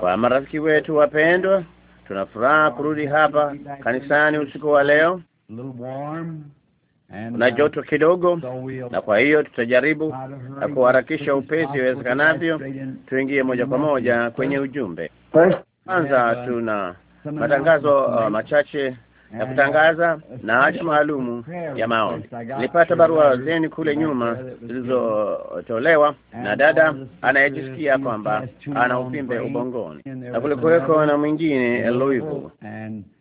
Kwa marafiki wetu wapendwa, tuna furaha kurudi hapa kanisani usiku wa leo. Kuna joto kidogo, na kwa hiyo tutajaribu na kuharakisha upesi iwezekanavyo, tuingie moja kwa moja kwenye ujumbe. Kwanza tuna matangazo uh, machache na kutangaza na haja maalumu ya maombi. Nilipata barua zeni kule nyuma zilizotolewa na dada anayejisikia kwamba ana uvimbe ubongoni, na kulikuweko na mwingine Louisville,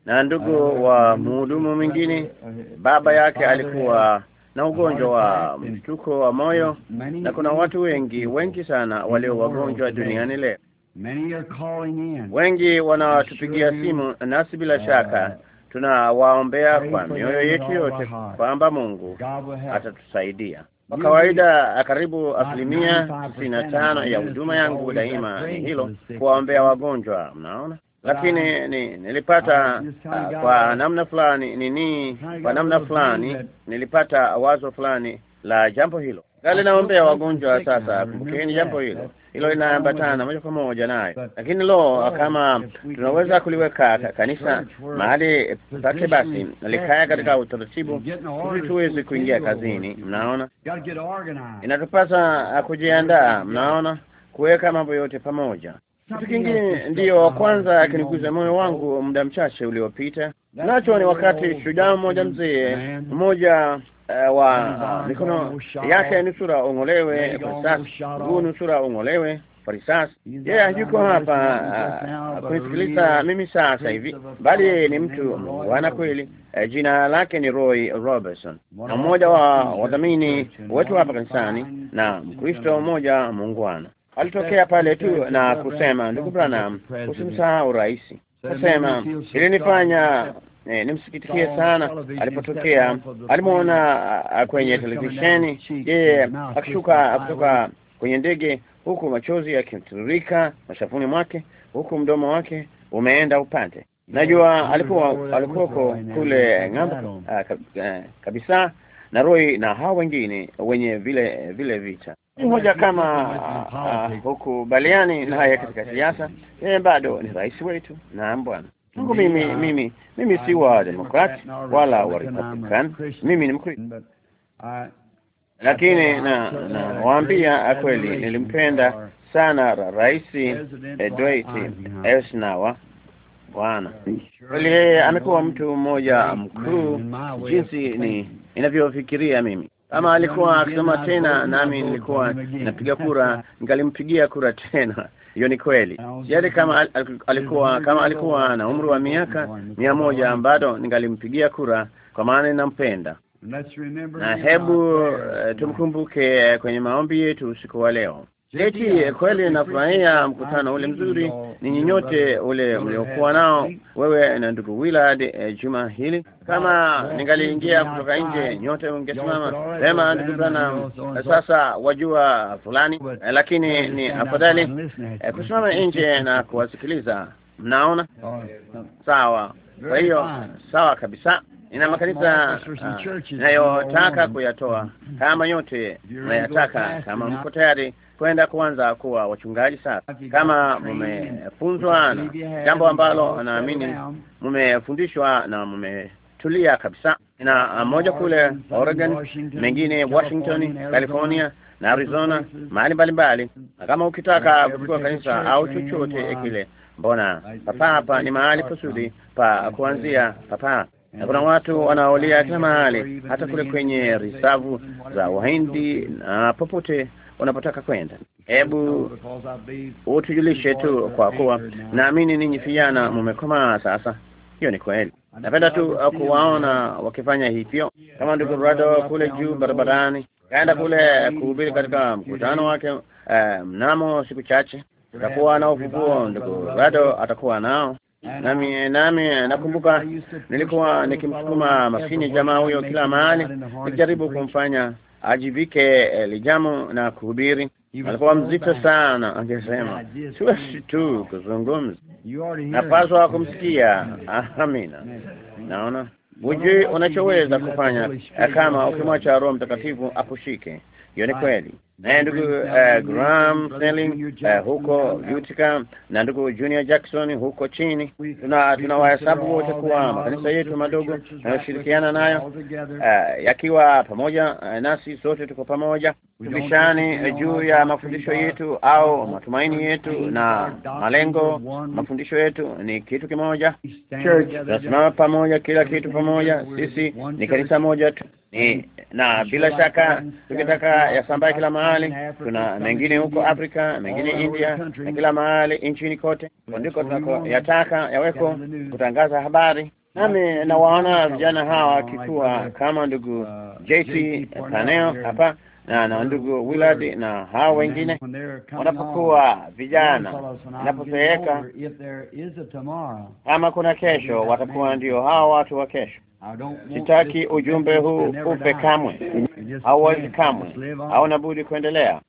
na ndugu wa mhudumu mwingine, baba yake alikuwa na ugonjwa wa mshtuko wa moyo, na kuna watu wengi wengi sana walio wagonjwa duniani leo. Wengi wanatupigia simu nasi bila uh, shaka tunawaombea kwa mioyo yetu yote kwamba Mungu atatusaidia. Kwa kawaida karibu asilimia tisini na tano ya huduma yangu daima ni hilo, kuwaombea wagonjwa, mnaona. Lakini ni, nilipata uh, kwa namna fulani nini, kwa namna fulani nilipata wazo fulani la jambo hilo. Sali naombea wagonjwa sasa. Kumbukeni jambo hilo, hilo linaambatana moja kwa moja nayo. Lakini lo, kama tunaweza kuliweka kanisa mahali pake, basi likaya katika utaratibu, ili tuweze kuingia kazini. Mnaona, inatupasa uh, kujiandaa. Mnaona, kuweka mambo yote pamoja. Kitu kingine ndiyo kwanza akiniguza moyo wangu muda mchache uliopita, nacho ni wakati shujaa mmoja mzee mmoja uh, wa mikono yake nusura ong'olewe, farisasi mguu nusura ong'olewe, farisasi. Yeye yuko hapa uh, kunisikiliza mimi sasa hivi, bali ni mtu wana kweli. Uh, jina lake ni Roy Robertson, na mmoja wa wadhamini wetu hapa kanisani na Mkristo mmoja muungwana alitokea pale tu na kusema, ndugu Branham, usimsahau rais. Kusema ilinifanya eh, nimsikitikie sana alipotokea, alimwona ah, ah, kwenye televisheni yeye akishuka kutoka kwenye ndege, huku machozi yakimtiririka mashafuni mwake, huku mdomo wake umeenda upande. Najua alikuwa alikuwako kule ng'ambo ah, eh, kabisa na Roy na hao wengine wenye vile vile vita mmoja kama uh, uh, huku baliani naye katika siasa, yeye bado ni rais wetu. Naam bwana. Mungu, mimi mimi mimi uh, si wa demokrati wala wa republican, mimi ni Mkristo, lakini na uh, nawaambia kweli nilimpenda sana Rais Dwight Eisenhower. Bwana kweli yeye amekuwa mtu mmoja mkuu jinsi ni inavyofikiria mimi. Kama alikuwa akisoma tena, nami nilikuwa napiga kura, nikalimpigia kura tena hiyo ni kweli. Yale kama al, alikuwa kama alikuwa na umri wa miaka mia moja bado ningalimpigia kura kwa maana ninampenda. Na hebu uh, tumkumbuke eh, kwenye maombi yetu usiku wa leo. Jeti, kweli nafurahia mkutano ule mzuri ninyi nyote ule mliokuwa nao, wewe na ndugu Willard. E, juma hili kama ningaliingia kutoka nje, nyote ungesimama sema, ndugu Branham, sasa wajua fulani e, lakini ni afadhali e, kusimama nje na kuwasikiliza. Mnaona sawa? Kwa hiyo sawa kabisa. Nina makanisa inayotaka kuyatoa, kama nyote mnayataka, kama mko tayari kwenda kuanza kuwa wachungaji sasa, kama mumefunzwa na jambo ambalo naamini mumefundishwa na mumetulia kabisa. na moja kule Oregon, mengine Washington, California na Arizona, mahali mbalimbali. Na kama ukitaka kuchukua kanisa au chochote kile, mbona papa hapa ni mahali kusudi pa kuanzia papa na kuna watu wanaolia kila mahali, hata kule kwenye risavu za Wahindi na popote unapotaka kwenda. Hebu utujulishe tu, kwa kuwa naamini ninyi vijana mmekomaa sasa. Hiyo ni kweli. Napenda tu kuwaona wakifanya hivyo, kama ndugu Brado kule juu barabarani kaenda kule kuhubiri katika mkutano wake eh, mnamo siku chache atakuwa na ufufuo. Ndugu Brado atakuwa nao nami nami nakumbuka nilikuwa nikimsukuma maskini jamaa huyo kila mahali, nikijaribu kumfanya ajibike eh, lijamu na kuhubiri. Alikuwa mzito sana, angesema siwezi tu kuzungumza, napaswa kumsikia. Amina, naona hujui unachoweza kufanya eh, kama ukimwacha Roho Mtakatifu akushike. Hiyo ni kweli naye ndugu uh, Graham Snelling uh, huko Utica na ndugu Junior Jackson huko chini. Tuna tunawahesabu wote kuwa makanisa yetu madogo yanayoshirikiana nayo uh, yakiwa pamoja uh, nasi sote tuko pamoja, tubishani uh, juu ya mafundisho yetu au matumaini yetu na malengo. Mafundisho yetu ni kitu kimoja, tunasimama pamoja, kila kitu pamoja. Sisi ni kanisa moja tu, na bila shaka tukitaka yasambaye kila mahali mahali, kuna mengine huko Afrika, mengine India na kila mahali nchini kote, ndiko tunakoyataka yaweko kutangaza habari. Nami nawaona vijana hawa wakikuwa kama ndugu uh, JT Paneo hapa na na ndugu Willard na hao wengine wanapokuwa vijana, inapozeeka, kama kuna kesho, watakuwa ndio hao watu wa kesho. Sitaki ujumbe huu upe kamwe, hauwezi kamwe, hauna budi kuendelea.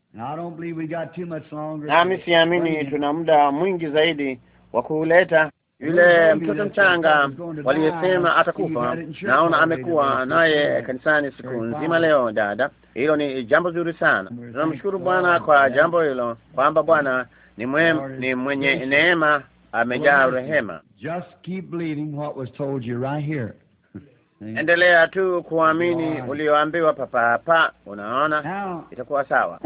Nami siamini tuna muda mwingi zaidi wa kuuleta yule mtoto mchanga waliyesema atakufa, naona amekuwa naye kanisani siku nzima leo. Dada, hilo ni jambo zuri sana. Tunamshukuru Bwana kwa jambo hilo, kwamba Bwana ni, mwe, ni mwenye neema, amejaa rehema. Endelea tu kuamini ulioambiwa papa hapa, unaona itakuwa sawa.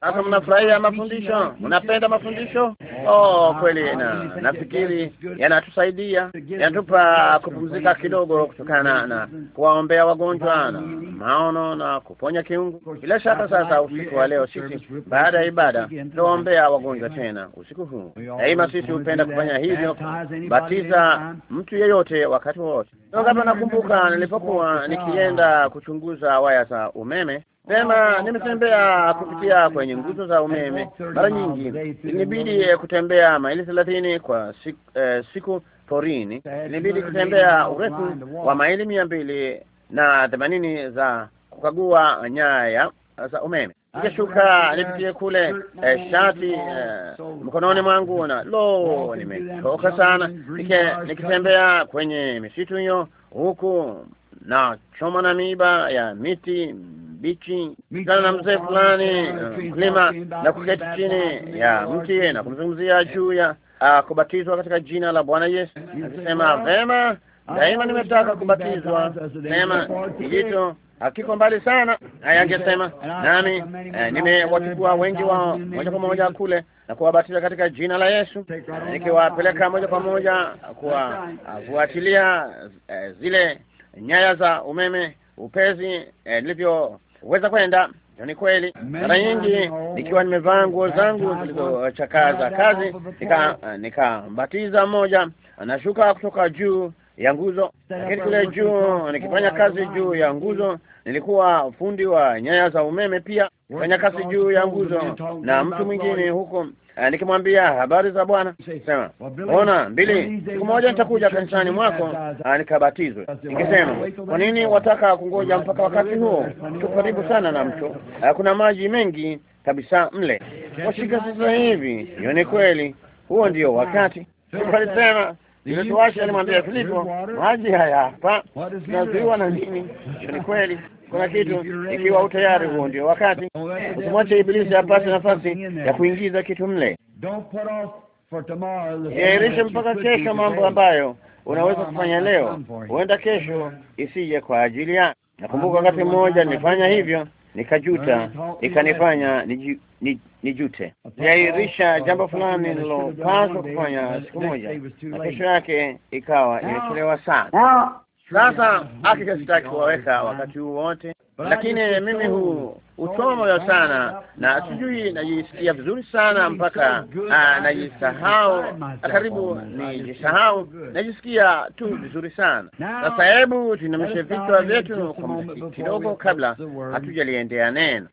Sasa mnafurahia mafundisho, mnapenda mafundisho. Oh, kweli na nafikiri yanatusaidia, yanatupa kupumzika kidogo, kutokana na kuwaombea wagonjwa na maono na kuponya kiungu. Bila shaka, sasa usiku wa leo sisi baada ya ibada tuwaombea wagonjwa tena usiku huu. Daima sisi hupenda kufanya hivyo, batiza mtu yeyote wakati wowote. Kama nakumbuka nilipokuwa nikienda kuchunguza waya za umeme sema nimetembea kupitia kwenye nguzo za umeme mara nyingi, inibidi eh, kutembea maili thelathini kwa siku, eh, siku porini, inibidi kutembea urefu wa maili mia mbili na themanini za kukagua nyaya za umeme. Nikashuka nipitie kule eh, shati eh, mkononi mwangu na lo, nimechoka sana, nikitembea kwenye misitu hiyo huku na choma na miiba ya miti bichi kutana na mzee fulani uh, mlima na kuketi chini ya mti na kumzungumzia juu ya uh, kubatizwa katika jina la Bwana Yesu, akisema vema, daima nimetaka kubatizwa. Sema kijito hakiko mbali sana. Naye angesema nami eh, uh, nimewachukua wengi wao moja kwa moja kule na kuwabatiza katika jina la Yesu, nikiwapeleka moja kwa moja kwa kuachilia eh, zile nyaya za umeme upezi eh, nilivyo huweza kwenda ni kweli. Mara nyingi nikiwa nimevaa nguo zangu zilizochakaza kazi, eh, nikambatiza nika mmoja anashuka kutoka juu ya nguzo, lakini kule juu nikifanya kazi juu ya nguzo, nilikuwa fundi wa nyaya za umeme pia, nifanya kazi juu ya nguzo na mtu mwingine huko Eh, nikimwambia habari za Bwana, sema ona mbili, siku moja nitakuja kanisani mwako uh, ah, nikabatizwe. Nikisema kwa nini wataka kungoja mpaka wakati huo? Tuko karibu sana na mto, ah, kuna maji mengi kabisa mle, washika sasa hivi. Hiyo ni kweli, huo ndio wakati. Alisema iletuwashe, alimwambia Filipo, maji haya hapa, inazuiwa na nini? Hiyo ni kweli kuna kitu. Ikiwa utayari, huo ndio wakati. Usimwache Ibilisi apate nafasi ya kuingiza kitu mle. Iahirishe eh, mpaka kesho mambo ambayo unaweza kufanya leo, huenda kesho isije kwa ajili ya. Nakumbuka wakati mmoja nilifanya hivyo nikajuta, ikanifanya nijute ni, ni niahirisha jambo fulani nilopaswa kufanya siku moja, na kesho yake ikawa imechelewa sana. Sasa akika sitaki kuwaweka wakati huu wote, lakini mimi huu uchoma moyo sana, na sijui najisikia vizuri sana mpaka ah, najisahau, karibu nijisahau, najisikia tu vizuri sana. Sasa hebu tuinamishe vichwa vyetu kwa kidogo, kabla hatujaliendea neno.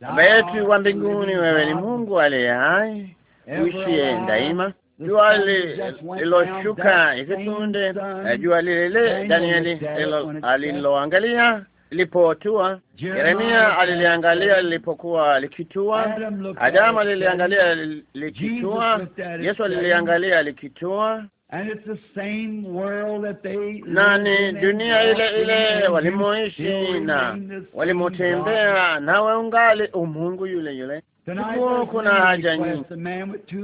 Baba yetu wa mbinguni, wewe ni Mungu aliye hai uishie daima jua liloshuka hivi punde, jua lilelile Danieli aliloangalia lilipotua, Yeremia aliliangalia lilipokuwa likitua, Adamu aliliangalia likitua, Yesu aliliangalia likitua na ni dunia ile ile walimoishi na walimotembea, nawe ungali umungu oh, yule yule Siku kuna haja nyingi.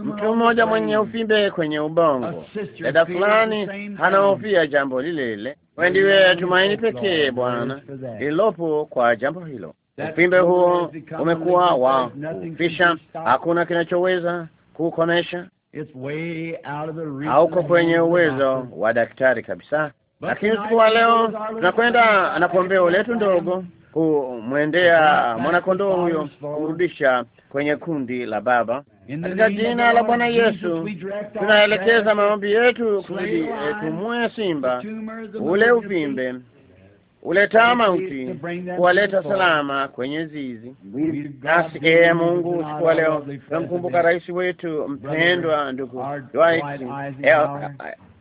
Mtu mmoja mwenye uvimbe kwenye ubongo, dada fulani anahofia jambo lile lile. Wewe ndiwe tumaini pekee Bwana ililopo kwa jambo hilo. Uvimbe huo umekuwa wa kufisha, hakuna kinachoweza kukomesha. Hauko kwenye uwezo wa daktari kabisa, lakini siku wa leo tunakwenda na kombeo letu ndogo kumwendea mwanakondoo huyo kurudisha kwenye kundi la Baba. Katika jina la Bwana Yesu tunaelekeza maombi yetu kumue e, simba ule uvimbe uleta mauti, kuwaleta salama kwenye zizi. Nasi ee Mungu, usiku wa leo tunamkumbuka rais wetu mpendwa, ndugu Dwight e,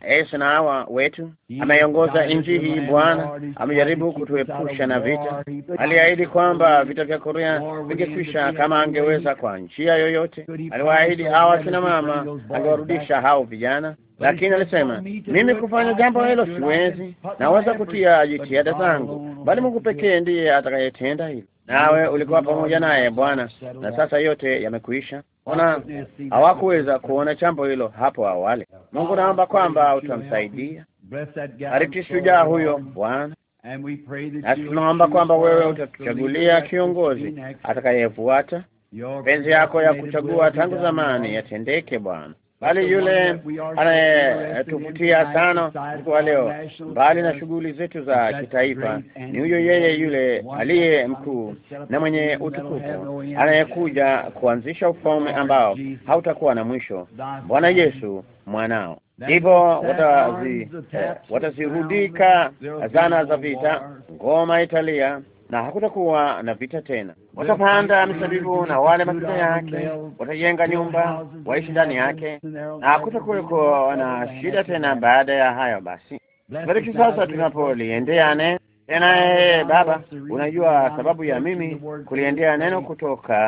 Yesu na hawa wetu ameiongoza nchi hii. Bwana amejaribu kutuepusha na vita. Aliahidi kwamba vita vya Korea vingekwisha kama angeweza kwa njia yoyote. Aliwaahidi hawa kina mama angewarudisha hao vijana, lakini alisema, mimi kufanya jambo hilo siwezi, naweza kutia jitihada zangu, bali Mungu pekee ndiye atakayetenda hilo. Nawe ulikuwa pamoja naye Bwana, na sasa yote yamekwisha. Ona, hawakuweza kuona chambo hilo hapo awali. Mungu, naomba kwamba utamsaidia, bariki shujaa huyo Bwana, na tunaomba kwamba wewe utachagulia kiongozi atakayefuata. Penzi yako ya kuchagua tangu zamani yatendeke Bwana, bali yule anayetuvutia sana siku wa leo, mbali na shughuli zetu za kitaifa, ni huyo yeye yule aliye mkuu na mwenye utukufu anayekuja kuanzisha ufalme ambao hautakuwa na mwisho, Bwana Yesu mwanao. Hivyo watazirudika watazirudika zana za vita, ngoma italia, na hakutakuwa na vita tena. Watapanda misabibu na wale matunda yake, watajenga nyumba waishi ndani yake, na hakutakuwa na shida tena baada ya hayo. Basi bariki sasa tunapoliendea neno tena. Eh, eh, Baba, unajua sababu ya mimi kuliendea neno kutoka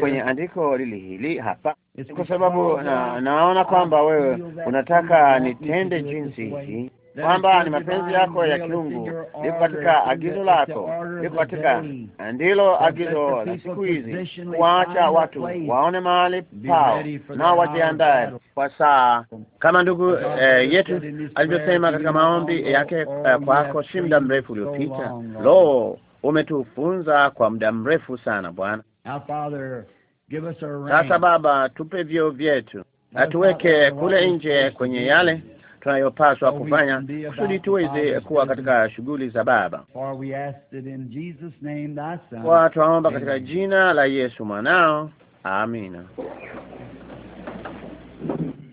kwenye andiko lili hili hapa kwa sababu na, naona kwamba wewe unataka nitende jinsi hii kwamba ni mapenzi yako ya kiungu, liko katika agizo lako, liko katika ndilo agizo la siku hizi, kuwaacha watu waone mahali pao, na wajiandae kwa saa, kama ndugu eh, yetu alivyosema katika maombi yake eh, kwako si muda mrefu uliopita. Lo, umetufunza kwa muda mrefu sana Bwana. Sasa Baba, tupe vyoo vyetu, atuweke kule nje kwenye yale tunayopaswa kufanya kusudi tuweze kuwa katika shughuli za Baba. Kwa twaomba katika jina la Yesu mwanao, amina.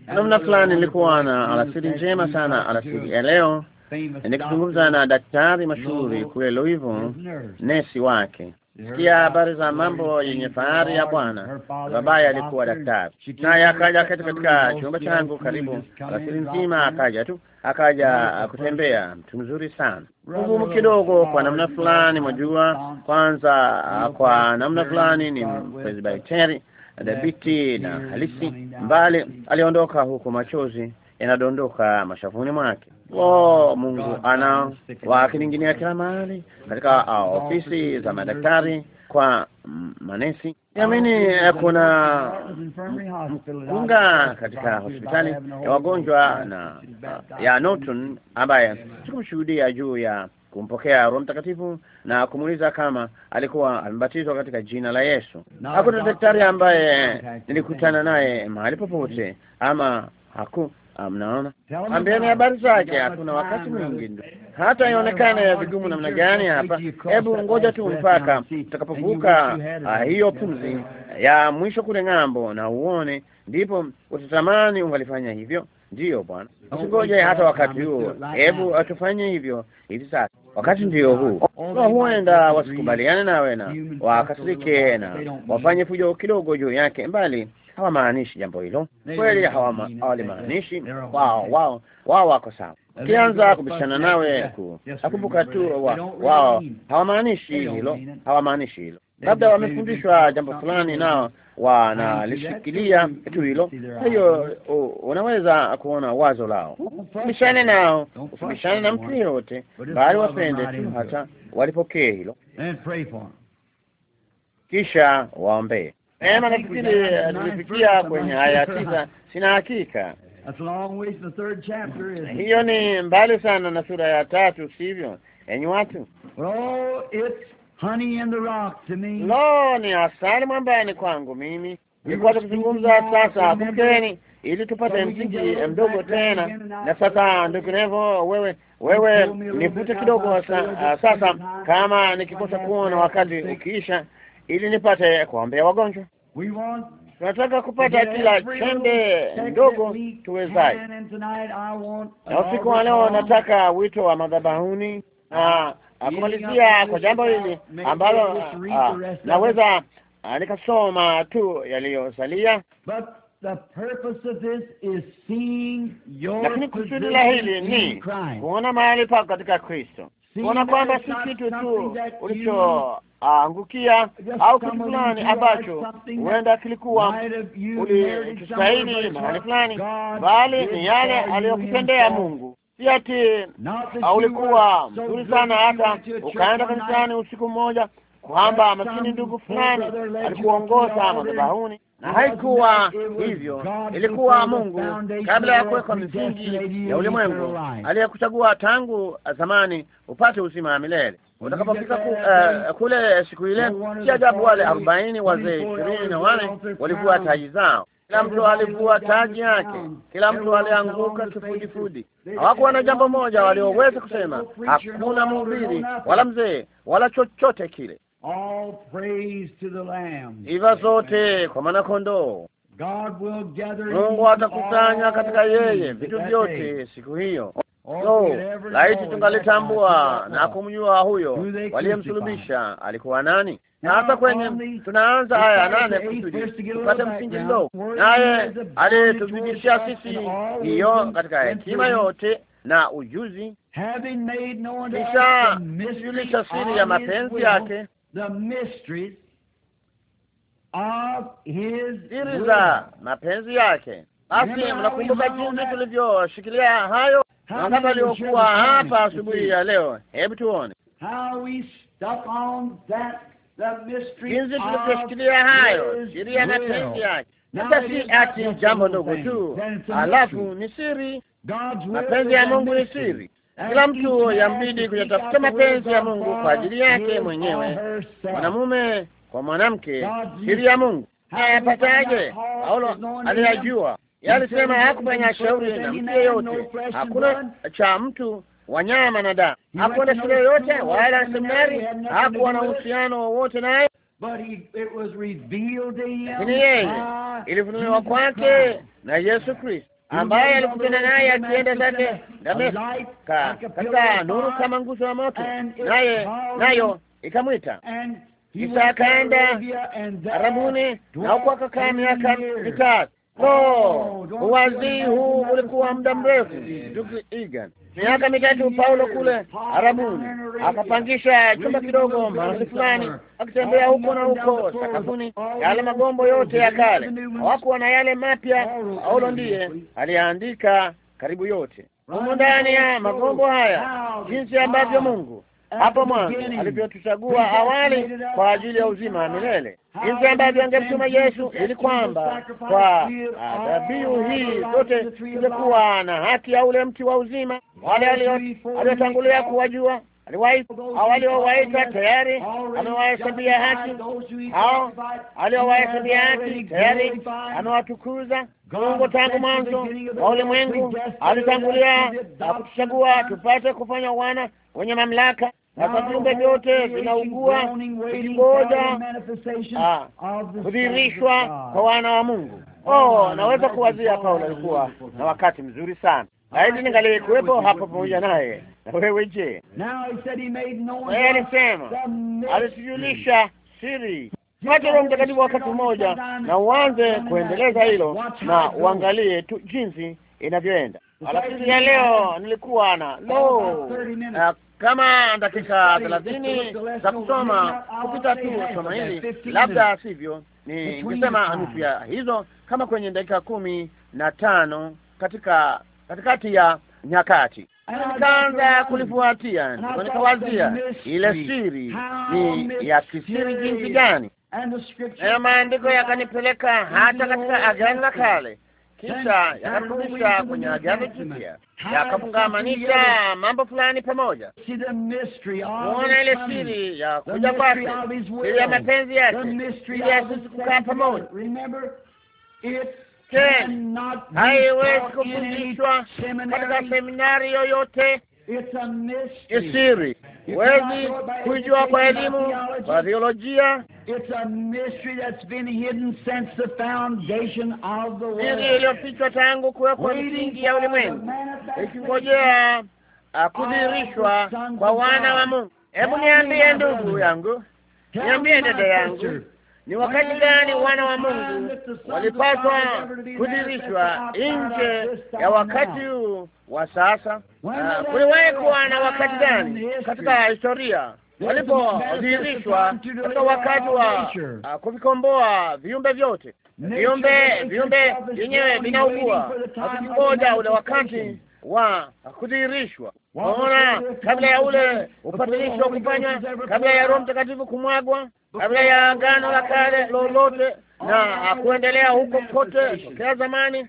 Namna fulani nilikuwa na alasiri njema sana alasiri ya leo, nikizungumza na daktari mashuhuri kule Louisville, nesi wake sikia habari za mambo yenye fahari ya Bwana. Babaye alikuwa daktari, naye akaja kati katika chumba changu karibu alasiri nzima, akaja tu akaja kutembea. Mtu mzuri sana, ngumu kidogo kwa namna fulani, mwajua. Kwanza kwa namna fulani ni presbiteri dhabiti na halisi. Mbali aliondoka huku machozi yanadondoka mashavuni mwake. Lo, Mungu ana wakining'inia kila mahali, katika uh, ofisi za madaktari, kwa mm, manesi. Niamini eh, kuna mkunga katika hospitali ya wagonjwa na uh, ya Norton ambaye sikumshuhudia juu ya kumpokea Roho Mtakatifu na kumuuliza kama alikuwa amebatizwa katika jina la Yesu. Hakuna daktari ambaye nilikutana naye mahali popote, ama haku Mnaona, ambieni habari zake. Hakuna wakati mwingi, hata ionekane ya vigumu namna gani hapa. Hebu ngoja tu mpaka utakapovuka ah, hiyo pumzi ya mwisho kule ng'ambo, na uone, ndipo utatamani ungalifanya hivyo. Ndiyo Bwana, usingoje hata wakati huo. Hebu atufanye hivyo hivi sasa wakati ndio huu huenda wasikubaliane nawe na wakasirike na wafanye fujo kidogo juu yake, mbali hawamaanishi jambo hilo kweli, hawalimaanishi wao. Wao wao wako sawa. Ukianza kubishana nawe, nakumbuka tu wao hawamaanishi hilo, hawamaanishi hilo. Labda wamefundishwa jambo fulani, nao wanalishikilia kitu hilo. Kwa hiyo unaweza kuona wazo lao, bishane nao, bishane na mtu yeyote, bali wapende tu hata walipokee hilo, kisha waombee. Ema, nafikiri tulifikia kwenye haya tisa, sina hakika. Hiyo ni mbali sana na sura ya tatu, sivyo, enyi watu? Lo, ni asali mwambani kwangu mimi. Nilikuwa tukizungumza sasa, kumbukeni, ili tupate msingi mdogo tena. Na sasa ndivyo wewe wewe, nivute kidogo uh, sasa, kama nikikosa kuona wakati ukiisha, ili nipate kuombea wagonjwa. Tunataka kupata kila chembe ndogo tuwezaye, na usiku wa leo nataka wito wa madhabahuni na kumalizia kwa jambo hili ambalo ah, naweza ah, nikasoma tu yaliyosalia, lakini kusudi la hili ni kuona mahali pako katika Kristo, kuona kwamba si kitu tu ulichoangukia au kitu fulani ambacho huenda kilikuwa ulistahili mahali fulani, bali ni yale aliyokutendea Mungu si ati ulikuwa mzuri sana hata ukaenda kanisani usiku mmoja, kwamba maskini ndugu fulani alikuongoza madhabahuni, na haikuwa hivyo. Ilikuwa Mungu kabla ya kuwekwa misingi ya ulimwengu aliyekuchagua tangu zamani upate uzima wa milele. Utakapofika ku, uh, kule siku ile, si ajabu wale arobaini wazee ishirini na wane walikuwa taji zao kila mtu alivua taji yake, kila mtu alianguka kifudifudi. Hawakuwa na jambo moja walioweza kusema, hakuna mhubiri wala mzee wala chochote kile. Sifa zote kwa mwanakondoo. Mungu atakusanya katika yeye vitu vyote siku hiyo. So laiti tungalitambua na kumjua huyo waliyemsulubisha alikuwa nani. Sasa kwenye tunaanza aya ya nane kusudi tupate msingi mdogo, naye aliyetudhibitishia sisi hiyo katika hekima yote na ujuzi, kisha kujulisha siri ya mapenzi yake, siri za mapenzi yake. Basi mnakumbuka jinsi tulivyoshikilia hayo wakati aliokuwa hapa asubuhi ya leo. Hebu tuone jinsi tulivyoshikilia hayo sheria na penzi yake. Sasa si ati jambo ndogo tu, alafu ni siri. Mapenzi ya Mungu ni siri. Kila mtu yambidi kuyatafuta mapenzi ya Mungu kwa ajili yake mwenyewe, mwanamume kwa mwanamke, siri ya Mungu. Ayapataje? Eh, Paulo aliyajua, yalisema hakufanya shauri na mtu yeyote, hakuna cha mtu wanyama na damu. Hakuenda shule yoyote wala seminari, hakuwa na uhusiano wowote naye, lakini yeye ah, ilifunuliwa kwake na Yesu Kristo ambaye alikutana naye akienda zake Dameski katika nuru kama nguzo ya moto, naye nayo ikamwita kisha akaenda Arabuni na huko akakaa miaka mitatu. Oh, oh, Uwazii huu ulikuwa muda mrefu, ndugu Egan miaka mitatu Paulo kule Arabuni akapangisha chumba kidogo mahali fulani, akitembea huko na huko sakafuni, yale magombo yote ya kale hawakuwa na yale mapya. Paulo ndiye aliandika karibu yote humu ndani ya magombo haya, jinsi ambavyo Mungu hapo mwanzo alivyotuchagua awali kwa ajili ya uzima wa milele, jinsi ambavyo angemtuma Yesu ili kwamba kwa ah, dhabihu hii zote tungekuwa na haki ya ule mti wa uzima. Wale aliotangulia kuwajua aliwahi tayari amewahesabia haki, hao aliowahesabia haki tayari amewatukuza. Mungu tangu mwanzo wa ulimwengu alitangulia kutuchagua tupate kufanya wana wenye mamlaka na kwa viumbe vyote vinaugua vikingoja ah, kudhihirishwa kwa wana wa Mungu. Oh, oh naweza kuwazia Paulo alikuwa na wakati mzuri sana aidi ningali kuwepo hapo pamoja naye. Na wewe je? alisema alisijulisha siri Mwache Roho Mtakatifu wakati mmoja, na uanze kuendeleza hilo, na uangalie tu jinsi inavyoenda. Alasiri ya leo nilikuwa na lo kama dakika thelathini za kusoma kupita tu soma hili, labda sivyo, ningesema nusu ya hizo, kama kwenye dakika kumi na tano katika katikati ya nyakati nikaanza kulifuatia, ndipo nikawazia ile siri ni ya kisiri jinsi gani, nayo maandiko yakanipeleka hata katika Agano la Kale kisha yakarudisha kwenye Agano Jipya, yakafungamanisha mambo fulani pamoja, kuona ile siri ya kuja kwake, siri ya mapenzi yake, siri ya sisi kukaa pamoja. Haiwezi kufundishwa katika seminari yoyote, ni siri huwezi kuijua kwa elimu, kwa theolojia. Siri iliyofichwa tangu kuwekwa misingi ya ulimwengu, ikingojea kudhihirishwa kwa wana wa Mungu. Hebu niambie ndugu yangu, niambie dada yangu ni wakati gani wana wa Mungu walipaswa kudirishwa nje ya wakati huu wa sasa? Ah, kuliwahi kuwa na wakati gani katika historia walipodirishwa katika wakati wa ah, kuvikomboa viumbe vyote, viumbe viumbe vyenyewe vinaugua, wakikingoja ule wakati wa kudhihirishwa. Waona, kabla ya ule upatanisho wa kufanywa, kabla ya Roho Mtakatifu kumwagwa, kabla ya Agano la Kale lolote na kuendelea huko kote tokea zamani,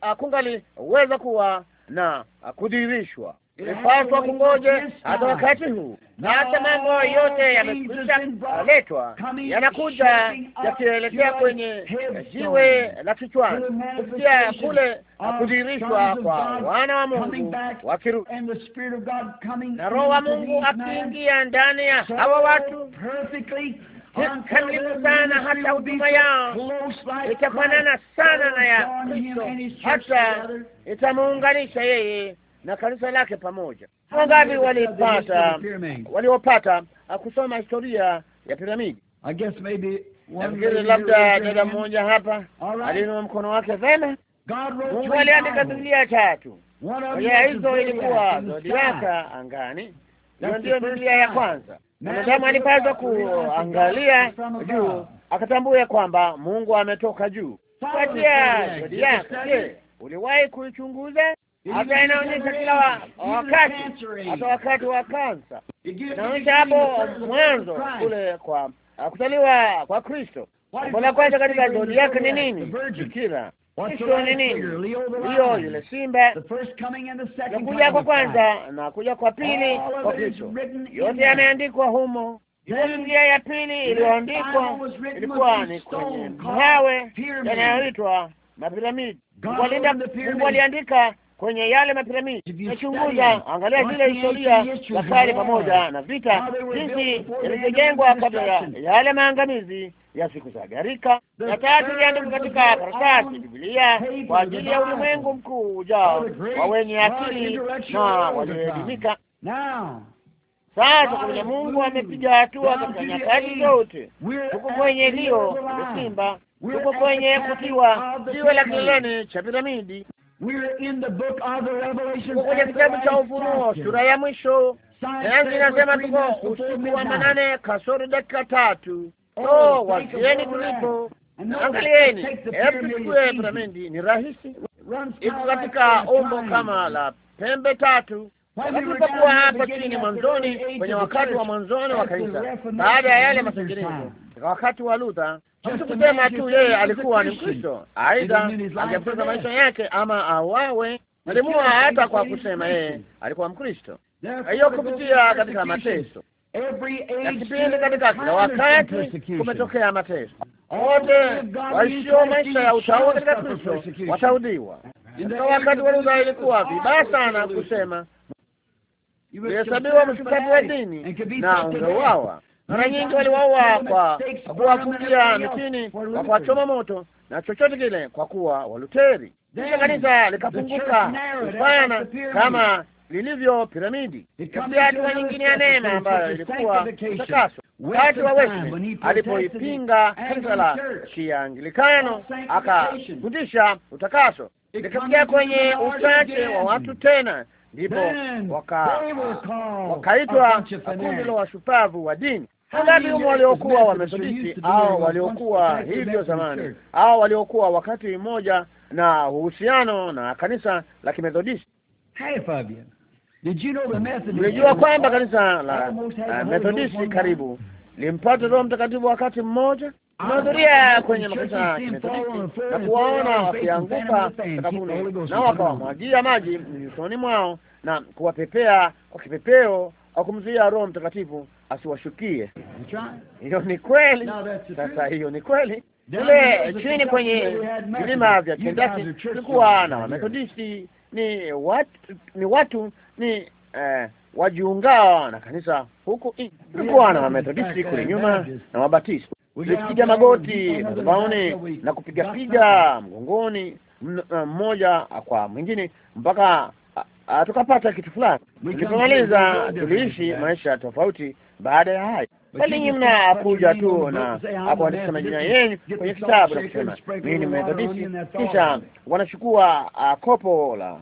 akungaliweza kuwa na kudhihirishwa ilipaswa kungoje hata wakati huu, na hata oh, mambo yote yamekwisha letwa, yanakuja yakielekea kwenye jiwe la kichwani, kupitia kule kudhihirishwa kwa wana wa Mungu wakirudi na Roho wa Mungu akiingia ndani ya hawa watu kamilifu sana, hata huduma yao itafanana sana na ya Kristo, hata itamuunganisha yeye na kanisa lake pamoja. Wangapi walipata waliopata ah, kusoma historia ya piramidi? Nafikiri labda dada mmoja hapa aliinua mkono wake vema. Mungu aliandika Biblia tatu, moja hizo ilikuwa zodiaka angani. Hiyo ndiyo Biblia ya kwanza. Mwanadamu alipaswa kuangalia juu, akatambua kwamba Mungu ametoka juu. Kupatia zodiaka, je, uliwahi kuichunguza? hata inaonyesha kila wakati, hata wakati wa kansa inaonyesha hapo mwanzo kule kwa ah, kuzaliwa kwa Kristo. Jambo la kwanza katika dodi yake ni nini? Bikira Kristo ni nini? Hiyo yule simba na kuja kwa kwanza na kuja kwa pili kwa Kristo, yote yameandikwa humo. Njia ya pili iliyoandikwa ilikuwa ni kwenye mawe yanayoitwa mapiramidi. Mungu aliandika kwenye yale mapiramidi. Nachunguza, angalia zile historia za kale pamoja na vita, jinsi yalivyojengwa kabla ya yale maangamizi ya siku za gharika. Na tatu iliandikwa katika karatasi Biblia kwa ajili ya ulimwengu mkuu ujao wa wenye akili na walioelimika. Sasa kwenye Mungu amepiga hatua katika nyakati zote, huko kwenye hiyo simba, huko kwenye kutiwa jiwe la kileleni cha piramidi kwenye kitabu cha Ufunuo sura ya mwisho yanzi inasema tuko usiku wa manane kasoro dakika tatu. Oh, wazieni tulipo, angalieni, hebu tuchukue piramidi. Ni rahisi, iko katika umbo kama la pembe tatu. Tulipokuwa hapa chini mwanzoni, kwenye wakati wa mwanzoni wa kanisa, baada ya yale masingirio wakati wa Luther hamtukusema tu yeye alikuwa ni Mkristo, aidha angepoteza maisha yake ama auawe, alimua hata kwa kusema yeye alikuwa Mkristo. Hiyo kupitia katika mateso na kipindi, katika kila wakati kumetokea mateso. Wote waishio maisha ya utauwa katika Kristo wataudiwa. Katika wakati wa Luther ilikuwa vibaya sana kusema ulihesabiwa mshikaji wa dini na ungeuawa. Mara nyingi waliwaua kwa kuwafungia mitini, kwa kuwachoma moto na chochote kile, kwa kuwa Waluteri. Kisha kanisa likafunguka sana kama lilivyo piramidi. Katika hatua nyingine ya neema ambayo ilikuwa mtakaso wakati wa Wesley alipoipinga kanisa la Kianglikano, akafundisha utakaso, likafikia kwenye uchache wa watu tena ndipo wakaitwa kundi la washupavu wa dini. Wangapi humo waliokuwa wamesaliti au waliokuwa hivyo zamani au waliokuwa wakati mmoja na uhusiano na kanisa la Kimethodisti? Mlijua kwamba kanisa la eh, Methodisti karibu limpata Roho Mtakatifu wakati mmoja? Tunahudhuria kwenye makanisa ya Kimethodisti na kuwaona wakianguka sakafuni na wakawamwagia maji nyusoni mwao na kuwapepea kwa kipepeo au kumzuia Roho Mtakatifu asiwashukie. Hiyo ni kweli. Sasa hiyo ni kweli. Kule chini kwenye vilima vya Kendaki kulikuwa na Wamethodisti, ni watu ni watu ni eh, wajiungao na kanisa huku. Kulikuwa na Wamethodisti kule nyuma na Wabatisti. Tulipiga magoti madhabahuni na kupigapiga mgongoni eh, mmoja kwa mwingine mpaka tukapata kitu fulani. Tulipomaliza tuliishi maisha tofauti baada ya hayo bali nyinyi mnakuja tu na hapo majina yenu kwenye kitabu na kusema mimi ni Methodisti, kisha wanachukua uh, kopo la uh,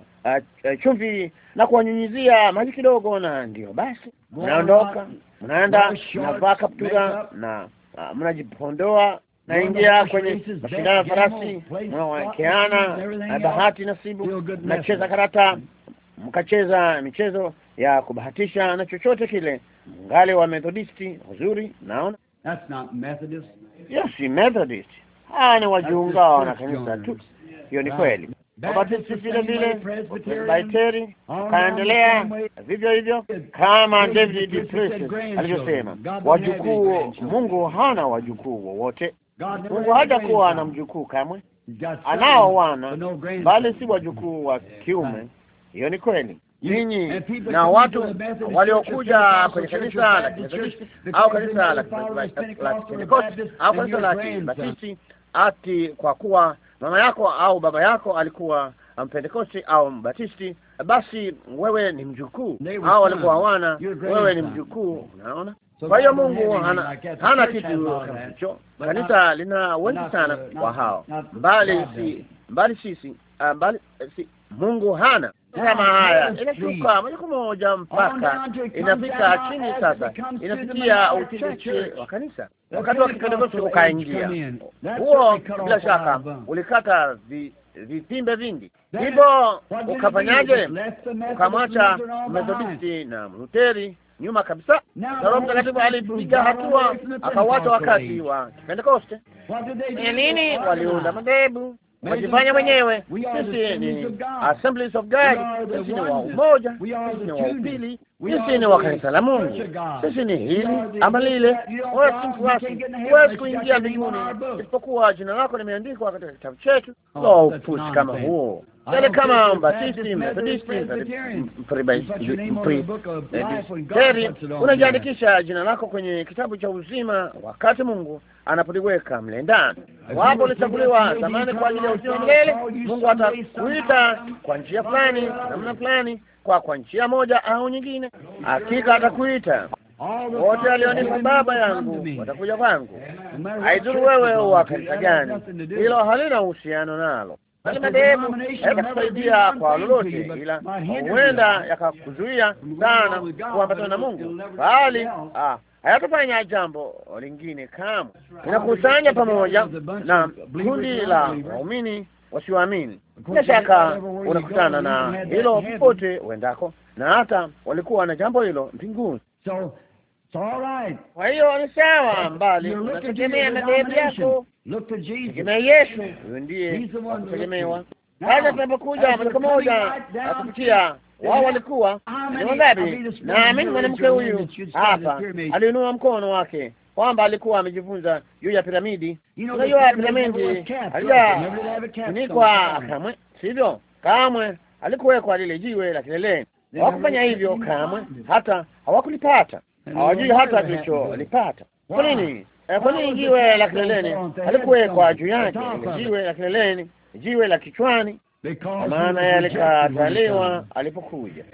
uh, chumvi na kuwanyunyizia maji kidogo, na ndio basi mnaondoka, mnaenda mnavaa kaptura na uh, mnajipondoa naingia kwenye mashindano ya farasi, mnawakeana bahati nasibu, nacheza karata mkacheza michezo ya kubahatisha na chochote kile. mngali wa Methodisti uzuri. naona hiyo si Methodist. Haya ah, ni wajiungao na kanisa tu, hiyo ni kweli. Wabatisti vile vile, Presbiteri kaendelea vivyo hivyo, kama David D. Priestley alivyosema, wajukuu. Mungu hana wajukuu wowote. Mungu kuwa na mjukuu kamwe. Anao wana bali si wajukuu wa kiume hiyo ni kweli. Ninyi uh, na watu waliokuja kwenye kanisa la au kanisa la au kanisa la uh, Kibatisti, ati kwa kuwa mama yako au baba yako alikuwa mpentekosti au Mbatisti, basi wewe ni mjukuu, au walikuwa hawana, wewe ni mjukuu. Unaona? Kwa hiyo Mungu hana, hana kitu kama hicho. Kanisa lina wengi sana kwa hao, mbali si mbali sisi, mbali ah, si Mungu hana kama haya inashuka moja kwa moja mpaka inafika chini. Sasa inafikia utindichi wa kanisa. Wakati wa Kipentekoste ukaingia huo, bila shaka ulikata vipimbe vingi, hivyo ukafanyaje? Ukamwacha Methodisti na Mluteri nyuma kabisa. Roho Mtakatifu alipiga hatua, akawacha wakati wa Kipentekoste. Ni nini? Waliunda madhehebu Umejifanya mwenyewe. Sisi ni Assemblies of God, sisi ni wa umoja, sisi ni wa upili, sisi ni wa kanisa la Mungu, sisi ni hili ama lile. huwezi kuingia mbinguni isipokuwa jina lako limeandikwa katika kitabu chetu. Oh, Lo, upusi kama huo! tele kama Mbatisti, Methodisti, Presbiteri, unajiandikisha jina lako kwenye kitabu cha uzima wakati Mungu anapoliweka mle ndani. Wapo ulichaguliwa zamani kwa ajili ya uzima milele. Mungu atakuita kwa njia fulani, namna fulani, kwa kwa njia moja au nyingine, hakika atakuita. Wote walionipa Baba yangu watakuja kwangu. Haidhuru wewe wa kanisa gani, hilo halina uhusiano nalo bali madhehebu kwa lolote, ila huenda yakakuzuia sana kuambatana na Mungu, bali ah, hayatofanya jambo lingine kamwe. Inakusanya pamoja na kundi la waumini wasioamini. Bila shaka unakutana na hilo popote uendako, na hata walikuwa na jambo hilo mbinguni. Kwa hiyo ni sawa, mbali unategemea madhehebu yako Tegemea Yesu, huyo ndiye kutegemewa. Sasa tunapokuja moja kwa moja kupitia wao, walikuwa ni wangapi? Naamini mwanamke huyu hapa aliinua mkono wake kwamba alikuwa amejifunza juu ya piramidi. Unajua piramidi alijafunikwa kamwe, sivyo? Kamwe alikuwekwa lile jiwe la kileleni. Hawakufanya hivyo kamwe, hata hawakulipata hawajui hata kilicho lipata. Kwa nini? Eh, kwani jiwe la kileleni halikuwekwa juu yake, jiwe la kileleni, jiwe la kichwani maana maana yalikataliwa alipokuja.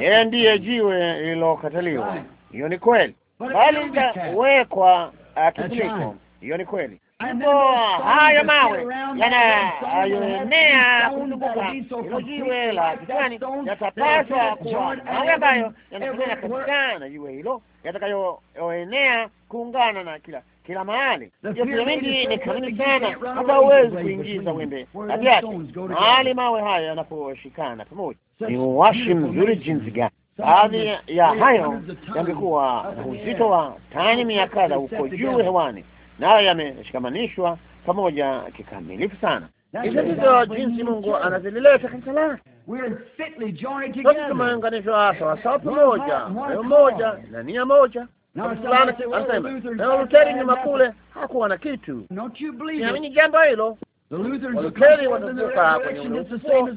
Yeye ndiye jiwe lililokataliwa. Hiyo ni kweli, bali litawekwa ah, kifuniko. Hiyo ni kweli. Oh, Hayo mawe yanayoenea kuzunguka hilo jiwe la kichwani yatapaswa kuwa mawe ambayo yanafanana katika na jiwe hilo yatakayoenea kuungana na kila kila mahali. Hiyo piramidi ni kamili sana, hata huwezi kuingiza wembe katikati, mahali mawe hayo yanaposhikana pamoja. Ni uwashi mzuri jinsi gani! Baadhi ya hayo yangekuwa na uzito wa tani mia kadha huko juu hewani, nayo yameshikamanishwa pamoja kikamilifu sana. Hizo ndizo jinsi Mungu anazilileta kanisa lake sote tumeunganishwa hapa sauti moja, moyo moja na nia moja. anasema na Lutheri nyuma kule hakuwa na kitu. Siamini jambo hilo. Walutheri watafuka kwenye ule ufufuo,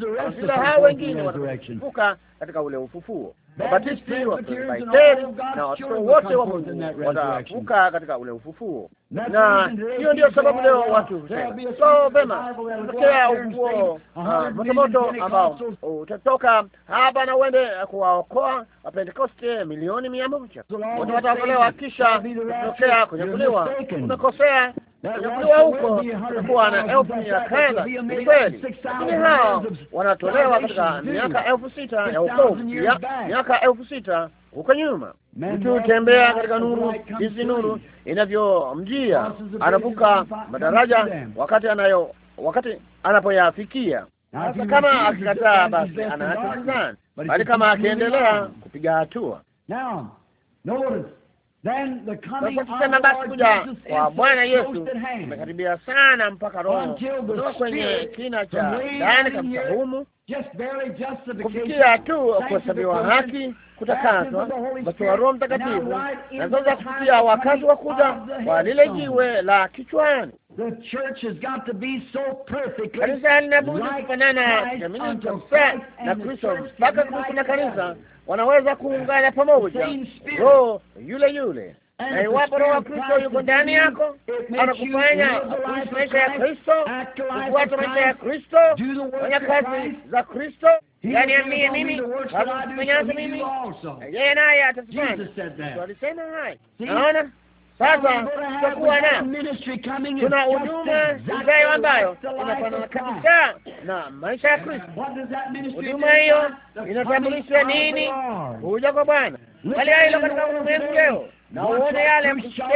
hao wengine watafuka katika ule ufufuo. Wabatisti, Wapresbiteri uh, uh, oh, um, na watoto wote wa Mungu watavuka katika ule ufufuo, na hiyo ndio sababu leo watu husema vema, utatokea ufufuo motomoto ambao utatoka hapa na uende uh, kuwaokoa Wapentekoste milioni mia moja watu wataokolewa, kisha utatokea kunyakuliwa. Umekosea akiwa huko kuwa na elfu mia kadha. Ni kweli, lakini hao wanatolewa katika miaka elfu sita ya ukovu, miaka elfu sita huko nyuma. Mtu tembea katika nuru, jinsi nuru inavyomjia, anavuka madaraja wakati anayo wakati anapoyafikia. Sasa kama akikataa, basi anaacha, bali kama akiendelea kupiga hatua Napokusema basi kuja kwa Bwana Yesu amekaribia sana, mpaka roho kutoka kwenye kina cha ndani kabisa humu kufikia tu kuhesabiwa haki, kutakaswa, matoa Roho Mtakatifu, na sasa kufikia wakati wa kuja kwa lile jiwe la kichwani. Kanisa linabudi kufanana na minimtomfea na Kristo mpaka Kristo na kanisa wanaweza kuungana pamoja, roho yule yule. Na iwapo roho wa Kristo yuko ndani yako, anakufanya kuishi maisha ya Kristo, kufuata maisha ya Kristo, fanya kazi za Kristo, yaani amie mimi akuzifanyazo mimi, yeye naye atazifanya. Alisema haya, naona sasa tutakuwa na tuna huduma ijayo ambayo inafanana kabisa na maisha ya Kristo. Huduma hiyo inatambulisha nini? Kuja kwa Bwana. Hali hilo katika ulimwengu leo, na uone yale msema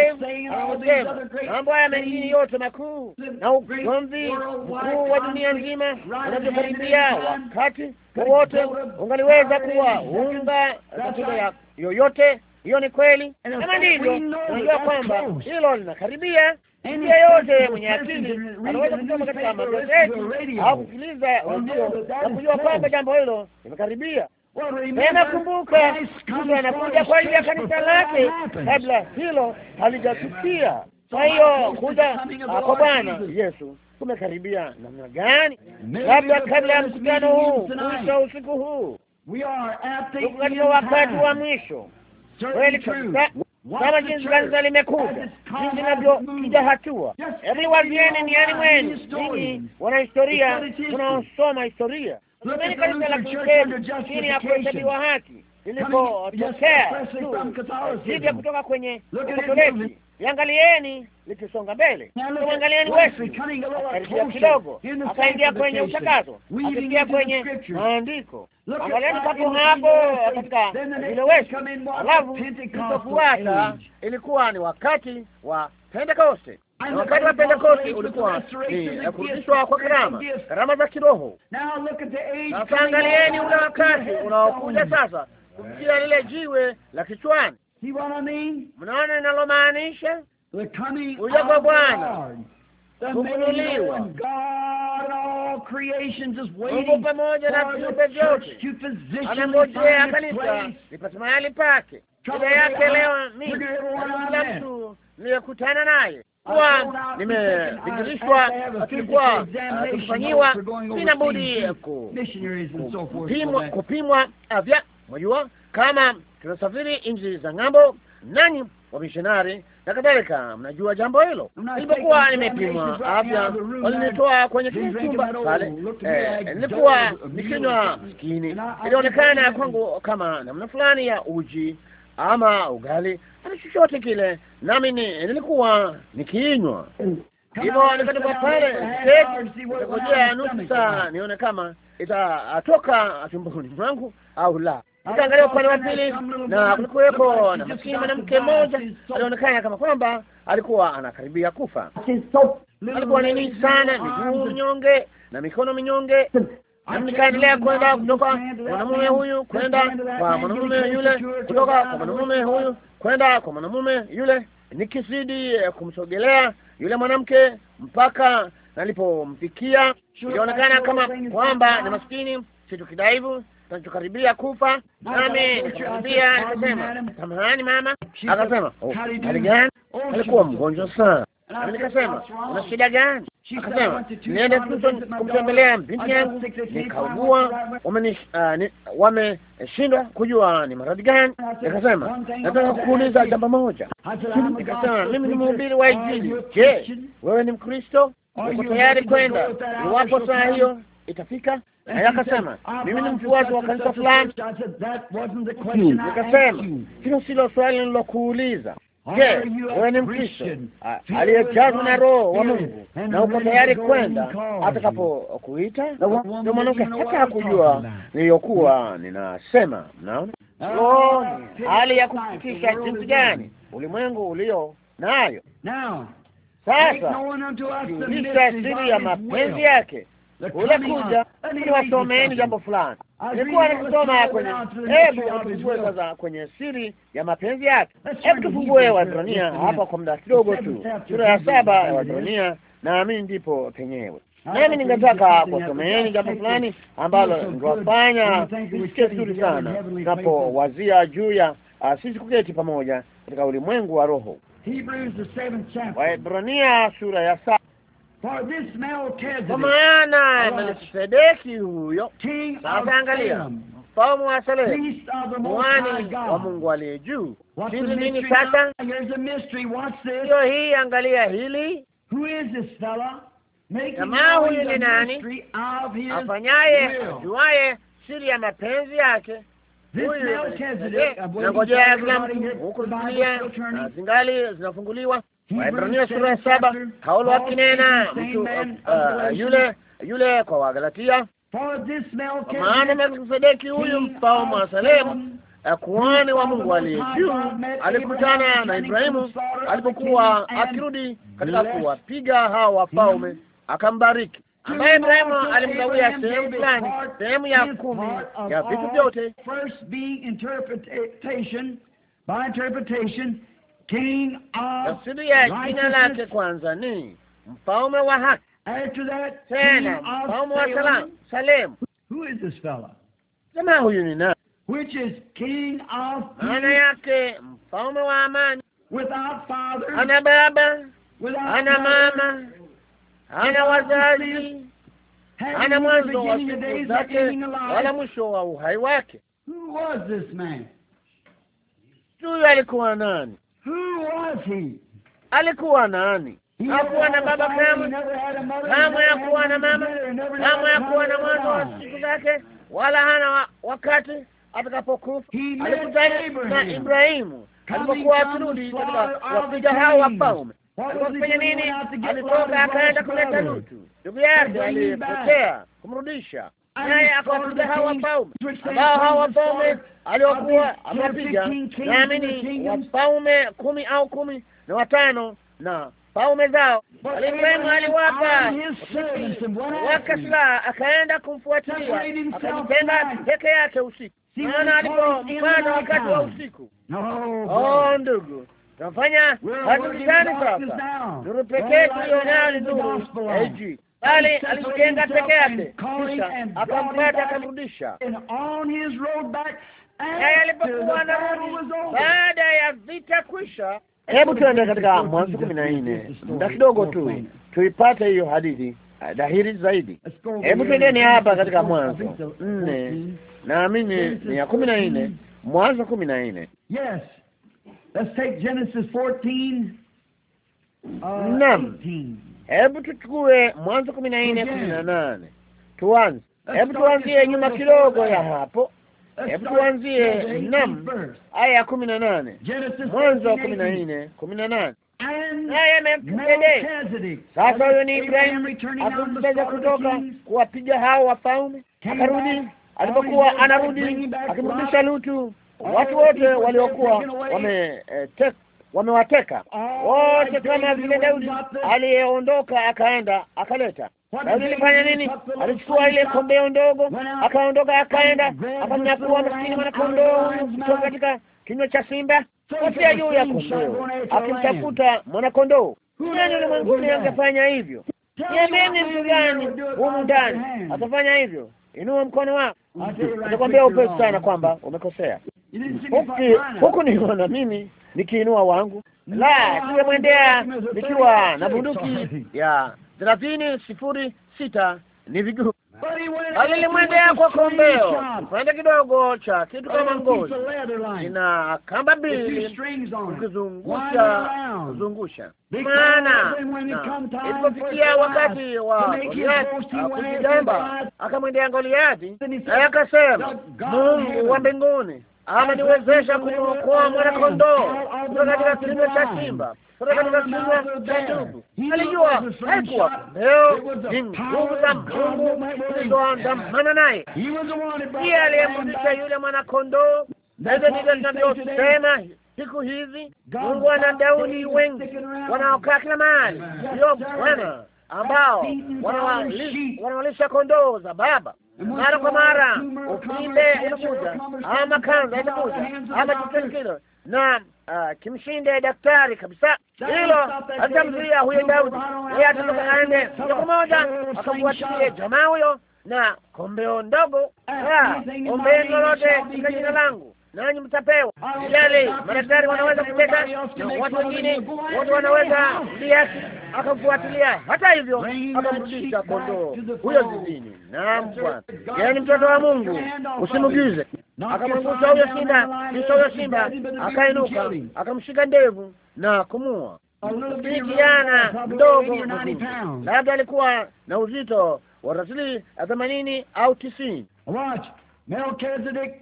mambo haya mengine yote makuu na ugomvi mkuu wa dunia nzima unavyokaribia, wakati wowote ungaliweza kuwa umba katika ya yoyote hiyo ni kweli. Kama ndivyo, unajua kwamba hilo linakaribia. Yeyote mwenye akili anaweza kusoma katika magazeti au kusikiliza redio na kujua kwamba jambo hilo limekaribia. Tena kumbuka, mtu anakuja kwa ajili ya kanisa lake kabla hilo halijatukia. Kwa hiyo kuja ah, kwa Bwana Yesu kumekaribia namna gani? Labda kabla ya mkutano huu kuisha usiku huu, tuko katika wakati wa mwisho. Kweli kabisa, kama jinsi kanisa limekuja, jinsi linavyopiga hatua. Hebu ni niani mwenu ninyi wanahistoria, tunaosoma historia, someni kanisa la Kilutheri chini ya kuhesabiwa haki lilipotokea vivya kutoka kwenye Ukatoliki. Niangalieni likisonga mbele, niangalieni Wesley akaribia kidogo, akaingia kwenye utakazo, akaingia kwenye maandiko. Angalieni papo hapo katika vile Wesley, alafu kilichofuata ilikuwa ni wakati wa Pentekoste. Wakati wa Pentekoste ulikuwa ni kurudishwa kwa karama, karama za kiroho. Sasa angalieni ule wakati unaokuja sasa kupitia lile jiwe la kichwani Mnaona inalomaanisha kuja kwa Bwana kufunuliwa Mungu pamoja na viumbe vyote anangojea kanisa lipate mahali pake ida yake. Leo mimi kila mtu niliyekutana naye kuwa nimevingirishwa, kilikuwa tukifanyiwa, sina budi kupimwa kupimwa, avya uh, mwajua kama tunasafiri nchi za ng'ambo, wa wamishonari na kadhalika, mnajua jambo hilo. Nilipokuwa nimepimwa afya, walinitoa kwenye chumba pale, eh, nilikuwa nikinywa maskini, ilionekana kwangu kama namna fulani ya uji ama ugali ama chochote kile, nami nilikuwa nikiinywa hivyo. Nikatoka pale nikangojea nusu saa nione kama itatoka tumboni mwangu au la. Nikaangalia upande wa pili na kulikuwepo na maskini mwanamke mmoja, alionekana kama kwamba alikuwa anakaribia kufa. Alikuwa nini sana, miguu minyonge na mikono minyonge. Nikaendelea kwenda kutoka mwanamume huyu kwenda kwa mwanamume yule, kutoka kwa mwanamume huyu kwenda kwa mwanamume yule, nikizidi eh, kumsogelea yule mwanamke mpaka nalipomfikia. Ilionekana kama kwamba ni maskini, kitu kidaivu tunachokaribia kufa, nami nikamwambia nikasema, samahani mama. Akasema oh, hali gani? Oh, Alikuwa mgonjwa sana. Nikasema una shida gani? Akasema niende kumtembelea binti yangu, nikaugua, wameshindwa ah, kujua ni maradhi gani. Nikasema nataka kuuliza jambo moja. Nikasema mimi ni mhubiri wa Injili. Je, wewe ni Mkristo? Uko tayari kwenda iwapo saa hiyo itafika? naye akasema mimi ni mfuasi wa kanisa fulani. Nikasema hilo silo swali nilokuuliza. Je, wewe ni Mkristo aliyejazwa na Roho wa Mungu na uko tayari kwenda atakapokuita? Ndio mwanamke hata hakujua niliyokuwa ninasema. Mnaona ah, hali ya kufikisha jinsi gani ulimwengu ulio nayo sasa, kuulisha siri ya mapenzi yake unakuja niwasomeeni jambo fulani, nilikuwa nikusoma kwenye. Hebu tufungue sasa kwenye siri ya mapenzi yake. Hebu tufungue Waebrania hapa kwa muda kidogo tu, sura ya saba ya Waebrania, naamini ndipo penyewe. Nami ningetaka kuwasomeeni jambo fulani ambalo niliwafanya nisikie vizuri sana wazia juu ya ah, sisi kuketi pamoja katika ulimwengu wa roho. Waebrania sura ya saba kwa maana Melkisedeki huyo, sasa angalia, mfalme wa Salemu, mwani wa Mungu aliye juu. Sisi nini sasa? Hiyo hii, angalia hili jamaa huyu ni nani? Afanyaye ajuaye siri ya mapenzi yake huyu, nangojea huku, zingali zinafunguliwa Waebrania sura ya saba Paulo akinena mtu uh, uh, yule yule kwa Wagalatia, maana Melkisedeki huyu mfalme wa Salemu uh, kuhani wa Mungu aliye juu alikutana na Ibrahimu alipokuwa akirudi katika kuwapiga hao wafalme, akambariki, ambaye Ibrahimu alimgawia sehemu fulani, sehemu ya kumi ya vitu vyote Tafsiri ya jina lake kwanza ni mfalme wa haki, tena mfalme wa salamu Salemu. Jamaa huyu ni nani? Maana yake mfalme wa amani. Ana baba, ana mama, ana wazazi, ana mwanzo wa siku zake wala mwisho wa uhai wake. Huyu alikuwa nani? Alikuwa nani? Hakuwa na baba kamwe, kamwe hakuwa na mama, kamwe hakuwa na mwana wa siku zake, wala hana wa, wakati atakapokufa. Alikutana na Ibrahimu alipokuwa akirudi katika wapiga hao wafalme. Alipofanya nini? Alitoka akaenda kuleta Lutu ndugu yake aliyepotea, kumrudisha naye akawapiga hao wafalme ambao hao wafalme aliokuwa amewapiga, naamini wafalme kumi au kumi na watano na faume zao alikwema, aliwapa wake silaha, akaenda kumfuatilia, akajitenga peke yake usiku, maana alipopata wakati wa usiku. Oh ndugu, tunafanya hatukizani sasa. Nuru pekee tulionayo ni nuru ya Injili bali alijenga peke yake, kisha akampata akamrudisha. Naye alipokuwa anarudi baada ya vita kwisha. Hebu tuende katika Mwanzo kumi na nne muda kidogo tu tuipate hiyo hadithi eh, dhahiri zaidi. Hebu tuendeni hapa katika Mwanzo nne, naamini ni ya kumi na nne. Mwanzo kumi na nne. Yes, let's take Genesis 14 uh, naam Hebu tuchukue Mwanzo kumi na nne kumi na nane tuanze. Hebu tuanzie nyuma kidogo ya hapo. Hebu tuanzie nam aya ya kumi na nane Mwanzo kumi na nne kumi na nane naye Sasa huyo ni Ibrahimu akumpendeza kutoka kuwapiga hao wafalme, akarudi. Alipokuwa anarudi akimrudisha Lutu, watu wote waliokuwa wametek eh, wamewateka ah, wote, kama vile Daudi aliyeondoka akaenda akaleta. Daudi alifanya nini? Alichukua ile kombeo ndogo, akaondoka akaenda akamnyakua maskini mwanakondoo kutoka katika kinywa cha simba, kofia juu ya kondoo, akimtafuta mwanakondoo. Nani ulimwenguni angefanya hivyo? Yemeni mtu gani humu ndani atafanya hivyo? Inua mkono wako, nitakwambia upesi sana kwamba umekosea. Huku niona mimi nikiinua wangu, mm. la nimemwendea nikiwa na bunduki ya thelathini sifuri sita ni vigumu alimwendea kwa kombeo kwenda kidogo cha kitu kama ngozi ina kamba mbili, ukizungusha kuzungusha, maana ilipofikia wakati wa kujigamba, akamwendea Goliati naye akasema, Mungu wa mbinguni ameniwezesha kumwokoa mwanakondoo kutoka katika kilimo cha simba, kutoka katika kilimo cha dubu. Alijua haikuwa leo, ni nguvu za Mungu zilizoandamana naye. Ndiye aliyemfundisha yule mwanakondoo. Hivyo ndivyo tunavyosema siku hizi. Mungu ana dauni wengi wanaokaa kila mahali, ndio Bwana ambao wanawalisha kondoo za Baba mara kwa mara, upinde inakuja ama kanza inakuja ama kikilkilo na ah, kimshinde daktari kabisa. Hilo alitamzuia huyo Daudi, yeye atatoka aende moja kwa moja akamfuatilie jamaa huyo na kombeo ndogo, ah, ombeni lolote katika jina langu nanyi mtapewa jali. Madaktari wanaweza kuteka watu wengine watu wanaweza liasi, akamfuatilia hata hivyo, akamrudisha kondoo huyo zizini. Naam Bwana, yaani mtoto wa Mungu, usimugize. Akamwangusha huyo simba, kisha huyo simba akainuka, akamshika ndevu na kumua. Ni kijana mdogo, labda alikuwa na uzito wa rasili themanini au tisini.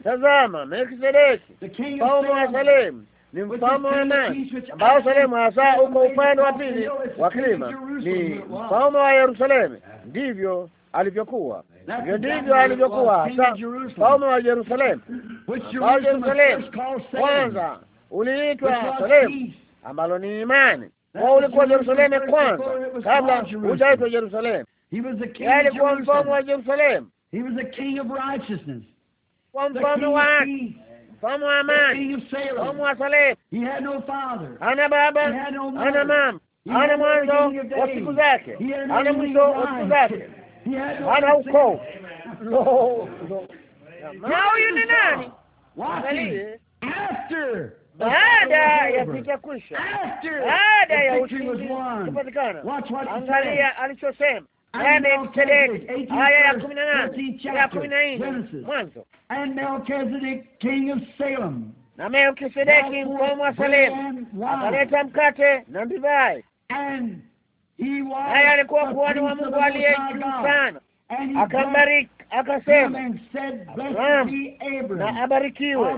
Tazama, melkizedeki mfalme wa Salemu, ni mfalme wa amani, ambao Salemu hasa uko upande wa pili wa kilima, ni mfalme wa Yerusalemu. Ndivyo alivyokuwa, hivyo ndivyo alivyokuwa hasa mfalme wa Yerusalemu, ambao Yerusalemu kwanza uliitwa Salemu, ambalo ni imani kwa ulikuwa Yerusalemu kwanza, kabla hujaitwa Yerusalemu. Alikuwa yaani mfalme wa Yerusalemu kwa mfalme wake, mfalme wa amani, mfalme wa Salemu. Hana baba, ana mama, ana mwanzo wa siku zake, ana mwisho wa siku zake, ana ukoo. Na huyu ni nani? Baada ya vita kwisha, baada ya ushindi kupatikana, angalia alichosema Melkizedeki, aya ya kumi na nane ya kumi na nne Mwanzo, na Melkizedeki mfalme wa Salemu akaleta mkate na divai, naye alikuwa kuhani wa Mungu aliye juu sana, akambariki akasema, Abrahamu na abarikiwe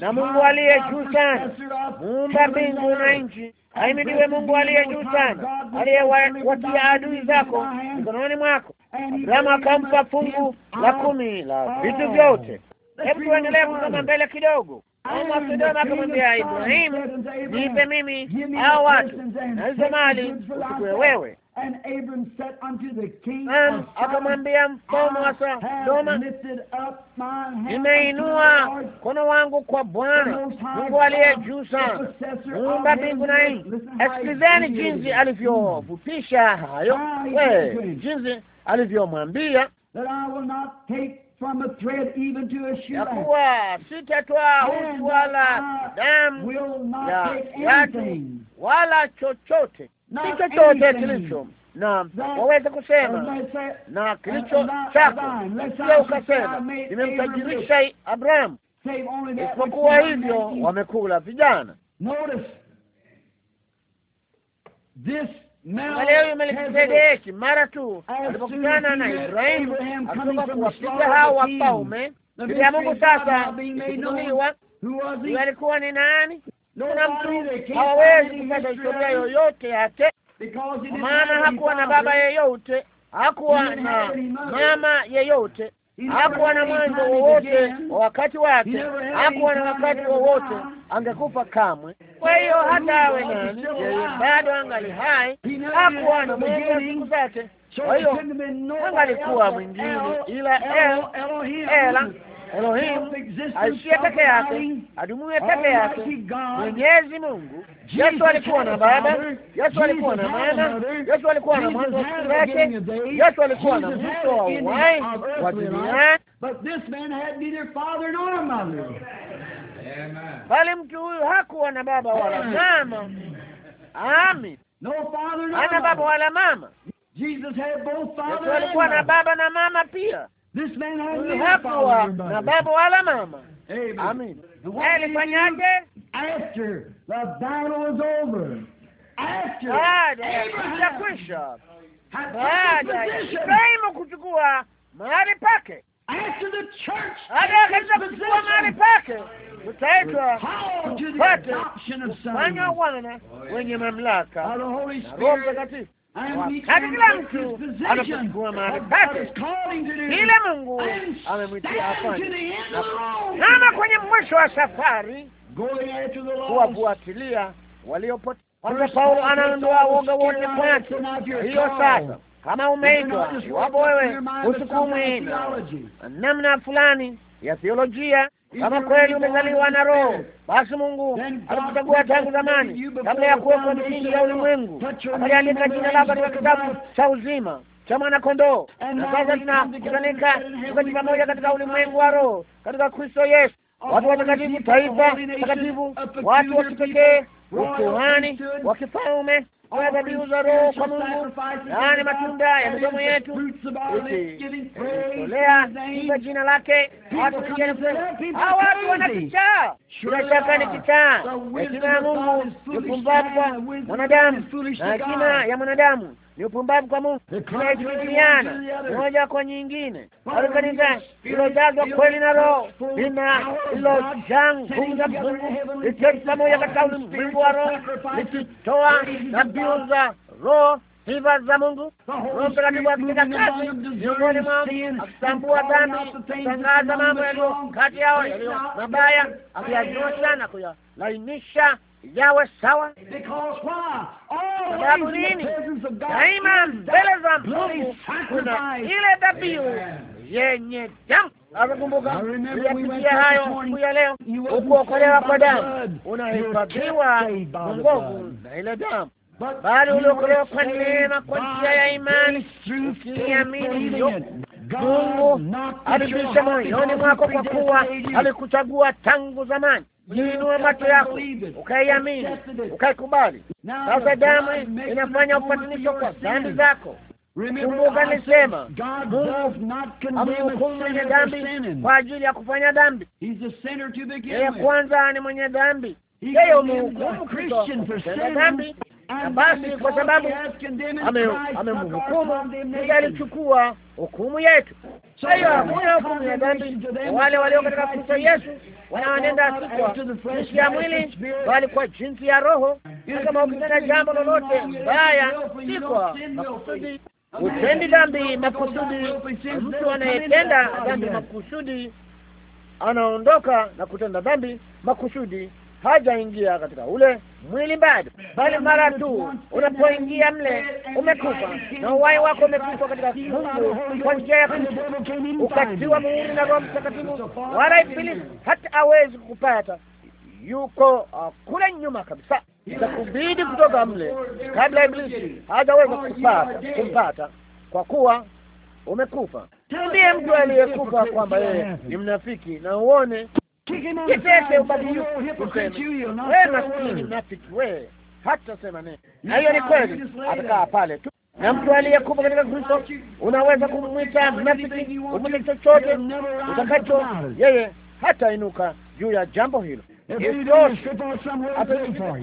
na Mungu aliye juu sana, muumba mbingu na nchi ndiwe Mungu aliye juu sana, aliyewatia adui zako mikononi mwako. Abrahamu akampa fungu la kumi la vitu vyote. Hebu tuendelee kusoma mbele kidogo. Ama Sodoma akamwambia Ibrahimu, niipe mimi hao watu na hizo mali, usikue wewe akamwambia mfalme wa Sodoma, nimeinua mkono wangu kwa Bwana Mungu aliye juu sana, muumba mbingu na nchi. Asikilizeni jinsi alivyofupisha hmm. hayo, ah, jinsi alivyomwambia ya kuwa sitatoa uzi wala damu ya watu wala chochote chochote kilicho na waweza kusema na kilicho chako, sio ukasema nimemtajirisha abraham isipokuwa hivyo wamekula vijana. huyu Melkisedeki mara tu alipokutana na Ibrahimu akitoka kuwapiga hao wafalme ya Mungu, sasa ikitumiwa alikuwa ni nani? kuna mtu hawezi kupata historia yoyote yake, kwa maana hakuwa na baba yeyote, hakuwa na mama yeyote, hakuwa na mwanzo wowote wa wakati wake, hakuwa na wakati wowote, angekufa kamwe. Kwa hiyo hata awe nani, yeye bado angali hai, hakuwa na mwenzi ya siku zake. Kwa hiyo angalikuwa mwingine ila ela Elohimu aishie peke yake, adumuye peke yake, Mwenyezi Mungu. Yesu alikuwa na Baba, Yesu alikuwa na Mwana, Yesu alikuwa na mwanzo wa Yesu alikuwa na mwisho wa uhai wa dunia, bali mtu huyu hakuwa na baba wala mama. Amin, ana baba wala mama. Yesu alikuwa na baba na mama pia huyu hakuwa na baba wala mama. Amin. Alifanyaje baada ah, ya kwisha? Baada ah, ya Ibrahimu kuchukua mahali pake, baada ya kanisa kuchukua mahali pake, mtaitwa tupate kufanywa wana wenye mamlaka na Roho Mtakatifu wakati kila mtu anapochukua mahali pake, Mungu amemwitia afanye, nama kwenye mwisho wa safari kuwafuatilia waliopotea. Kwanza Paulo anaondoa woga wote kwake. Hiyo sasa, kama umeitwa, iwapo wewe usukumwi namna fulani ya theolojia kama kweli umezaliwa na Roho, basi Mungu alikuchagua tangu zamani, kabla ya kuwekwa misingi ya ulimwengu, akaliandika jina lako katika kitabu cha uzima cha mwanakondoo, na sasa tunakutanika tukati pamoja katika ulimwengu wa Roho, katika Kristo Yesu, watu watakatifu, taifa takatifu, watu wa kipekee, ukuhani wa kifalme kwa dhabihu za Roho kwa Mungu, yaani matunda ya midomo yetu, ikitolea kwa jina lake. Hawa watu wana kichaa, bila shaka ni kichaa. Hekima ya Mungu ni kupumbavu mwanadamu na hekima ya mwanadamu ni upumbavu kwa Mungu, inaitumiana moja kwa nyingine. Kanisa lilojazwa kweli na Roho lina lilojaa nguvu za Mungu liketi pamoja katika ulimwengu wa Roho likitoa na biuza za Roho, sifa za Mungu. Roho Mtakatifu akitenda kazi miongoni mwao, akitambua dhambi, kutangaza mambo yaliyo kati yao yaliyo mabaya, akuyanyosha na kuyalainisha yawe sawa, sababu nini? Daima mbele za Mungu kuna ile dhabihu yenye damu. Akakumbuka kuyapitia hayo kuya leo, ukuokolewa kwa damu unahifadhiwa ungovu na ile damu, bali uliokolewa kwa neema kwa njia ya imani, ukiamini hivyo Mungu alibisha moyoni mwako, kwa kuwa alikuchagua tangu zamani uliinua macho yako ukaiamini, ukaikubali. Sasa damu inafanya upatanisho kwa dhambi zako. Kumbuka nisema Mungu amehukumu mwenye dhambi kwa ajili ya kufanya dhambi. Yeye kwanza ni mwenye dhambi, yeye umehukumu Kristo kwa dhambi. Ah, basi, kwa sababu amemhukumu, alichukua hukumu yetu. Kwa hiyo hakuna hukumu ya dhambi wale walio katika Kristo Yesu, wanaonenda kwa jinsi ya mwili, bali kwa jinsi ya Roho. Kama ukitenda jambo lolote baya, si kwa makusudi utendi dhambi makusudi. Mtu anayetenda dhambi makusudi anaondoka na kutenda dhambi makusudi hajaingia katika ule mwili bado, bali mara tu unapoingia mle umekufa na uwai wako umekufa katika Mungu kwa njia ya Kristo, ukatiwa muhuri na Roho Mtakatifu, wala Ibilisi hata awezi kukupata. Yuko uh, kule nyuma kabisa, itakubidi kutoka mle kabla Ibilisi hajaweza kupata kumpata, kwa kuwa umekufa. Ndiye mtu aliyekufa kwamba yeye ni mnafiki, na uone kitete ubadilifu, wewe maskini mnafiki wewe, hata sema Na hiyo ni kweli, atakaa pale tu. Na mtu aliyekufa katika Kristo, unaweza kumwita mnafiki, umwite chochote utakacho, yeye inuka juu ya jambo hilo.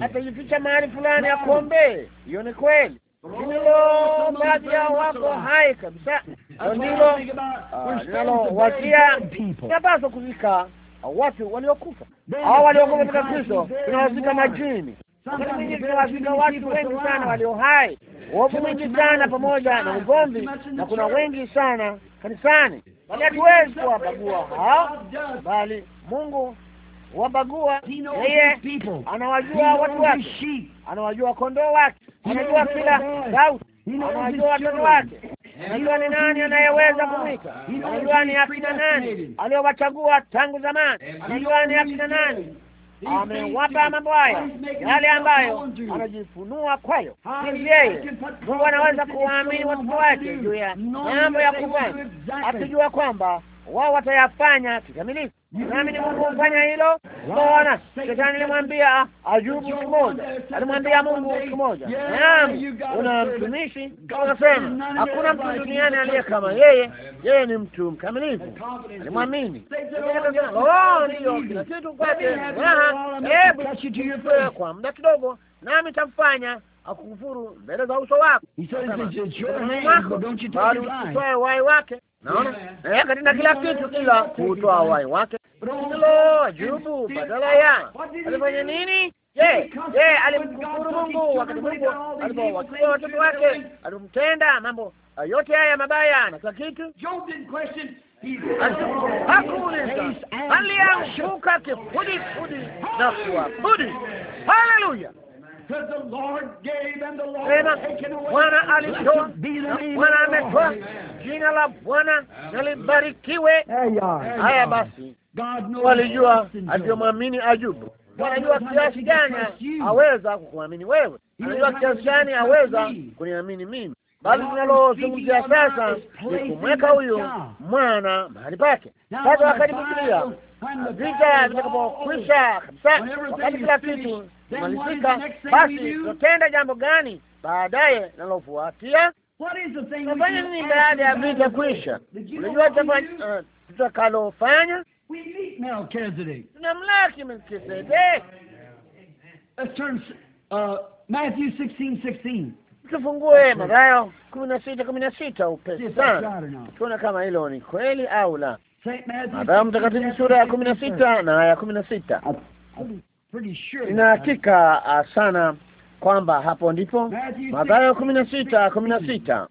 Atajificha mahali fulani akombee. Hiyo ni kweli. Hilo baadhi ya wako hai kabisa, ndilo ah, linalowazia napaswa kuzika watu waliokufa au waliokufa katika Kristo, tunawazika majini. Wakati tunawazika watu wengi sana walio hai, uovu mwingi sana pamoja na ugomvi, na kuna wengi sana kanisani, bali hatuwezi kuwabagua hao, bali Mungu wabagua yeye. Anawajua watu wake, anawajua kondoo wake, anajua kila sauti, anawajua watoto wake najua ni nani anayeweza kumwika, najua ni akina nani aliyowachagua tangu zamani, najua ni akina nani amewapa mambo haya yale ambayo anajifunua kwayo. Yeye Mungu anaweza kuwaamini watoto wake juu ya mambo ya kufanya, akijua kwamba wao watayafanya kikamilifu, nami ni Mungu hufanya hilo. Mbona shetani alimwambia Ayubu siku moja, alimwambia Mungu siku moja, naam, una mtumishi akasema, hakuna mtu duniani aliye kama yeye, yeye ni mtu mkamilifu, alimwamini. Oh, Ndiyo kila kitu kwake, raha. Hebu kwa muda kidogo, nami tamfanya akukufuru mbele za uso wako, bali usitoe wai wake Naona eh, akatenda kila kitu, kila kutoa uhai wake. Lo, ajabu! Badala ya alifanya nini? Je, je, alimkufuru Mungu wakati Mungu alipowatia watoto wake? Alimtenda mambo ah, yote haya mabaya na kila kitu. Hakuuliza, alianguka kifudifudi na kuabudu. Haleluya! Sema Bwana alitoa Bwana ametoa, jina la Bwana nalibarikiwe. Haya basi, walijua aliyomwamini ajubu. Anajua kiasi gani aweza kukuamini wewe, anajua kiasi gani aweza kuniamini mimi. Bali tunalozungumzia sasa ni kumweka huyu mwana mahali pake. Sasa wakati Biblia vita vitakapokwisha kabisa, wakati kila kitu tumalizika, basi tutenda jambo gani baadaye linalofuatia? Tutafanya nini baada ya vita kuisha? Unajua eh, tutakalofanya, tunamlaki Melkisedeki. Uh, Tufungue Mathayo kumi na sita kumi na sita upesi sana, tuona kama hilo ni kweli au la. Mathayo mtakatifu sura ya kumi na sita na ya kumi na sita Nina hakika ah, sana kwamba hapo ndipo Mathayo kumi na sita kumi na sita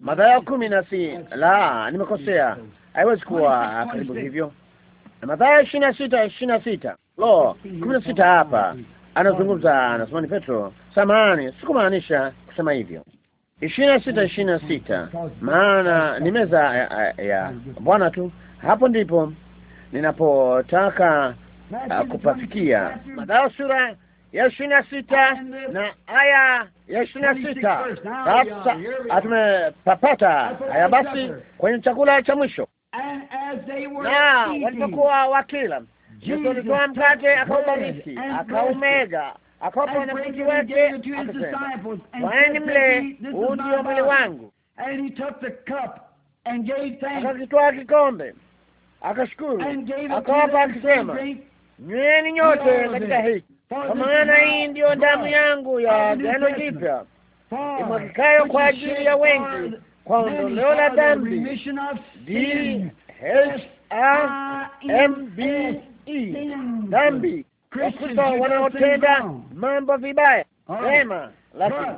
Mathayo kumi na si la, nimekosea, haiwezi kuwa karibu hivyo. Mathayo ishirini na sita ishirini na sita lo kumi na sita hapa anazungumza anasema, ni Petro, samahani, sikumaanisha kusema hivyo. ishirini na sita ishirini na sita maana ni meza ya, ya Bwana tu. Hapo ndipo ninapotaka uh, kupafikia. Mathayo sura ya ishirini na sita na aya ya ishirini na sita Sasa atumepapata ah, haya, basi kwenye chakula cha mwisho na walipokuwa wakila, Yesu alitoa mkate akaubariki, akaumega, akawapa wanafunzi wake akasema, twaeni mle, huu ndio mwili wangu. Akakitoa kikombe akashukuru, akawapa akisema, nyweni nyote katika hiki, kwa maana hii ndiyo damu yangu ya agano jipya imwagikayo kwa ajili ya wengi kwa ondoleo la dhambi. D H A ah, M e, B E, dhambi. E. E. Wakristo wanaotenda mambo vibaya, sema lakini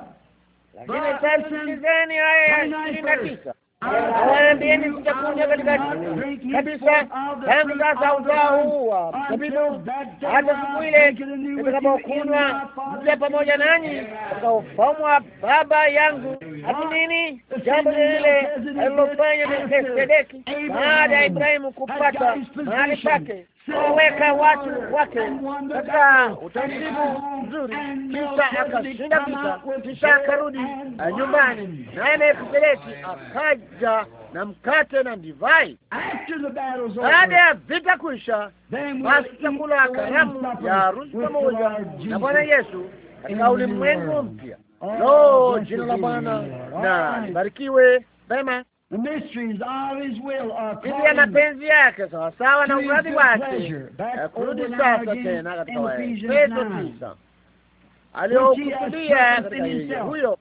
lakini sasa, sikizeni haya ya ishirini na tisa Nawaambieni, sitakuja katika kabisa tangu sasa uzao huu wa zabibu hata siku ile itakapokunywa mja pamoja nanyi katika ufalme wa Baba yangu. Hakunini jambo lile alilofanya Melkisedeki baada ya Ibrahimu kupata mahali pake kuweka watu wake katika utaratibu mzuri, kisha akashinda vita, kisha akarudi eh, nyumbani, naye Peleti akaja na mkate na divai. Baada ya vita kuisha, basi chakula karamu ya arusi pamoja na Bwana Yesu katika ulimwengu mpya. Lo, jina la Bwana na libarikiwe. Vema ili ya mapenzi yake sawasawa na uradhi wake. Eh, kurudi sasa tena katika Waefeso tisa aliokusudia katika huyo,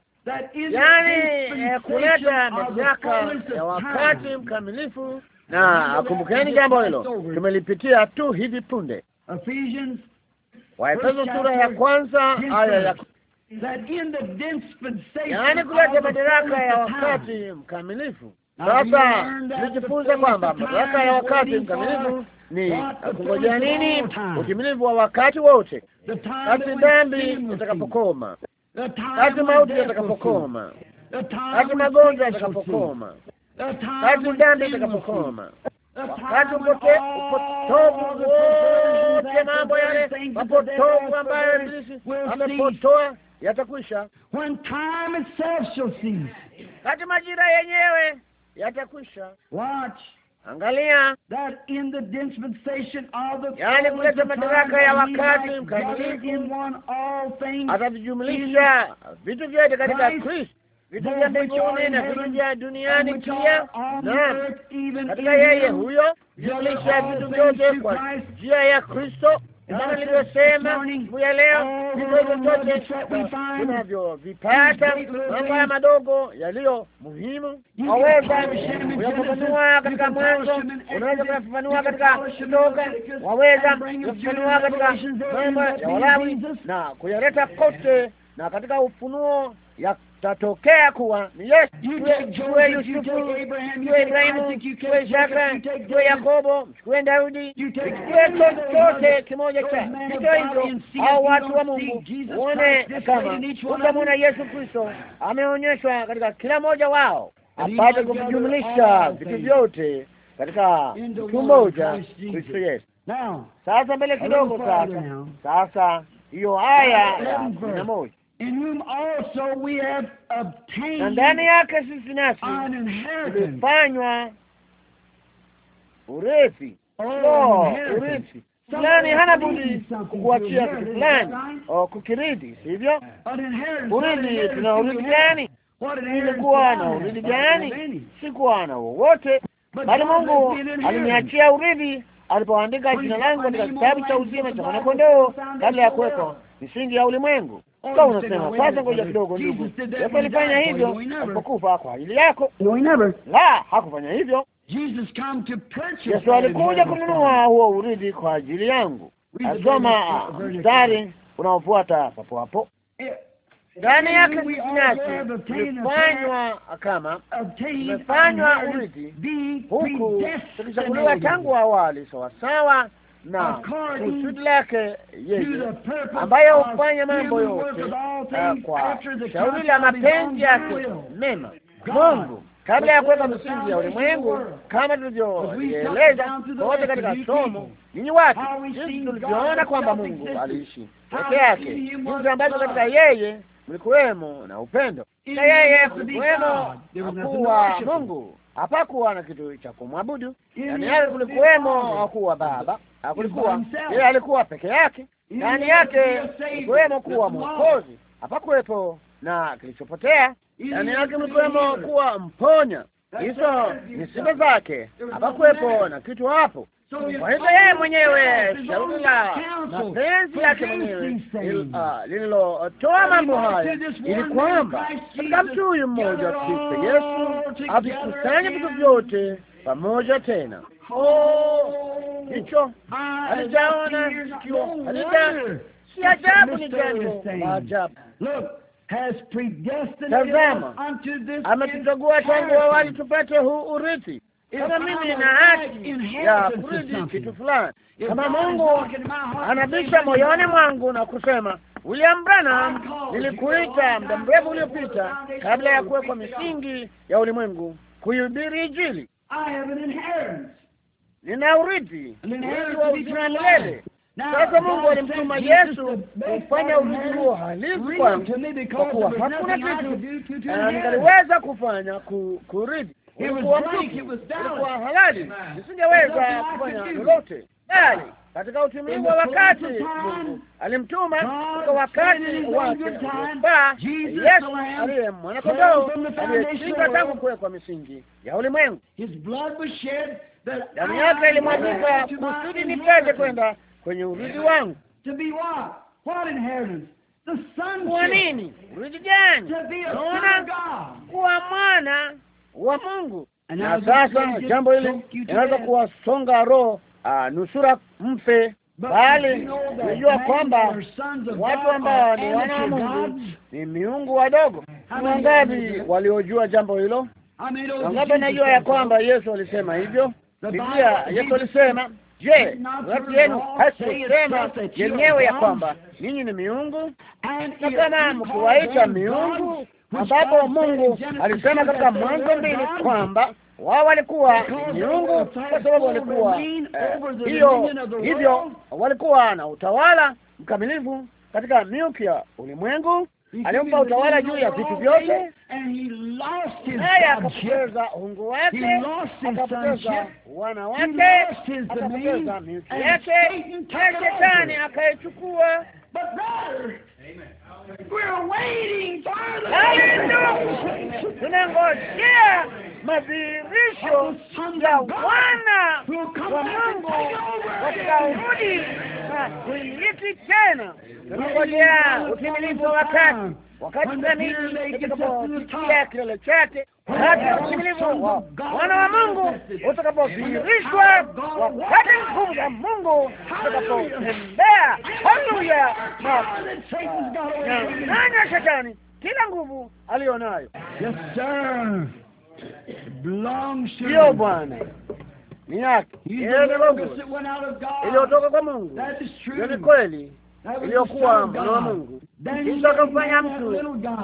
yaani eh, kuleta mamlaka ya wakati mkamilifu. Na akumbukeni jambo hilo, tumelipitia tu hivi punde, Waefeso sura ya kwanza aya ya yaani kuleta madaraka ya wakati mkamilifu. Sasa nijifunza kwamba madaraka ya wakati mkamilifu ni kungojea nini? Utimilivu wa wakati wote, hadi dhambi itakapokoma, hadi mauti itakapokoma, hadi magonjwa itakapokoma, hadi dhambi itakapokoma, wakati upotovu wote, mambo yale mapotovu ambayo amepotoa yatakwisha, kati majira yenyewe yatakwisha. Angalia, yaani kuleta madaraka ya wakati mkamilifu, atavijumlisha vitu vyote katika Kristo, vitu vya mbinguni na vitu vya duniani pia, na katika yeye huyo jumlisha vitu vyote kwa njia ya Kristo kama nilivyosema siku ya leo, vivyo vyote tunavyovipata mambo haya madogo yaliyo muhimu, waweza kuyafafanua katika Mwanzo, unaweza kuyafafanua katika Kutoka, waweza kuyafafanua katika mambo ya Walawi na kuyaleta kote, na katika Ufunuo ya tatokea kuwa ni Yesu. tuwe Yusufu, tuwe Ibrahimu, tuwe Isaka, tuwe Yakobo, mchukue Daudi, mchukue chochote kimoja cha hivyo hivyo, au watu wa Mungu uone kama utamwona Yesu Kristo ameonyeshwa katika kila mmoja wao, apate kuvijumlisha vitu vyote katika mtu mmoja, Kristo Yesu. Sasa mbele kidogo, sasa sasa hiyo aya ya kumi na moja na ndani yake sisi nasi tumefanywa urithi oh, urithi fulani hana budi kukuachia kitu fulani oh, kukiridi, sivyo? Urithi, tuna urithi gani? Nilikuwa na urithi gani? Sikuwa na wowote, bali Mungu aliniachia urithi alipoandika jina langu katika kitabu cha uzima cha mwanakondoo kabla ya kuwekwa misingi ya ulimwengu. Sasa unasema sasa ngoja kidogo ndugu, Yesu alifanya hivyo alipokufa kwa ajili yako. La, hakufanya hivyo. Yesu alikuja kununua huo urithi kwa ajili yangu. Asoma uh, mstari unaofuata papo hapo. Ndani yake sisi nasi tumefanywa kama tumefanywa urithi, huku tukichaguliwa tangu awali sawasawa na kusudi lake yeye ambaye hufanya mambo yote eh, kwa shauri la mapenzi yake mema. Mungu kabla ya kuweka misingi ya ulimwengu, kama tulivyoeleza wote katika somo, ninyi watu, jinsi tulivyoona kwamba Mungu aliishi peke yake, jinsi ambazo katika yeye mlikuwemo na upendo, na yeye kulikuwemo kuwa Mungu, hapakuwa na kitu cha kumwabudu, yaani yeye kulikuwemo kuwa Baba hakulikuwa yeye, alikuwa peke yake, ndani yake ikiwemo kuwa mwokozi, hapakuwepo na kilichopotea ndani yake, mkiwemo kuwa mponya. Hizo ni sifa zake, hapakuwepo na kitu hapo. Kwa hivyo yeye mwenyewe shauri la mapenzi yake mwenyewe ah, lililotoa mambo haya ili kwamba katika mtu huyu mmoja Kristo Yesu avikusanye vitu vyote pamoja tena hicho alijaona, alija si ajabu, ni jambo ajabu. Tazama, ametuchagua tangu awali tupate huu urithi. Kama mimi na haki ya kurithi kitu fulani, kama Mungu anabisha moyoni mwangu na kusema, William Branham, nilikuita muda mrefu uliopita, kabla ya kuwekwa misingi ya ulimwengu, kuihubiri Injili nina urithi wa uzima milele. Sasa Mungu alimtuma Yesu kufanya urithi huo halisi kwangu, kwa kuwa hakuna kitu eh, ningaliweza kufanya kurithi. Ilikuwa ilikuwa halali, nisingeweza kufanya lolote, bali katika utimilivu wa wakati Mungu alimtuma katika wakati wake uliofaa, Yesu aliye mwanakondoo aliyechinjwa tangu kuwekwa misingi ya ulimwengu damu yake ilimwagika kusudi nipate kwenda kwenye urithi wangu. Kwa nini? Urithi gani? Naona kuwa mwana wa Mungu. Na sasa jambo hili inaweza kuwasonga roho ah, nusura mfe, bali unajua kwamba watu ambao ni wana wa Mungu ni miungu wadogo. Wangapi waliojua jambo hilo? Wangapi najua ya kwamba Yesu alisema hivyo? Biblia Yesu alisema, je, watu yenu hasikusema yenyewe ya kwamba ninyi ni miungu? Na kama mkiwaita miungu, ambapo Mungu alisema katika Mwanzo mbili kwamba wao walikuwa miungu kwa sababu walikuwa eh, hiyo, hivyo walikuwa na utawala mkamilifu katika milki ya ulimwengu alimpa utawala juu ya vitu vyote, naye akapoteza ungo wake, akapoteza wana wake, akapoteza milki yake, naye shetani akaichukua. Tunangojea madhihirisho ya wana wa Mungu watakaorudi na kuimiliki tena. Tunangojea utimilifu wa wakati, wakati kamili itakapofikia kilele chake, wakati wa utimilifu wa wana wa Mungu utakapodhihirishwa, wakati mkuu wa Mungu utakapotembea. Haleluya! nanya shetani kila nguvu aliyonayo. Yes sir. Ndiyo Bwana, ni yake iliyotoka kwa Mungu, ni kweli iliyokuwa mwana wa Mungu. Kisha akamfanya mtu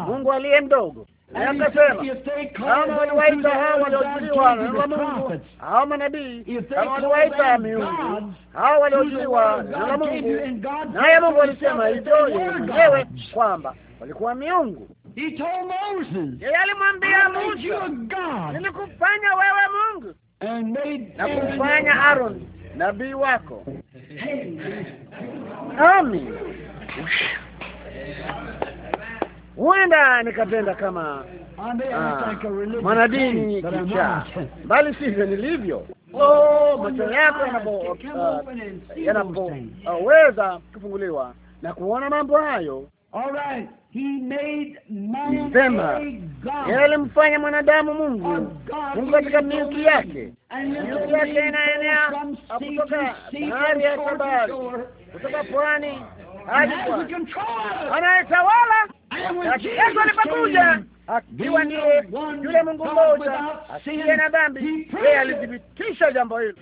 Mungu aliye mdogo, naye akasema, kama waliwaita hao waliojiliwa na la Mungu hao manabii, kama waliwaita miungu hao waliojiliwa na la Mungu, naye Mungu alisema hivyo yeye mwenyewe kwamba walikuwa miungu yeye alimwambia Musa, nilikufanya wewe Mungu na kumfanya Aaron nabii wako. Amen. Huenda nikatenda kama ah, mwanadini kicha, bali sivyo nilivyo. Oh, Macho yako uh, yanapoweza kufunguliwa na kuona mambo hayo Sema yeye alimfanya mwanadamu Mungu, Mungu katika milki yake. Milki yake inaenea kutoka bahari ya Sabari, kutoka pwani hadi pwani, anayetawala akiyesu alipokuja akiwa ndiye yule Mungu mmoja asiye na dhambi. Yeye alithibitisha jambo hilo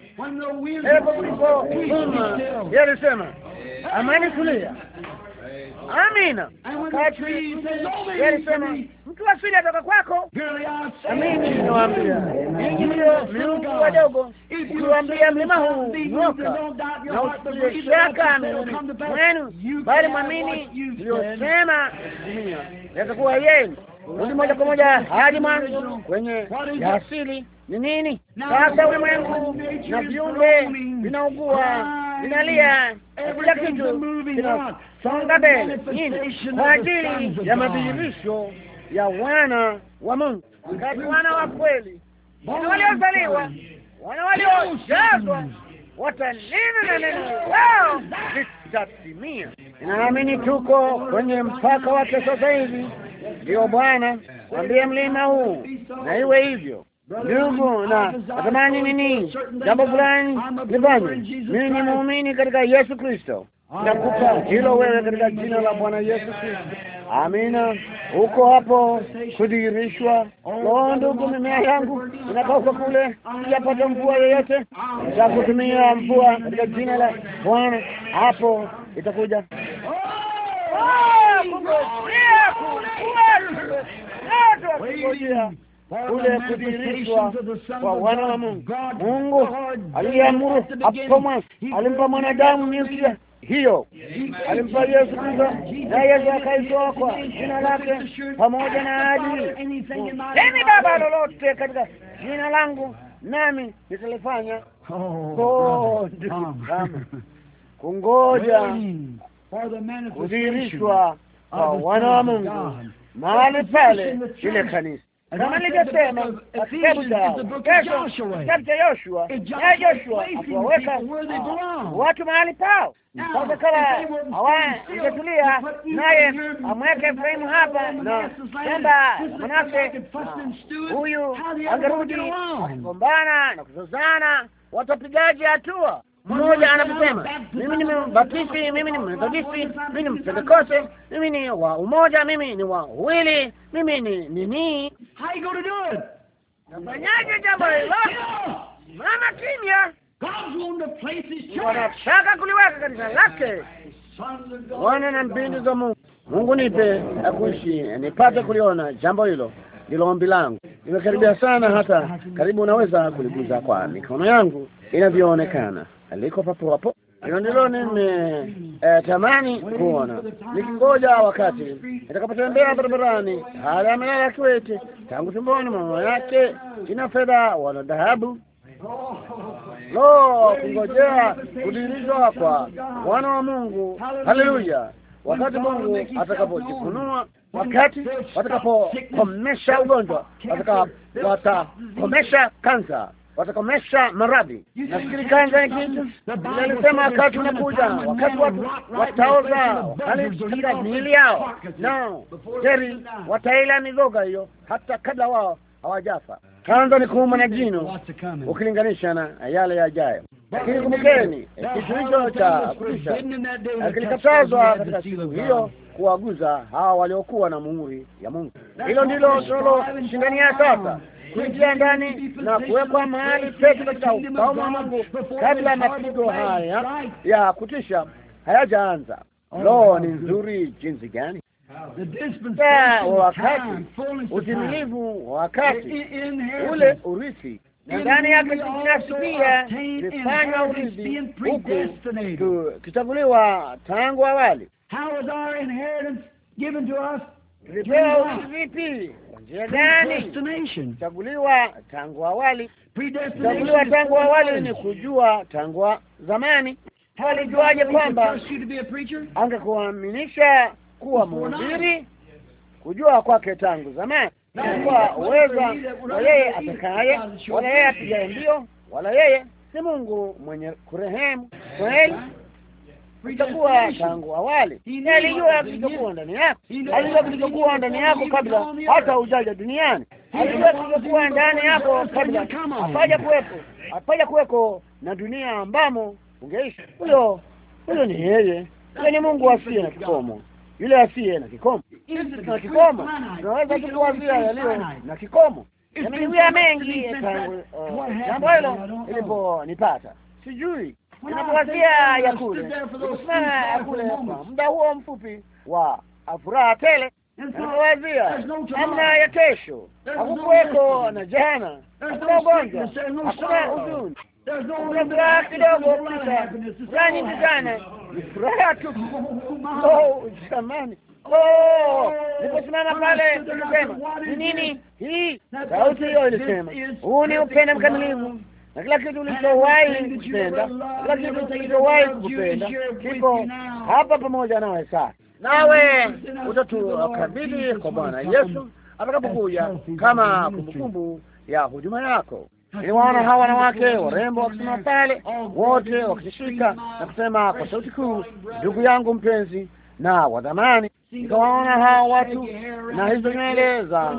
hapo kuliko, yeye alisema amani kulia Amina. alisema mtu asili atoka kwako, amini ninawaambia ninyi miungu wadogo, ukiwaambia mlima huu ng'oka na usipige shaka mioyoni mwenu, bali mwamini mliyosema, yatakuwa yenu rudi moja kwa moja hadi mwanzo kwenye ya asili. Ni nini sasa? Ulimwengu na viumbe vinaugua, vinalia, kila kitu kinasonga mbele, nini kwa ajili ya madhihirisho ya wana wa Mungu, kati wana wa kweli wana waliozaliwa, wana waliojazwa watanena na neno lao litatimia. Inaamini tuko kwenye mpaka wake sasa hivi Ndiyo Bwana, mwambie mlima huu na iwe hivyo. Ndugu, na natamani nini, jambo fulani nifanye. Mimi ni muumini katika Yesu Kristo. Nakupa hilo wewe katika jina la Bwana Yesu Kristo, amina. Huko hapo kudhihirishwa. Oh, ndugu, mimea yangu inakauka kule, sijapata mvua yoyote. Nitakutumia mvua katika jina la Bwana, hapo itakuja kule kudhihirishwa kwa wana wa Mungu. Mungu aliamuru hapo mwanzo alimpa mwanadamu nisia hiyo, alimpa Yesu Kristo, na Yesu akaitoa kwa jina lake pamoja na ahadi, teni Baba, lolote katika jina langu nami nitalifanya. Kungoja kudhihirishwa kwa wana wa Mungu mahali pale ile kanisa kama nilivyosema kitabu kitabu cha Yoshua, naye Joshua akiwaweka watu mahali pao. Sasa kama hawangetulia, naye amweke Efraimu hapa na kwamba Manase, huyu angerudi akigombana na kuzozana, watapigaje hatua? mmoja anaposema mimi ni mbatisi mimi ni methodisti, mimi ni mpentekoste, mimi ni wa umoja, mimi ni wa uwili, mimi ni nini, nafanyaje jambo hilo? Mama kimya, wanataka kuliweka kanisa lake. Wana na mbindu za Mungu, Mungu nipe akuishi nipate kuliona jambo hilo. Ndilo ombi langu, nimekaribia sana, hata karibu unaweza kuliguza kwa mikono yangu inavyoonekana liko papo hapo. Hilo ndilo nimetamani eh, kuona nikingoja wakati nitakapotembea barabarani. Hada amelala kiwete tangu tumboni, mama yake ina fedha, wala dhahabu. Lo, kungojea kudirishwa kwa wana wa Mungu! Haleluya! wakati Mungu atakapojifunua, wakati watakapokomesha ugonjwa, watakomesha kansa watakomesha maradhi. Nafikiri kanza ya kitu alisema, wakati unakuja, wakati watu wataoza katika miili yao na jeri, wataila mizoga hiyo hata kabla wao hawajafa. Kanza ni kuuma na jino ukilinganisha na yale yajayo, lakini kumbukeni eh, kitu hicho cha kutisha kilikatazwa katika siku hiyo kuwaguza hawa waliokuwa na muhuri ya Mungu. Hilo ndilo tunaloshindania sasa kuingia ndani na kuwekwa mahali petu katika ufalme wa Mungu kabla ya mapigo haya ya kutisha hayajaanza. Lo, ni nzuri jinsi gani! Wa wakati utimilivu wa wakati ule urithi ndani yake nafsi pia imefanywa urithi, huku kuchaguliwa tangu awali Tulipewa vipi? Kwa njia gani? Chaguliwa tangu awali. Chaguliwa tangu awali ni kujua tangu zamani. Alijuaje kwamba angekuaminisha kuwa mhubiri? Kujua kwake tangu zamani kwa uweza wa yeye atakaye, wala yeye apigaye mbio, wala yeye si Mungu mwenye kurehemu kweli kilichokuwa tangu awali. Alijua kilichokuwa ndani yako, alijua kilichokuwa ndani yako kabla hata hujaja duniani, alijua kilichokuwa ndani yako kabla hapaja kuwepo, hapaja kuweko na dunia ambamo ungeishi. Huyo huyo ni yeye, huyo ni Mungu asiye na kikomo, yule asiye na kikomo. Na kikomo tunaweza tukuwazia yaliyo na kikomo. Nimejua mengi tangu uh, jambo hilo nipata, sijui inapowazia ya kule kusimama kule kwa muda huo mfupi wa furaha tele inapowazia hamna ya kesho, hakukuweko na jana, hakuna ugonjwa, hakuna huzuni, kuna furaha kidogo kupita, furaha nyingi sana, ni furaha tu. Oh, oh, oh, jamani, niliposimama pale nikasema ni nini hii? Sauti hiyo ilisema, huu ni upendo mkamilifu na kila kitu ulichowahi kupenda kila kitu kilichowahi kukupenda kiko hapa pamoja nawe sasa, nawe utatukabidhi kwa Bwana Yesu atakapokuja kama kumbukumbu ya huduma yako. Niliwaona hawa wanawake warembo wakisema pale, wote wakishika na kusema kwa sauti kuu, ndugu yangu mpenzi na wadhamani. Nikawaona hawa watu na hizo nywele za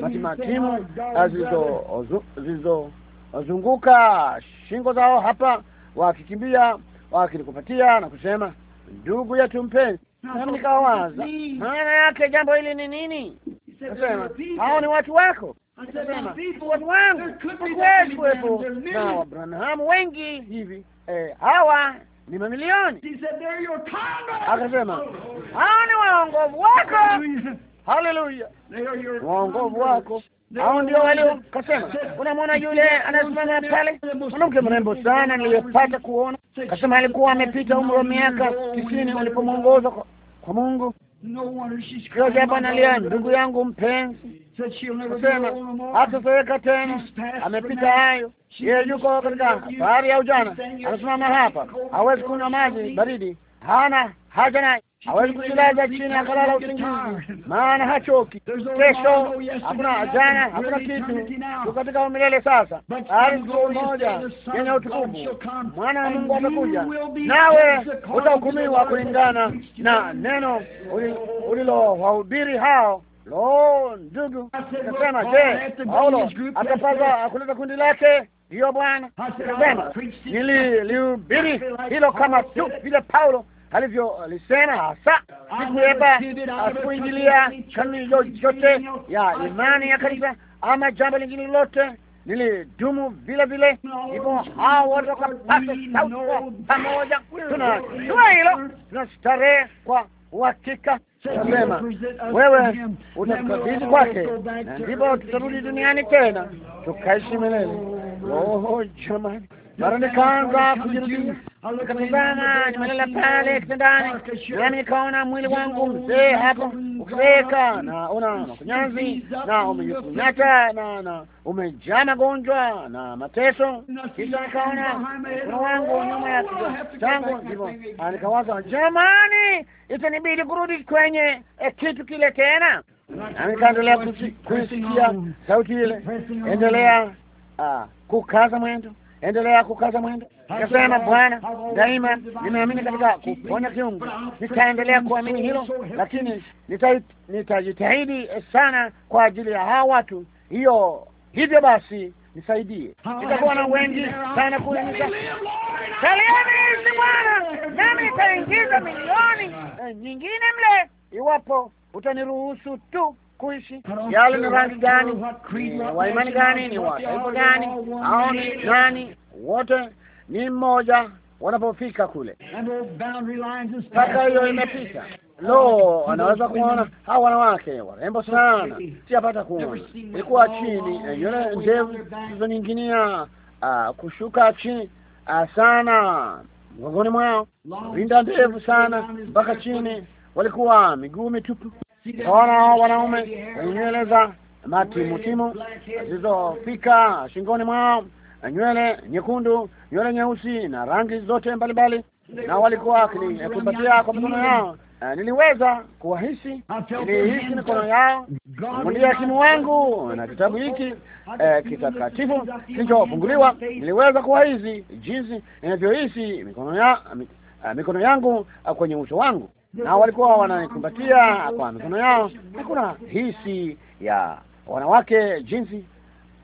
matimatimu zilizo wazunguka shingo zao hapa wakikimbia wakinikupatia na kusema, ndugu yetu mpenzi. Nami nikawaza maana yake jambo hili ni nini? hao ni watu wako, watu wangu. Kweli kuwepo na Wabrahamu wengi hivi, e, hawa ni mamilioni. Akasema hao ni waongovu wako. Haleluya, waongovu wako au ndio walio kasema, unamwona yule anasimama pale, mwanamke mrembo sana niliyopata kuona. Kasema alikuwa amepita umri wa miaka tisini ulipomwongoza kwa Mungu. hapa analia, ndugu yangu mpenzi, kasema hatatoweka tena, amepita hayo. Yeye yuko katika bahari ya ujana, anasimama hapa, hawezi kunywa maji baridi, hana haja naye hawezi kujilaza chini akalala usingizi, maana hachoki. Kesho oh, hakuna, jana hakuna kitu, tu katika umilele Sasa ari siku moja yenye utukufu, mwana wa Mungu amekuja, nawe utahukumiwa kulingana na neno ulilowahubiri hao. Lo, ndugu, nasema je, Paulo atapata kuleta kundi lake? Ndiyo Bwana, nasema nililihubiri hilo kama tu vile Paulo alivyolisema uh, hasa, sikuweba asikuingilia kanuni yoyote ya imani ya kanisa ama jambo lingine lolote, nilidumu vile vile. Hivyo hao watu wakapata sauti pamoja, tunajua hilo, tunastarehe kwa uhakika sema wewe utakabidhi kwake, na ndipo tutarudi duniani tena tukaishi milele. Oho, jamani, mara nikaanza kujirudia, nikatazama nimelala pale kitandani, yaani nikaona mwili wangu mzee hapo ukiweka na una makunyanzi na umejikunyata na na umejaa magonjwa na mateso. Kisha nikaona mkono wangu nyuma ya kichwa changu, ndipo ah, nikawaza, jamani, itanibidi kurudi kwenye kwenye kitu kile tena. Nikaendelea kusikia sauti ile, endelea kukaza mwendo, endelea kukaza mwendo. Nikasema, Bwana, daima nimeamini katika kuponya kiungu, nitaendelea kuamini hilo, lakini nitajitahidi sana kwa ajili ya hawa watu. Hiyo hivyo basi nisaidie, nitakuwa na wengi sana kule. Salieni Bwana, nami nitaingiza milioni eh, nyingine mle iwapo utaniruhusu tu kuishi. Yale ni rangi gani, wa imani gani, ni wataifa gani, au ni nani? Wote ni mmoja wanapofika kule, mpaka hiyo imepita. Lo, anaweza kuona hao wanawake warembo sana, siapata kuona, ilikuwa chini eh, yule ndevu zilizoning'inia ah, kushuka chini ah, sana mgongoni mwao, rinda ndevu sana mpaka chini walikuwa miguu mitupu. Ona wanaume wenye nywele za matimutimu zilizofika shingoni mwao, nywele nyekundu, nywele nyeusi na rangi zote mbalimbali, na walikuwa wakinikumbatia kwa mikono yao. Eh, niliweza kuwahisi, nilihisi mikono yao mundia simu wangu na kitabu hiki eh, kitakatifu kilichofunguliwa. Niliweza kuwahisi jinsi ninavyohisi mikono ya eh, mikono yangu eh, kwenye uso wangu na walikuwa wanaikumbatia kwa mikono yao. Hakuna hisi ya wanawake jinsi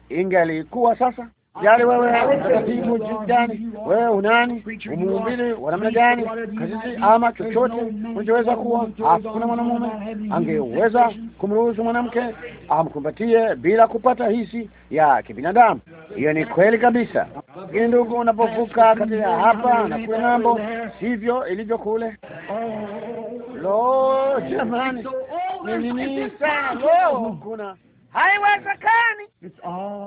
ingelikuwa sasa jali yaani wewe utakatifu jinsi gani, wewe unani, umuumbili wa namna gani, kasisi ama chochote unachoweza kuwa. Hakuna mwanamume angeweza kumruhusu mwanamke amkumbatie bila kupata hisi ya kibinadamu. Hiyo ni kweli kabisa, lakini ndugu, unapovuka kati ya hapa na kule ng'ambo, sivyo ilivyo kule. Lo, jamani, ni nini sana? Lo, kuna haiwezekani.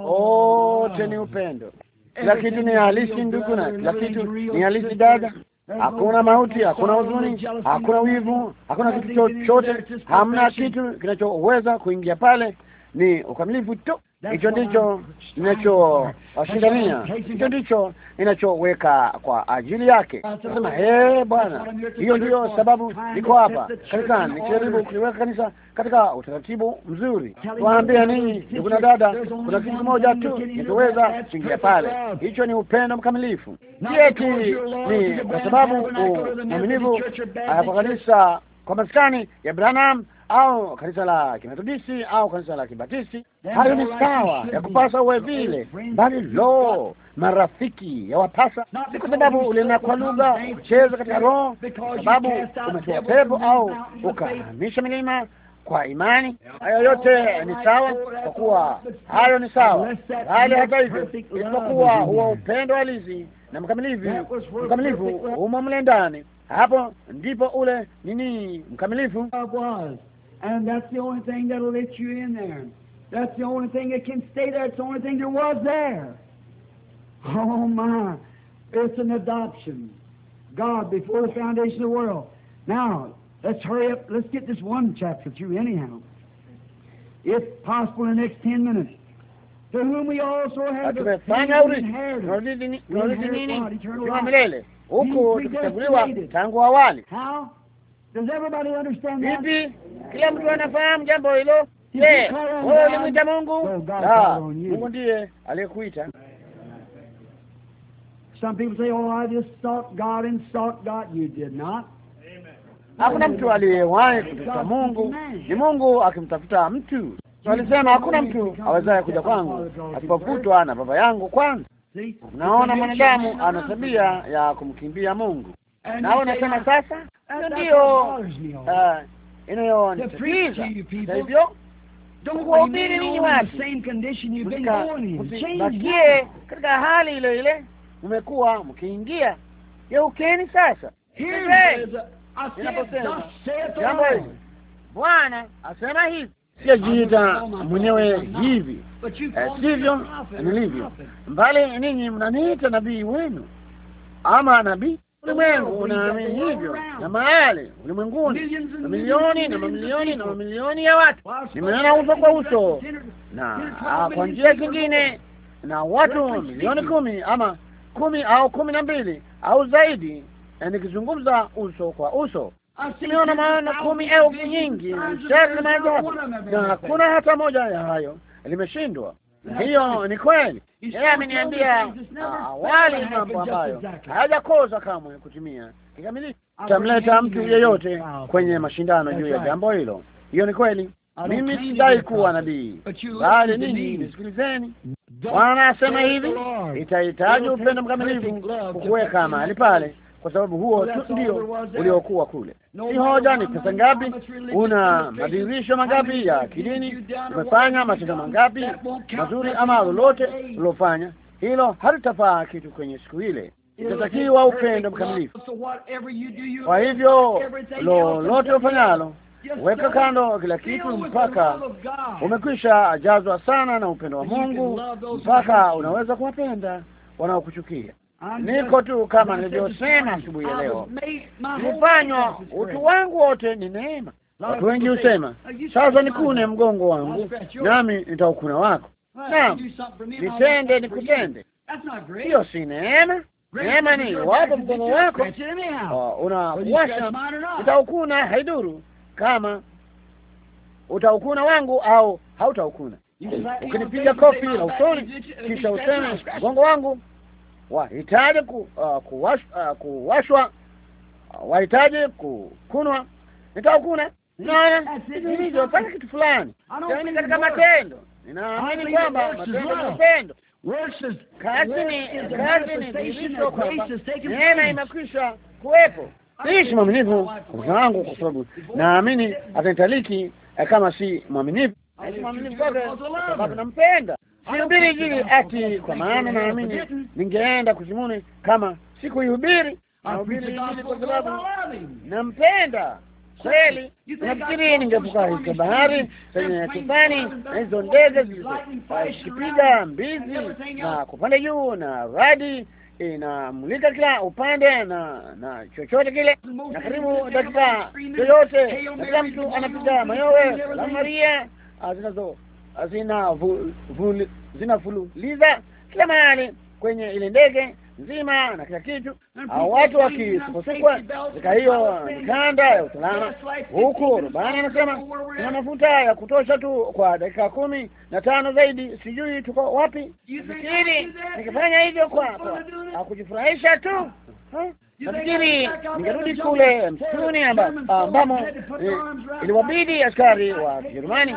Wote ni upendo, kila kitu ni halisi ndugu, na kila kitu ni halisi dada. Hakuna mauti, hakuna huzuni, hakuna wivu, hakuna kitu chochote, hamna kitu kinachoweza kuingia pale, ni ukamilifu tu. Hicho ndicho ninachowashindania, hicho ndicho ninachoweka kwa ajili yake. Nasema hey, ee, Bwana, hiyo ndiyo sababu niko hapa kanisani, nikijaribu kuliweka kanisa katika utaratibu mzuri. Waambia ninyi, kuna dada, kuna kitu kimoja tu ningeweza kuingia pale, hicho ni upendo mkamilifu. Sieti ni kwa sababu uaminivu kwa kanisa kwa maskani ya Branham au kanisa la kimetodisi au kanisa la kibatisi hayo ni sawa, ya kupasa uwe vile, bali lo, marafiki ya wapasa, si kwa sababu ulinena kwa lugha, kucheza katika roho, sababu umetoa pepo au ukahamisha milima kwa imani. Hayo yote ni sawa, kwa kuwa hayo ni sawa, bali hata hivyo, isipokuwa huwa upendo halisi na mkamilivu mkamilivu umo mle ndani, hapo ndipo ule nini mkamilifu And that's the only thing that'll let you in there. That's the only thing that can stay there. It's the only thing that was there. Oh, my. It's an adoption. God before the foundation of the world. Now, let's hurry up. Let's get this one chapter through, anyhow. If possible, in the next ten minutes. To whom we also have the inheritance. How? Vipi, kila mtu anafahamu jambo hilo? Je, wewe ulimwita Mungu? Ah, Mungu ndiye aliyekuita. Hakuna mtu aliyewahi kutafuta Mungu, ni Mungu akimtafuta mtu. Walisema hakuna mtu awezaye kuja kwangu asipofutwa na Baba yangu kwanza. Unaona, mwanadamu ana tabia ya kumkimbia Mungu. Nawe unasema sasa hiyo ndiyo inayonitatiza hivyo kuwahubiri ninyi watu msibakie katika hali ile ile mmekuwa mkiingia. Geukeni sasa, jambo hili, Bwana asema hivi, sijajiita mwenyewe hivi, eh, sivyo nilivyo, mbali ninyi mnaniita nabii wenu ama nabii Ulimwengu unaamini hivyo, na mahali ulimwenguni, mamilioni na mamilioni na mamilioni ya watu nimeona uso kwa uso na ah, kwa njia zingine, na watu milioni kumi ama kumi au kumi na mbili au zaidi, eh, nikizungumza uso kwa uso nimeona maana kumi elfu nyingi, shari na maajabu, na hakuna hata moja ya hayo limeshindwa. Hiyo ni kweli. Yeye ameniambia ah, awali mambo ambayo hayajakozwa kamwe kutimia kikamilifu. Tamleta mtu yeyote kwenye mashindano juu ya jambo hilo. Hiyo ni kweli. Mimi sidai kuwa nabii, bali ninyi nisikilizeni. Bwana asema hivi, itahitaji upendo mkamilifu kukuweka mahali pale kwa sababu huo ndio uliokuwa kule. Ni hoja ni pesa ngapi, una madirisho mangapi ya kidini, umefanya matendo mangapi mazuri ama lolote ulilofanya. Hilo halitafaa kitu kwenye siku ile. Itatakiwa upendo mkamilifu. Kwa hivyo lolote ufanyalo weka kando kila kitu mpaka umekwisha jazwa sana na upendo wa Mungu, mpaka unaweza kuwapenda wanaokuchukia niko tu kama nilivyosema asubuhi ya leo, nilifanywa utu wangu wote ni neema. Watu wengi husema sasa nikune mgongo wangu nami nitaukuna wako, naam, nitende nikutende. Hiyo si neema? Neema ni wapo mgongo wako oh, unawasha, nitaukuna, haiduru kama utaukuna wangu au hautaukuna. Ukinipiga kofi la usoni kisha useme mgongo wangu wahitaji ku, uh, kuwash, uh, kuwashwa uh, wahitaji kukunwa, nitakuna naona nilivyofanya kitu fulani, yaani katika matendo ninaamini kwamba matendo ni ni upendo neema imekwisha kuwepo. Niishi mwaminifu mke wangu, kwa sababu naamini atanitaliki eh, kama si mwaminifu. Naishi mwaminifu kwake kwa sababu nampenda sihubiri injili ati kwa maana naamini ningeenda kuzimuni kama sikuihubiri. Nahubiri injili kwa sababu nampenda kweli. Nafikiri ningevuka hizo bahari zenye tufani na hizo ndege zilizokipiga mbizi na kupanda juu na radi inamulika kila upande na na chochote kile, na karibu dakika yoyote, na kila mtu anapiga mayowe la Maria ah, zinazo zinafuliza kila mahali kwenye ile ndege nzima na kila kitu, au watu wakisukwasukwa katika hiyo mikanda ya usalama huku. Rubani anasema ina mafuta ya kutosha tu kwa dakika kumi na tano zaidi, sijui tuko wapi. Fikiri nikifanya hivyo kwa kujifurahisha tu nafikiri ningerudi kule msituni ah, ambamo iliwabidi askari wa Kijerumani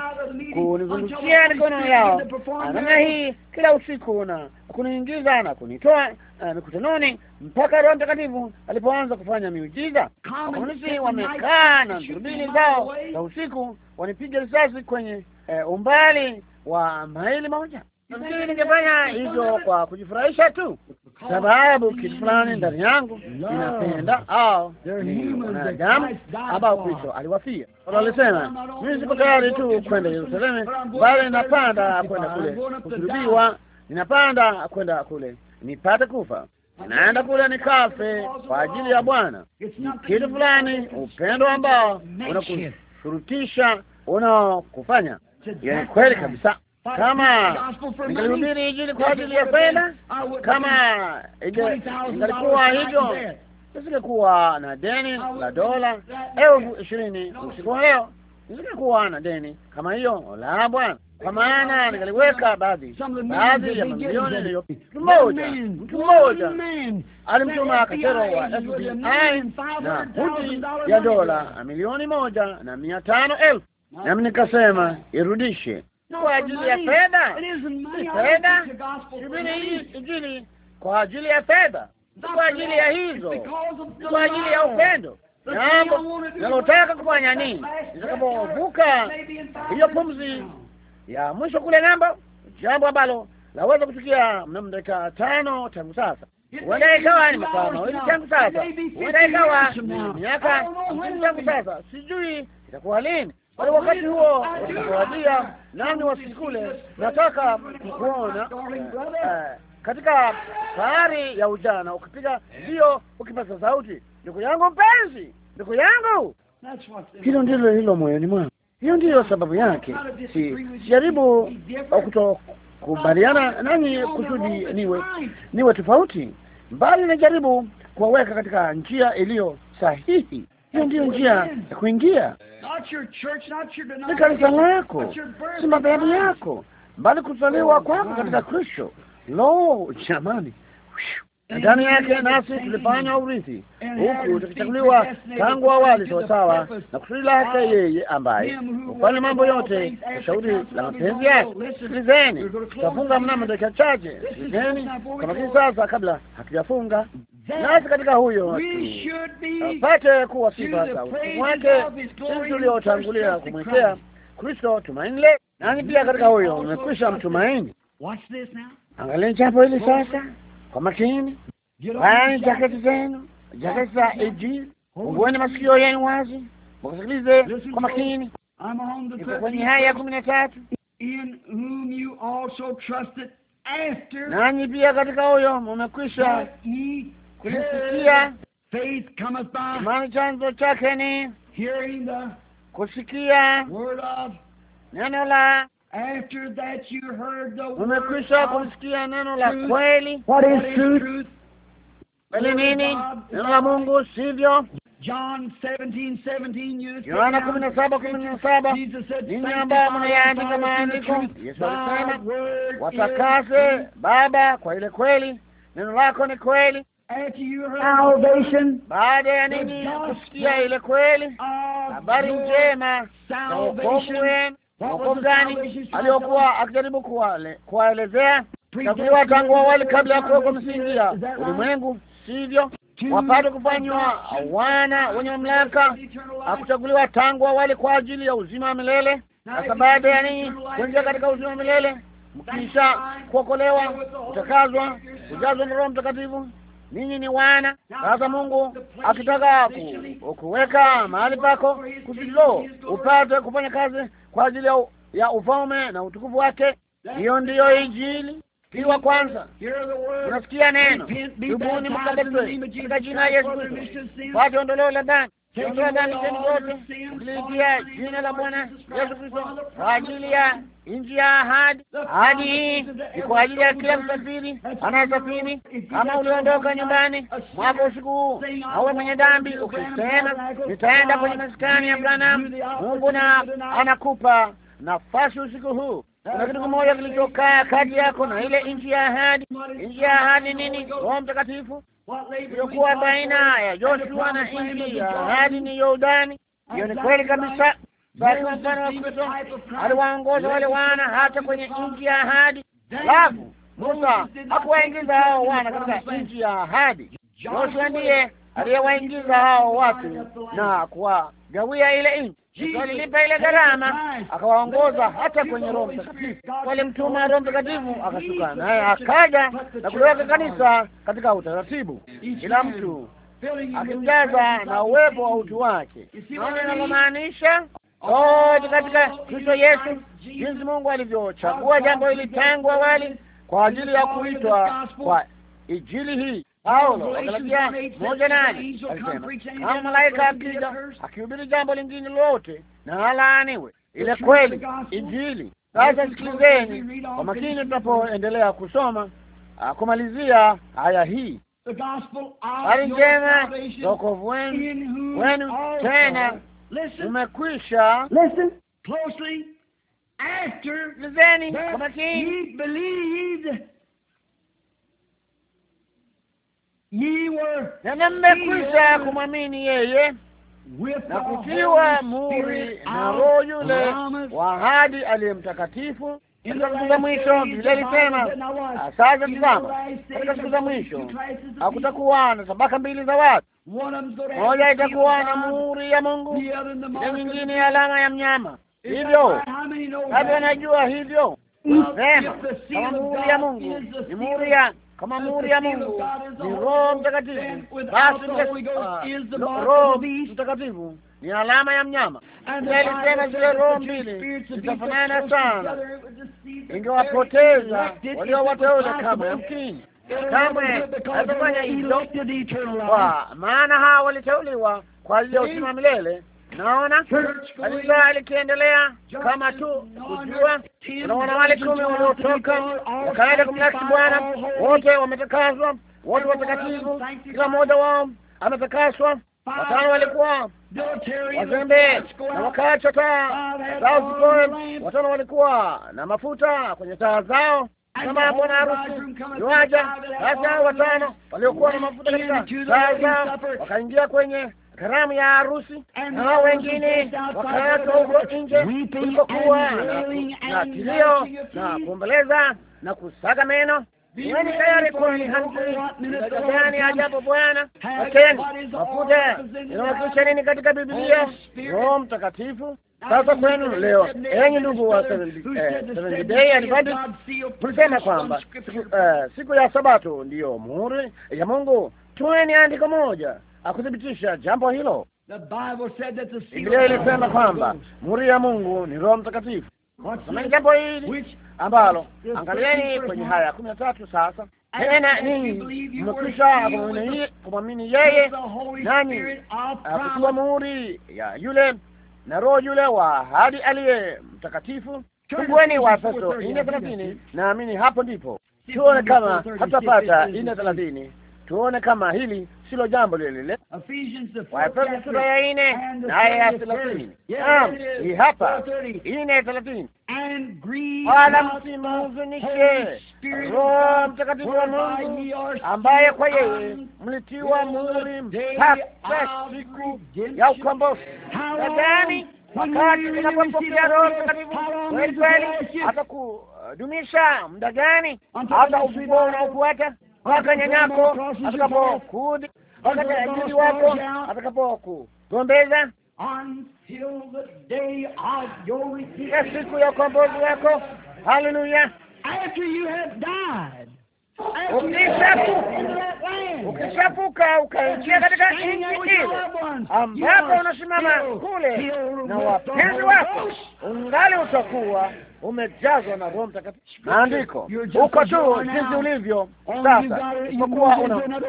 kunizungushia mikono yao namna hii kila usiku na kuniingiza na kunitoa eh, mikutanoni mpaka Roho Mtakatifu alipoanza kufanya miujiza. Wakomunisti wamekaa na durubini zao za usiku, wanipiga risasi kwenye eh, umbali wa maili moja. Nafikiri ningefanya hivyo kwa kujifurahisha tu sababu kitu fulani ndani yangu inapenda au ni wanadamu ambao Kristo aliwafia. Alisema mimi siko tayari tu kwenda Yerusalemu, bali napanda kwenda kule kusulubiwa, ninapanda kwenda kule nipate kufa naenda kule ni kafe kwa ajili ya Bwana. kitu fulani, upendo ambao unakushurutisha unaokufanya. Ni kweli kabisa. Kama ningelihubiri Injili kwa ajili ya fedha, kama ingalikuwa hivyo, nisingekuwa na deni la dola elfu ishirini usiku wa leo. Nisingekuwa na deni kama hiyo la Bwana, kwa maana ningaliweka baadhi baadhi ya mamilioni iliyopita. Mmoja mtu mmoja alimtuma kasero wa FBI na kuti ya dola milioni moja na mia tano elfu nami nikasema irudishe kwa ajili ya fedha, fedha subiri, injili kwa ajili ya fedha, kwa ajili ya hizo, kwa ajili ya upendo. Jambo nalotaka kufanya nini nitakapovuka hiyo pumzi ya mwisho kule ng'ambo, jambo ambalo laweza kutukia mnamo dakika tano tangu sasa huenda ikawa ni masaa mawili tangu sasa, huenda ikawa miaka tangu sasa, sijui itakuwa lini. Kwa wakati huo wadia nani wasikule, nataka kuona eh, katika sayari ya ujana, ukipiga ndio, ukipaza sauti, ndugu yangu mpenzi, ndugu yangu. Hilo ndilo hilo moyoni mwangu, hiyo ndiyo sababu yake. Si sijaribu eh, kutokubaliana nani kusudi niwe niwe tofauti, mbali najaribu kuwaweka katika njia iliyo sahihi hiyo ndiyo njia ya kuingia, si kanisa lako, si madhehebu yako, bali kuzaliwa oh, kwako katika Kristo. Lo, jamani! ndani yake nasi tulifanya urithi huku tukichaguliwa tangu awali sawasawa na kusudi lake ah, yeye ambaye hufanya mambo yote kwa shauri la mapenzi yake. Sikilizeni, tutafunga mnamo dakika chache. Sikilizeni kama sasa, kabla hatujafunga nasi katika huyo apate kuwa sifa za utukufu wake, sisi tuliotangulia kumwekea Kristo tumaini letu, nani pia katika huyo umekwisha mtumaini. Angalia jambo hili sasa kwa makini, vaeni jaketi zenu, jaketi za Injili, fungueni masikio yenu wazi, mkasikilize kwa makini. Iko kwenye haya ya kumi na tatu nanyi pia katika huyo mmekwisha kulisikia. Imani chanzo chake ni kusikia neno la umekwisha kulisikia neno la kweli. Kweli nini? Neno la Mungu, sivyo? Yohana kumi na saba kumi na saba ninyi ambao mnayaandika maandiko, Yesu alisema watakase Baba kwa ile kweli, neno lako ni kweli. baada ya nini kusikia ile kweli, habari njema na wokovu wenu. Wokovu gani aliokuwa akijaribu kuwaelezea nakuliwa tangu awali kabla ya kuwekwa msingi ya ulimwengu, sivyo? wapate kufanywa wana wenye mamlaka, akuchaguliwa tangu awali kwa ajili ya uzima wa milele. Sasa baada ya nini kuingia katika uzima wa milele, mkiisha kuokolewa, kutakazwa, kujazwa na Roho Mtakatifu ninyi ni wana sasa. Mungu akitaka ku, kuweka mahali pako kuzilo upate kufanya kazi kwa ajili ya ufalme na utukufu wake. Hiyo ndiyo Injili kiwa kwanza. Unasikia neno, tubuni mkabatiwe katika jina la Yesu Kristo pate ondoleo la dhambi kutia ndani zenu zote, kuliitia jina la Bwana Yesu Kristo kwa ajili ya nchi ya ahadi. Ahadi hii ni kwa ajili ya kila msafiri anayesafiri. Kama uliondoka nyumbani mwaka usiku huu, awe mwenye dhambi, ukisema nitaenda kwenye maskani ya Branham, Mungu na anakupa nafasi usiku huu. Kuna kitu kimoja kilichokaa kati yako na ile nchi ya ahadi. Nchi ya ahadi nini? Roho Mtakatifu uliokuwa baina ya Joshua na nchi ya ahadi ni Yordani. Hiyo ni kweli kabisa. Basi mfano wa Kristo aliwaongoza wale wana hata kwenye nchi ya ahadi. alafu Musa hakuwaingiza hao wana katika nchi ya ahadi. Joshua ndiye aliyewaingiza hao watu na kuwagawia ile nchi alilipa ile gharama, akawaongoza hata kwenye Roho Mtakatifu. Walimtuma Roho Mtakatifu, akashuka naye akaja na kuliweka kanisa katika utaratibu, kila mtu akimjaza na uwepo wa utu wake. Naona inalomaanisha wote katika Kristo Yesu, jinsi Mungu alivyochagua jambo hili tangu awali kwa ajili ya kuitwa kwa ijili hii Paulo Wagalatia moja nane alisema kama malaika akija akihubiri jambo lingine lolote, na alaaniwe. Ile kweli Injili. Sasa sikilizeni kwa makini, tunapoendelea kusoma kumalizia haya hii habari njema za wokovu wenu wenu, tena umekwisha lizeni kwa makini na nimekwisha kumwamini yeye na kutiwa muhuri na Roho yule wa ahadi aliye Mtakatifu. Katika siku za mwisho Biblia ilisema, sasa tazama katika siku za mwisho hakutakuwa na tabaka mbili za watu, moja itakuwa na muhuri ya Mungu na nyingine alama ya mnyama. Hivyo hata anajua hivyo, sema kama muhuri ya Mungu ni muhuri ya kama muri ya Mungu ni Roho Mtakatifu, basi ah, Roho Mtakatifu ni alama ya mnyama. tena zile roho mbili zitafanana sana, ingewapoteza waliowateule kama yamkini kamwe hazifanya hilo, kwa maana hawa waliteuliwa kwa ajili ya uzima milele. Naona alikuwa alikiendelea kama tu kujua. Unaona, wale kumi waliotoka wakaenda kumlaki Bwana, wote wametakaswa, wote watakatifu, kila mmoja wao ametakaswa. Watano walikuwa wazembe na wakaacha taa zao zikoe. Watano walikuwa na mafuta kwenye taa zao kama bwana harusi iwaja. Sasa watano waliokuwa na mafuta katika taa zao wakaingia kwenye karamu ya harusi, nao wengine wakaweka huko nje kulipokuwa na kilio na kuomboleza na kusaga meno. Weni tayari kuihankigani ajabu Bwana. wakeni mafuta inawakilisha nini katika Biblia? Roho Mtakatifu. Sasa kwenu leo, enyi ndugu wa Seventh eh, Day Adventist, tulisema kwamba eh, siku ya Sabato ndiyo muhuri ya Mungu. tueni andiko moja akuthibitisha jambo hilo. Biblia ilisema kwamba muri ya Mungu ni Roho Mtakatifu. Samani jambo hili ambalo, angalieni kwenye haya kumi na tatu sasa tena ninyi mmekwisha kumwamini yeye, nani akutiwa muhuri ya yule na roho yule wa ahadi aliye mtakatifu. Fungueni Waefeso nne thelathini. Naamini hapo ndipo tuone kama hatutapata nne thelathini tuone kama hili silo jambo lile lile. Waefeso sura ya nne na aya ya thelathini naam, hii hapa nne thelathini wala msimhuzunike Roho Mtakatifu wa Mungu ambaye kwa yeye mlitiwa muhuri mpaka siku ya ukombozi. Nadhani wakati unapopokea Roho Mtakatifu kweli kweli, atakudumisha muda gani hata uzibona unaofuata wakanyanyako atakapokuudi wakati adui wako atakapokugombeza ya siku ya ukombozi wako. Haleluya! ukishapuka ukaingia katika nchi ile ambapo unasimama kule na wapenzi wako, ungali utakuwa umejazwa na Roho Mtakatifu. Maandiko uko tu jinsi ulivyo sasa, isipokuwa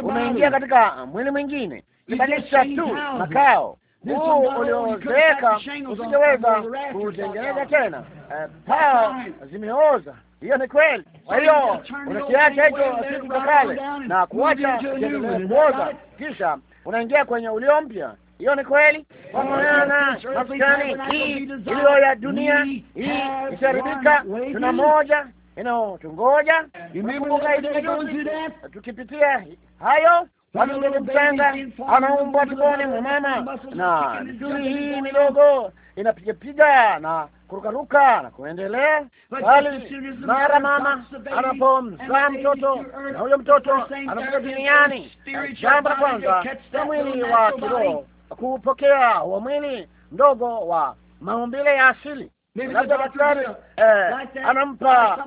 unaingia katika mwili mwingine, ibadilisha tu makao huu uliozeeka usingeweza kutengeneza tena, eh, paa zimeoza hiyo ni kweli. Kwa hiyo unakiacha hicho kitu cha kale na kuacha kuoza, kisha unaingia kwenye ulio mpya. Hiyo ni kweli. Kwa maana maskani hii iliyo ya dunia hii ikiharibika, tuna moja inayotungoja tukipitia hayo Mtupenda anaumbwa tumboni mwa mama, na misuli hii midogo inapigapiga na kurukaruka na kuendelea, bali mara mama anapomzaa mtoto na huyo mtoto anakuja duniani, jambo la kwanza na mwili wa kiroho kupokea wa mwili mdogo wa maumbile ya asili. Labda daktari eh, anampa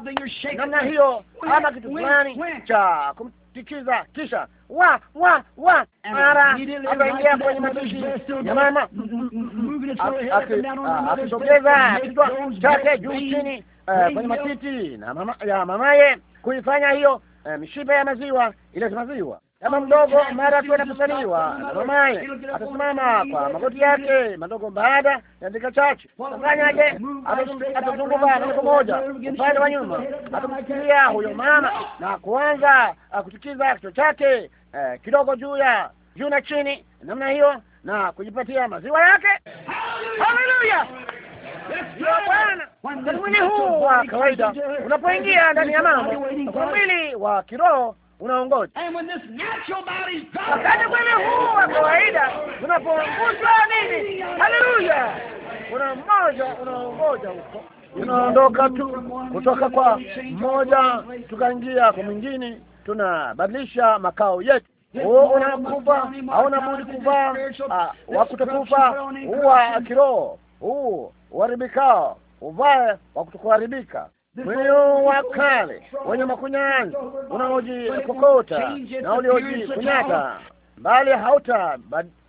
namna hiyo, ama kitu fulani cha tikiza, kisha wa wa wa mara akaingia kwenye mm, mm, mm, eh, mapishi ya mama, akisogeza kichwa chake juu chini kwenye matiti ya mamaye, kuifanya hiyo eh, mishipa ya maziwa ile maziwa kama mdogo mara tu anapozaliwa na mamaye, atasimama kwa magoti yake madogo, baada ya dakika chache afanyaje? Atazunguka moja kwa moja upande wa nyuma, atamsikilia huyo mama na kuanza ah, kutikiza kichwa chake eh, kidogo juu ya juu na chini, namna hiyo, na kujipatia maziwa yake. Haleluya! Bwana, mwili huu wa kawaida unapoingia ndani ya mama, mwili wa kiroho unaongoja wakati mwili huu wa kawaida unapoanguzwa nini, haleluya, kuna mmoja unaongoja huko, tunaondoka tu kutoka kwa mmoja tukaingia kwa mwingine, tunabadilisha makao yetu. Huo unakufa hauna budi kuvaa ah, wa kutokufa, huwa kiroho huu uharibikao uvae wa kutokuharibika moyo wa kale wenye makunyanzi unaojikokota na uliojikunyata mbali,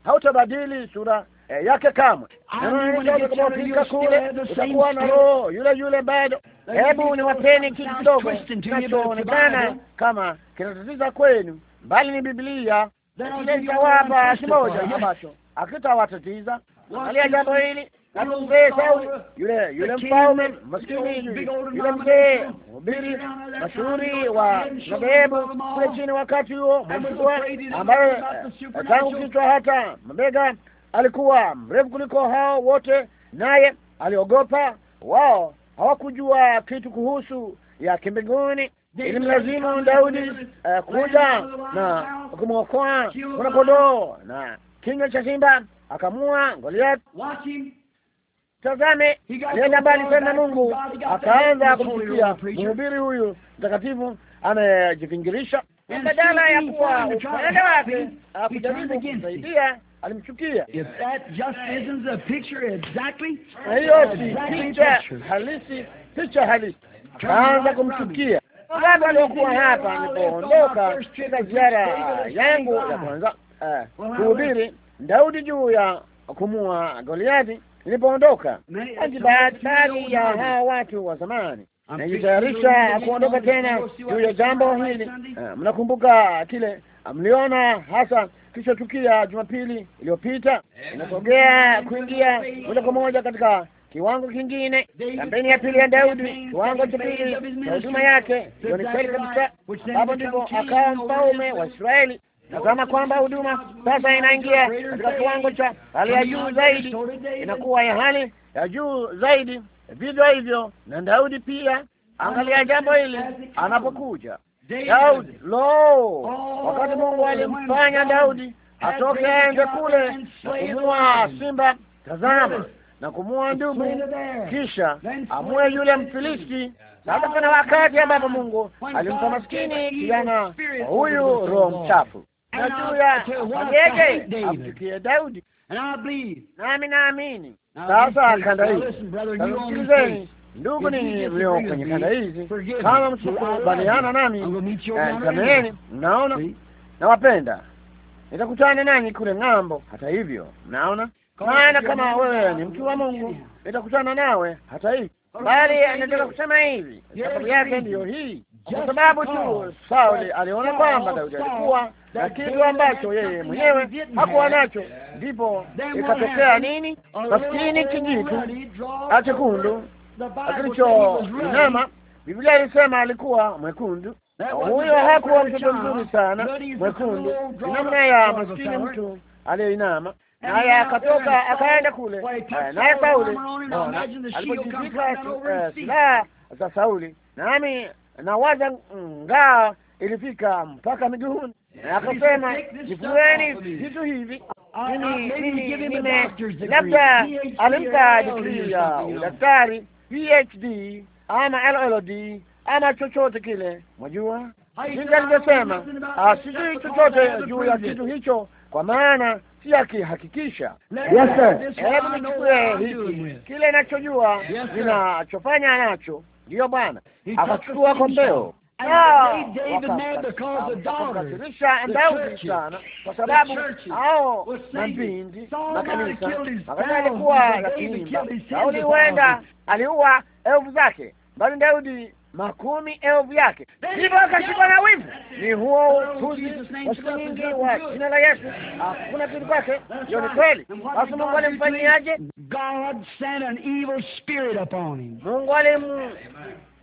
hautabadili sura eh, yake kamwe. Atakapofika kule utakuwa na roho yule yule bado. Hebu niwapeni kitu kidogo kinachoonekana kama kinatatiza kwenu, bali ni Biblia itawapa kimoja ambacho akitawatatiza. Angalia jambo hili kama mzee Sauli yule yule mfalme maskini, yule mzee mhubiri mashuhuri wa madhehebu kule chini, wakati huo mkubwa, ambaye tangu kichwa hata mabega alikuwa mrefu kuliko hao wote, naye aliogopa. Wao hawakujua kitu kuhusu ya kimbinguni. mlazimu Daudi uh, kuja na kumwokoa kuna kondoo na kinywa cha simba, akamua Goliath. Tazame nenda mbali sana. Mungu akaanza kumsikia mhubiri huyu mtakatifu anayejivingirisha, badala ya kuwa upande wake akujaribu kumsaidia alimchukia. Na hiyo si picha halisi, picha halisi. Akaanza kumchukia. Wangapi waliokuwa hapa nipoondoka katika ziara yangu ya kwanza kuhubiri eh, Daudi juu ya kumua Goliati? nilipoondoka hadi baadhi ya hao watu wa zamani najitayarisha kuondoka tena juu ya jambo hili. Ah, mnakumbuka kile ah, mliona hasa kilichotukia Jumapili iliyopita. Eh, Inasogea kuingia moja kwa moja katika kiwango kingine, kampeni ya pili ya Daudi, kiwango cha pili cha huduma yake. Hiyo ni kweli kabisa, ambapo ndipo akawa mfalme wa Israeli. Tazama kwamba huduma sasa inaingia katika kiwango cha hali ya juu zaidi, inakuwa ya hali ya juu zaidi. Vivyo hivyo na Daudi pia, angalia jambo hili anapokuja Daudi. Lo, wakati Mungu alimfanya Daudi atoke aende kule na kumua simba, tazama na kumua ndubu, kisha amue yule Mfilisti. Sasa kuna wakati ambapo Mungu alimpa maskini kijana huyu roho mchafu na juu yake wagege amchukie Daudi, nami naamini sasa. Kanda hizi sikilizeni, ndugu ninyi mlio kwenye kanda hizi, kama msikubaliana nami nisameeni. Mnaona, nawapenda, nitakutana nanyi kule ng'ambo. Hata hivyo, mnaona, maana kama wewe ni mtu wa Mungu, nitakutana nawe hata hivyo. Bali anataka kusema hivi, sababu yake ndiyo hii kwa sababu tu Sauli aliona kwamba Daudi alikuwa na kitu ambacho yeye mwenyewe hakuwa nacho. Ndipo ikatokea nini? Maskini kijitu achekundu akilichoinama. Biblia ilisema alikuwa mwekundu, huyo hakuwa mtoto mzuri sana. Mwekundu namna ya maskini, mtu aliyeinama naye akatoka akaenda kule. Naye Sauli alipojivika eh, silaha za Sauli, nami na waza mm, ngaa ilifika mpaka miguuni, akasema nifueni vitu hivi. Labda alimpa digrii ya udaktari PhD ama LLD ama chochote kile, mwajua jinsi alivyosema, sijui chochote juu ya kitu hicho, kwa maana si akihakikisha. Hebu nichukue hiki kile nachojua ninachofanya nacho ndiyo Bwana. Akachukua kombeo wakakasirisha Daudi sana, kwa sababu hao mabindi makanisa makanisa alikuwa yakiimba Sauli, huenda aliua elfu zake, bali Daudi makumi elfu yake, ndipo akashikwa na wivu. Ni huo utuzi wa siku nyingi wa jina la Yesu, hakuna kitu kwake. Hiyo ni kweli. Basi Mungu alimfanyiaje? Mungu alimu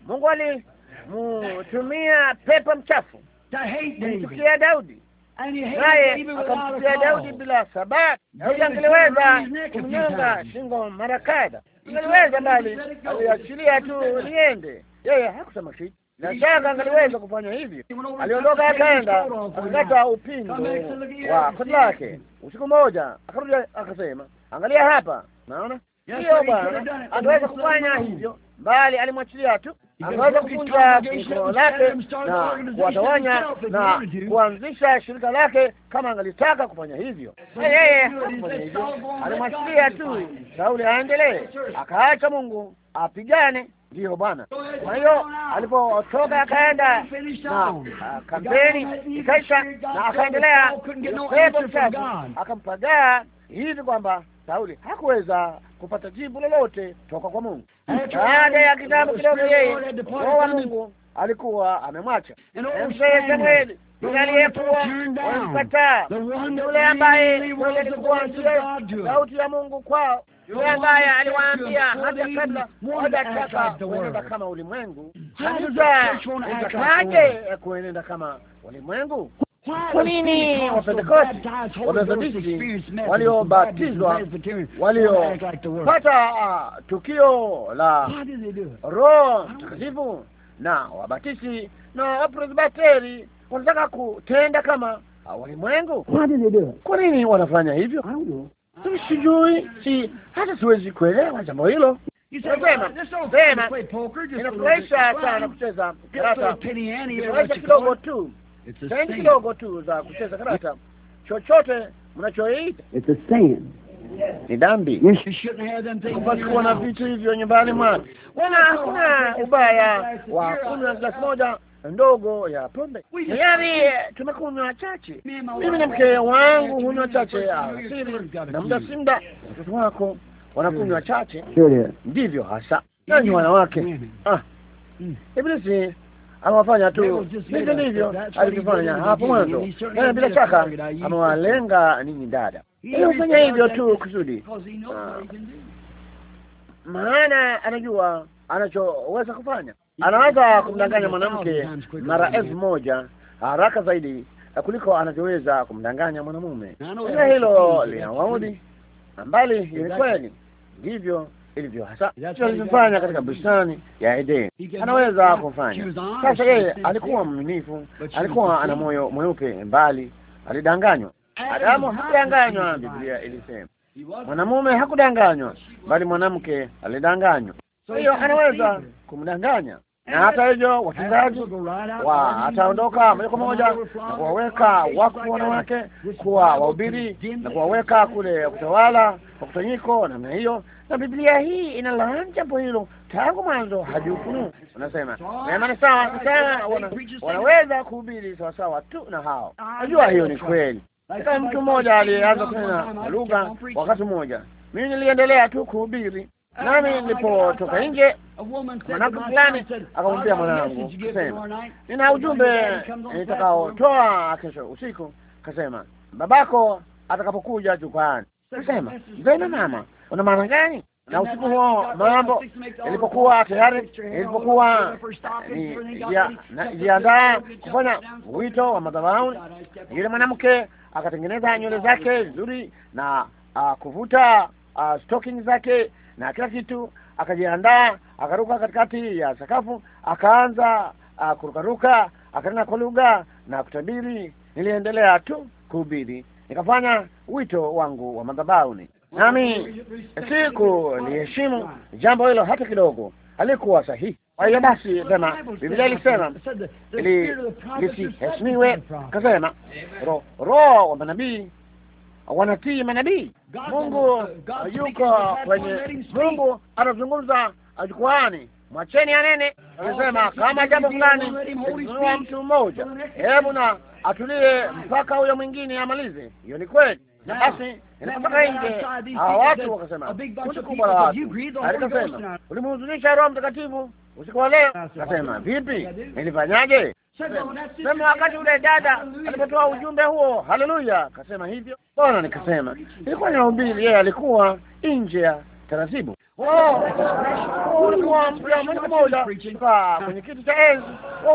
Mungu alimutumia pepo mchafu kumchukia Daudi, naye akamchukia Daudi bila sababu. Daudi angeliweza kumnyonga shingo mara kadha, angeliweza bali aliachilia tu liende yeye hakusema kitu, na shaka angaliweza kufanya hivyo. Aliondoka akaenda akakata upindo wa koti lake. Usiku mmoja akarudi akasema, angalia hapa, naona hiyo bwana angeweza kufanya hivyo, bali alimwachilia tu. Angeweza kufunza mkono lake na kuwatawanya na kuanzisha shirika lake kama angalitaka kufanya hivyo. Yeye hakufanya hivyo, alimwachilia tu Sauli aendelee, akaacha Mungu apigane Ndiyo bwana. Kwa hiyo alipotoka akaenda ah, na kampeni ikaisha, na akaendelea akampagaa hivi kwamba Sauli hakuweza kupata jibu lolote toka kwa Mungu. Eh, Baada ya kitabu kidogo, yeye roho wa Mungu alikuwa amemwacha mzee Samueli aliyekuwa wamkataa, yule ambaye alikuwa sauti ya Mungu kwao yule ambaye aliwaambia hata kabla muda kuenenda kama ulimwengu, hatujaje kuenenda kama ulimwengu. Kwa nini Wapentekoste, Wamethodisti, waliobatizwa, waliopata uh, tukio la Roho Mtakatifu na wabatisi na Wapresbateri wanataka kutenda kama ulimwengu? Kwa nini wanafanya hivyo? sijui, si hata siwezi kuelewa jambo hilo. Vema, inafurahisha sana kucheza karata, inafurahisha kidogo tu, senti kidogo tu za kucheza karata, chochote mnachoita ni dambi kupasi kuwa na vitu hivyo nyumbani mwake, wana hakuna ubaya wa kunywa glasi moja ndogo ya pombe. Yaani, yaani eh, tumekunywa chache, mimi na mke wangu hunywa chache alasiri, na muda si muda watoto wako wanakunywa hmm. chache. Ndivyo hasa nanyi wanawake, Ibilisi ah. hmm. amewafanya tu hivyo, ndivyo alivyofanya hapo mwanzo, na eh, bila shaka amewalenga ninyi dada, fanya hivyo tu kusudi, ah. maana anajua anachoweza kufanya anaweza kumdanganya mwanamke mara elfu moja haraka zaidi kuliko anavyoweza kumdanganya mwanamume. Ina hilo lina waudi mbali, ni kweli, ndivyo ilivyo hasa alivyofanya katika bustani ya Edeni. Anaweza kufanya sasa. Yeye alikuwa mminifu, alikuwa ana moyo mweupe, mbali alidanganywa. Adamu hakudanganywa, Biblia ilisema. Mwanamume hakudanganywa, bali mwanamke alidanganywa. Kwa hiyo anaweza kumdanganya na eh, hata hivyo wachezaji wa ataondoka moja kwa moja na kuwaweka wakfu wanawake kuwa wahubiri na kuwaweka kule kutawala makusanyiko namna hiyo, na Biblia hii inalaani jambo hilo tangu mwanzo hadi Ufunuo. Unasema maana sawa sana, wanaweza kuhubiri sawasawa tu na hao. Najua hiyo ni kweli. Kama mtu mmoja aliyeanza kunena lugha wakati mmoja, mimi niliendelea tu kuhubiri nami oh nilipotoka nje mwanamke fulani akamwambia mwanangu, kasema nina ujumbe nitakaotoa kesho usiku. Kasema babako atakapokuja jukwani. Kasema vema mama, una maana gani? Na usiku huo mambo ilipokuwa tayari, ilipokuwa eh, jiandaa kufanya wito wa madhabahu, yule mwanamke akatengeneza nywele zake vizuri na ah, kuvuta ah, stocking zake na kila kitu, akajiandaa, akaruka katikati ya sakafu, akaanza ah, kurukaruka, akanena kwa lugha na kutabiri. Niliendelea tu kuhubiri, nikafanya wito wangu wa madhabahuni, nami niheshimu jambo hilo hata kidogo, halikuwa sahihi. Kwa hiyo basi, sema Biblia ilisema lisiheshimiwe, kasema roho wa manabii wanatii manabii. Mungu uh, yuko kwenye, Mungu anazungumza uh, jukwani mwacheni anene. Alisema oh, kama jambo fulani ikizuia mtu mmoja, hebu na atulie mpaka huyo mwingine amalize. Hiyo ni kweli. Na basi inapotoka nje, hawa watu wakasema, kundi kubwa la watu alikasema, ulimhuzunisha Roho Mtakatifu usiku wa leo. Kasema vipi, nilifanyaje? sema wakati ule dada alipotoa ujumbe huo, haleluya, akasema hivyo bwana. Nikasema ilikuwa ni mahubiri, yeye alikuwa nje ya taratibu. Oh, ulikuwa mpya moja kwa moja kwenye kitu cha enzi,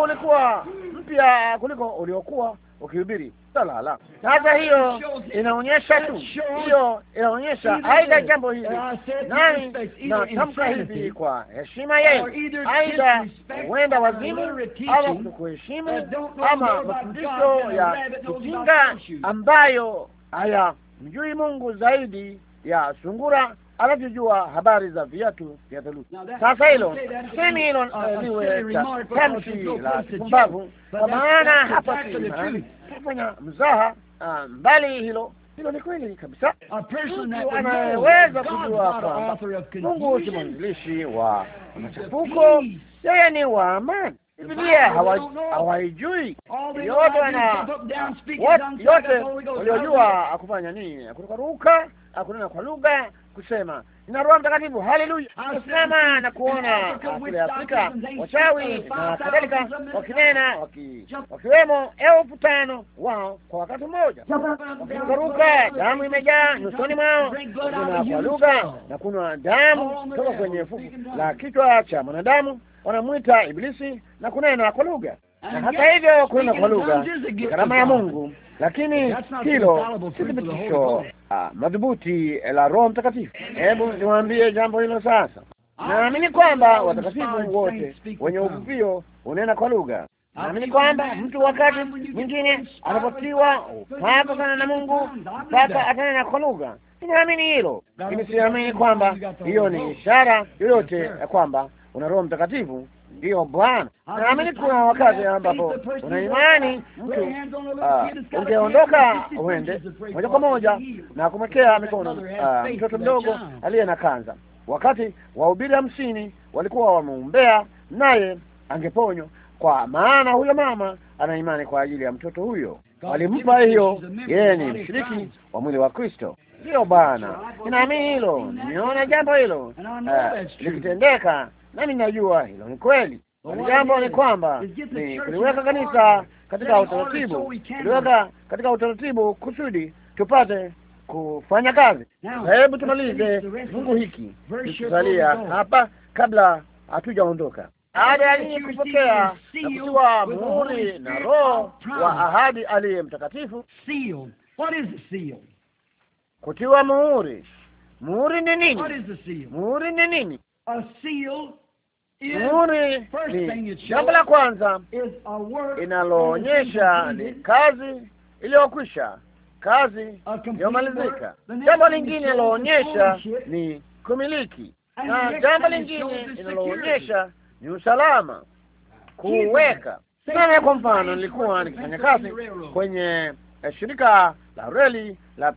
ulikuwa mpya kuliko uliokuwa ukihubiri sala la sasa. Hiyo inaonyesha tu, hiyo inaonyesha aidha jambo hili nani, na tamka hivi kwa heshima yeye, aidha huenda wazimu au kuheshimu, ama mafundisho ya kukinga ambayo haya mjui Mungu zaidi ya sungura anavyojua habari za viatu vya theluji. Sasa hilo sini hilo liwe tamshi la kipumbavu, kwa maana hapa kufanya mzaha ah, mbali, hilo hilo ni kweli kabisa. Mtu anaweza kujua kwamba Mungu si mwanzilishi wa machafuko, yeye ni wa amani. Biblia hawaijui yote, wana yote waliojua akufanya nini, akurukaruka, akunena kwa lugha kusema nina Roho Mtakatifu, haleluya, kusimama na kuona kule Afrika wachawi na kadhalika wakinena, wakiwemo elfu tano wao kwa wakati mmoja, wakirukaruka, damu imejaa nyusoni mwao, na kwa lugha na kunwa damu oh, kutoka kwenye fuku la kichwa cha mwanadamu. Wanamwita Ibilisi na kunena kwa lugha na hata hivyo kunena kwa lugha karama ya Mungu, lakini hilo si thibitisho ah, madhubuti la Roho Mtakatifu. Hebu niwaambie jambo hilo sasa. Naamini kwamba watakatifu wote wenye uvuvio unena kwa lugha. Naamini kwamba mtu wakati mwingine anapotiwa hapo sana na Mungu, sasa atanena kwa lugha. Ninaamini hilo, lakini siamini kwamba hiyo ni ishara yoyote ya kwamba una Roho Mtakatifu ndiyo Bwana. Naamini kuna wakati ambapo una imani mtu ah, ungeondoka uende moja kwa moja na kumwekea mikono ah, mtoto mdogo aliye na kanza. Wakati wahubiri hamsini walikuwa wameombea naye angeponywa, kwa maana huyo mama ana imani kwa ajili ya mtoto huyo, walimpa hiyo. Yeye ni mshiriki wa mwili wa Kristo. Ndiyo Bwana, ninaamini hilo, nimeona jambo hilo ah, likitendeka nami najua hilo ni kweli. Jambo ni kwamba ni kuliweka kanisa katika utaratibu, kuliweka katika utaratibu kusudi tupate kufanya kazi. Hebu tumalize Mungu hiki ikisalia hapa kabla hatujaondoka. Baada ya nyinyi kupokea na kutiwa muhuri na Roho wa ahadi aliye Mtakatifu. Kutiwa muhuri, muhuri ni nini? Muhuri ni nini? Muhuri ni jambo la kwanza inaloonyesha ni kazi iliyokwisha, kazi iliyomalizika. Jambo lingine linaloonyesha ni kumiliki, na jambo lingine linaloonyesha ni usalama, kuweka sana. kwa mfano nilikuwa nikifanya kazi kwenye eh, shirika la reli la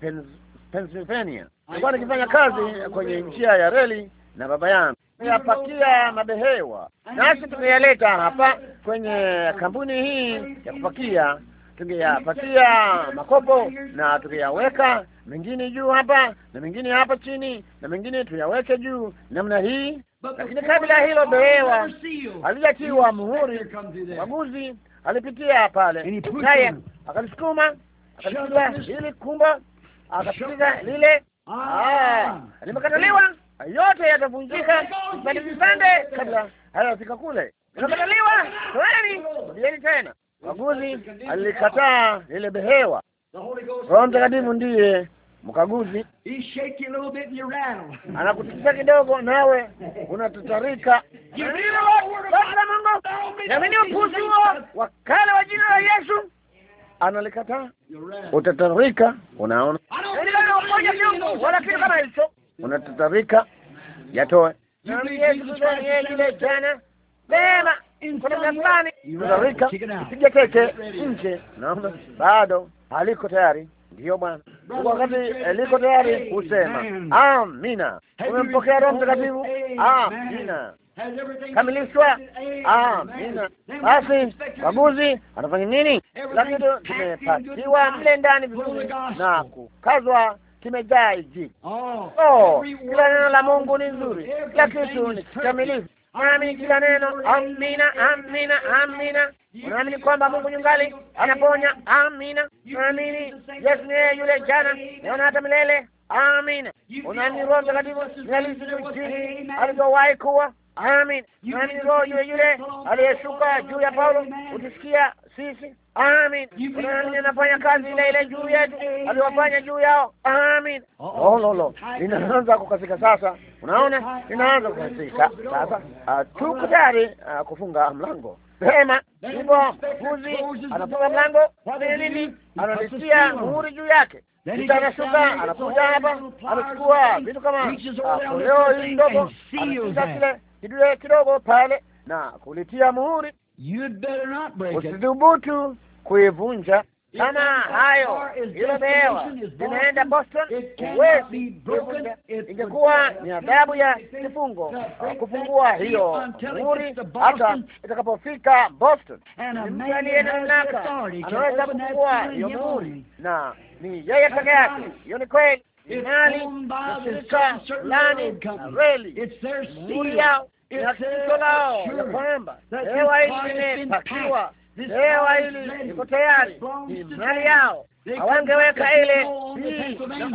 Pennsylvania. Nilikuwa nikifanya kazi kwenye njia ya reli na baba yangu tunapakia mabehewa, nasi tungeyaleta hapa kwenye kampuni hii ya kupakia, tungeyapakia makopo na tungeyaweka mengine juu hapa na mengine hapa chini na mengine tuyaweke juu namna hii. Lakini kabla hilo behewa alijatiwa muhuri, mwaguzi alipitia pale naye akalisukuma, akalipiga hili kumba akapiga lile, ah. Ah, limekataliwa yote yatavunjika vipande vipande kabla hayafika kule. Inakataliwa toeni, rudini tena. Mkaguzi alikataa ile behewa. Roho Mtakatifu ndiye mkaguzi, anakutikisa kidogo, nawe unatatarika. Amini upuzi huo wa kale wa jina la Yesu, analikataa utatarika. Unaona, yaani wala kitu kama hicho unatatarika, yatoe. Yule jana sema tatarika, teke nje. Naona bado haliko tayari. Ndiyo Bwana, wakati liko tayari husema amina. Umempokea Roho Mtakatifu? Amina. Kamilishwa? Amina. Basi baguzi anafanya nini? Lakini tumepatiwa mle ndani vizuri na kukazwa kimejaa jibu. Oh, oh, kila neno la Mungu ni nzuri, kila kitu ni kikamilifu. Mwamini kila neno. Amina, amina, amina. Unaamini kwamba Mungu yungali anaponya? Amina. Unaamini Yesu ni yeye yule jana naona hata milele? Amina. Unaamini Roho Mtakatifu ni halisi jini alivyowahi kuwa Amin, nani Roho yule yule aliyeshuka juu ya Paulo, utusikia sisi? Amin, nani anafanya kazi ile ile juu yetu aliwafanya juu yao? Amin. Oh, lo lo, linaanza kukasika sasa. Unaona, linaanza kukasika sasa. Ah, tuko tayari ah, kufunga mlango. Sema hivyo, mbuzi anafunga mlango nini? Analitia muhuri juu yake itanashuka anakuja hapa, amechukua vitu kama ah, koleo hii ndogo, anatia kile kidole kidogo pale na kulitia muhuri. usidhubutu kuivunja kama hayo. Hilo behewa linaenda Boston, huwezi kuivunja. Ingekuwa ni adhabu ya kifungo uh, kufungua hiyo muhuri hata itakapofika Boston. Mtu aliye mamlaka anaweza kufungua hiyo muhuri, na ni yeye peke yake. Hiyo ni kweli linali mashirika fulani na reli muli yao na lao ya kwamba hewa hili limepakiwa, hewa hili iko tayari, ni mali yao. Hawangeweka ile na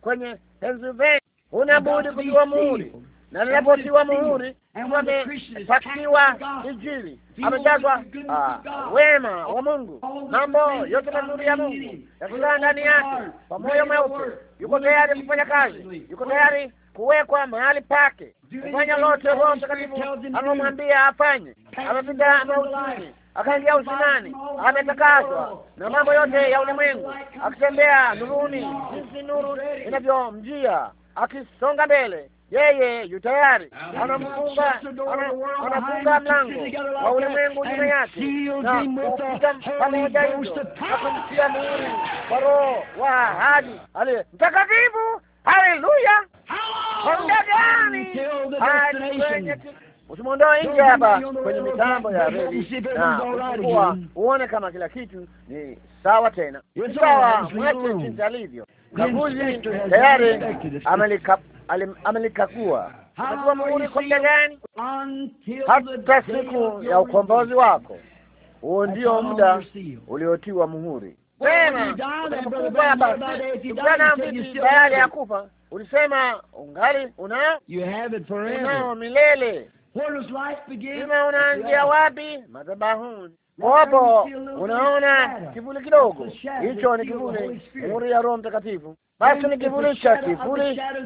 kwenye Pennsylvania. Unabudi kujua muhuri na linapotiwa muhuri, pakiwa Injili, amejazwa ah, wema wa Mungu, mambo yote mazuri ya Mungu yakikaa ndani yake kwa moyo mweupe. Yuko tayari kufanya kazi, yuko tayari kuwekwa mahali pake kufanya lote Roho Mtakatifu anamwambia afanye. Amepita mautini akaingia usinani ametakazwa na mambo yote ya ulimwengu, akitembea nuruni, jinsi nuru inavyomjia, akisonga mbele yeye yu tayari anamfunga anafunga mlango wa ulimwengu nyuma yake na kuupita pamoja hivyo na kumtia muhuri kwa Roho wa ahadi aliye mtakatifu. Haleluya! manga gani hadi kwenye usimwondoa nje hapa kwenye mitambo ya reli, na uone kama kila kitu ni sawa tena. Sawa, mwache jinsi alivyo. Kaguzi tayari amelikakua itakuwa mzuri kwa muda gani? Hata siku ya ukombozi wako. Huo ndio muda uliotiwa muhuri. Baada ya kufa ulisema ungali unao milele. Ima unaanzia wapi? Madhabahuni. Hapo unaona kivuli kidogo, hicho ni kivuli, nuru ya Roho Mtakatifu. Basi ni kivuli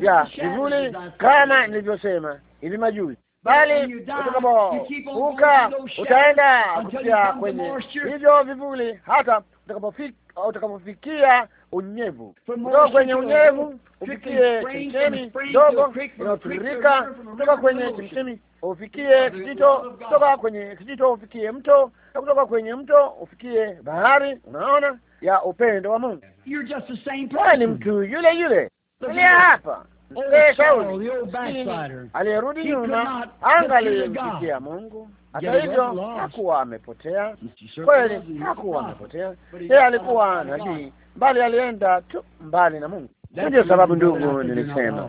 ya kivuli, kama nilivyosema hivi majuzi, bali utakapouka utaenda kupitia kwenye hivyo vivuli, hata utakapofikia unyevu, kutoka kwenye unyevu ufikie chemchemi ndogo inayotiririka kutoka kwenye chemchemi ufikie kijito, kutoka kwenye kijito ufikie mto, na kutoka kwenye mto ufikie bahari. Unaona ya upendo wa Mungu, ni mtu yule yule aliye hapa oh, aliyerudi nyuma, anga aliyemfikia Mungu. Hata hivyo hakuwa amepotea kweli, hakuwa amepotea yeye, alikuwa nabii bali alienda tu mbali na Mungu. ndio sababu, ndugu, nilisema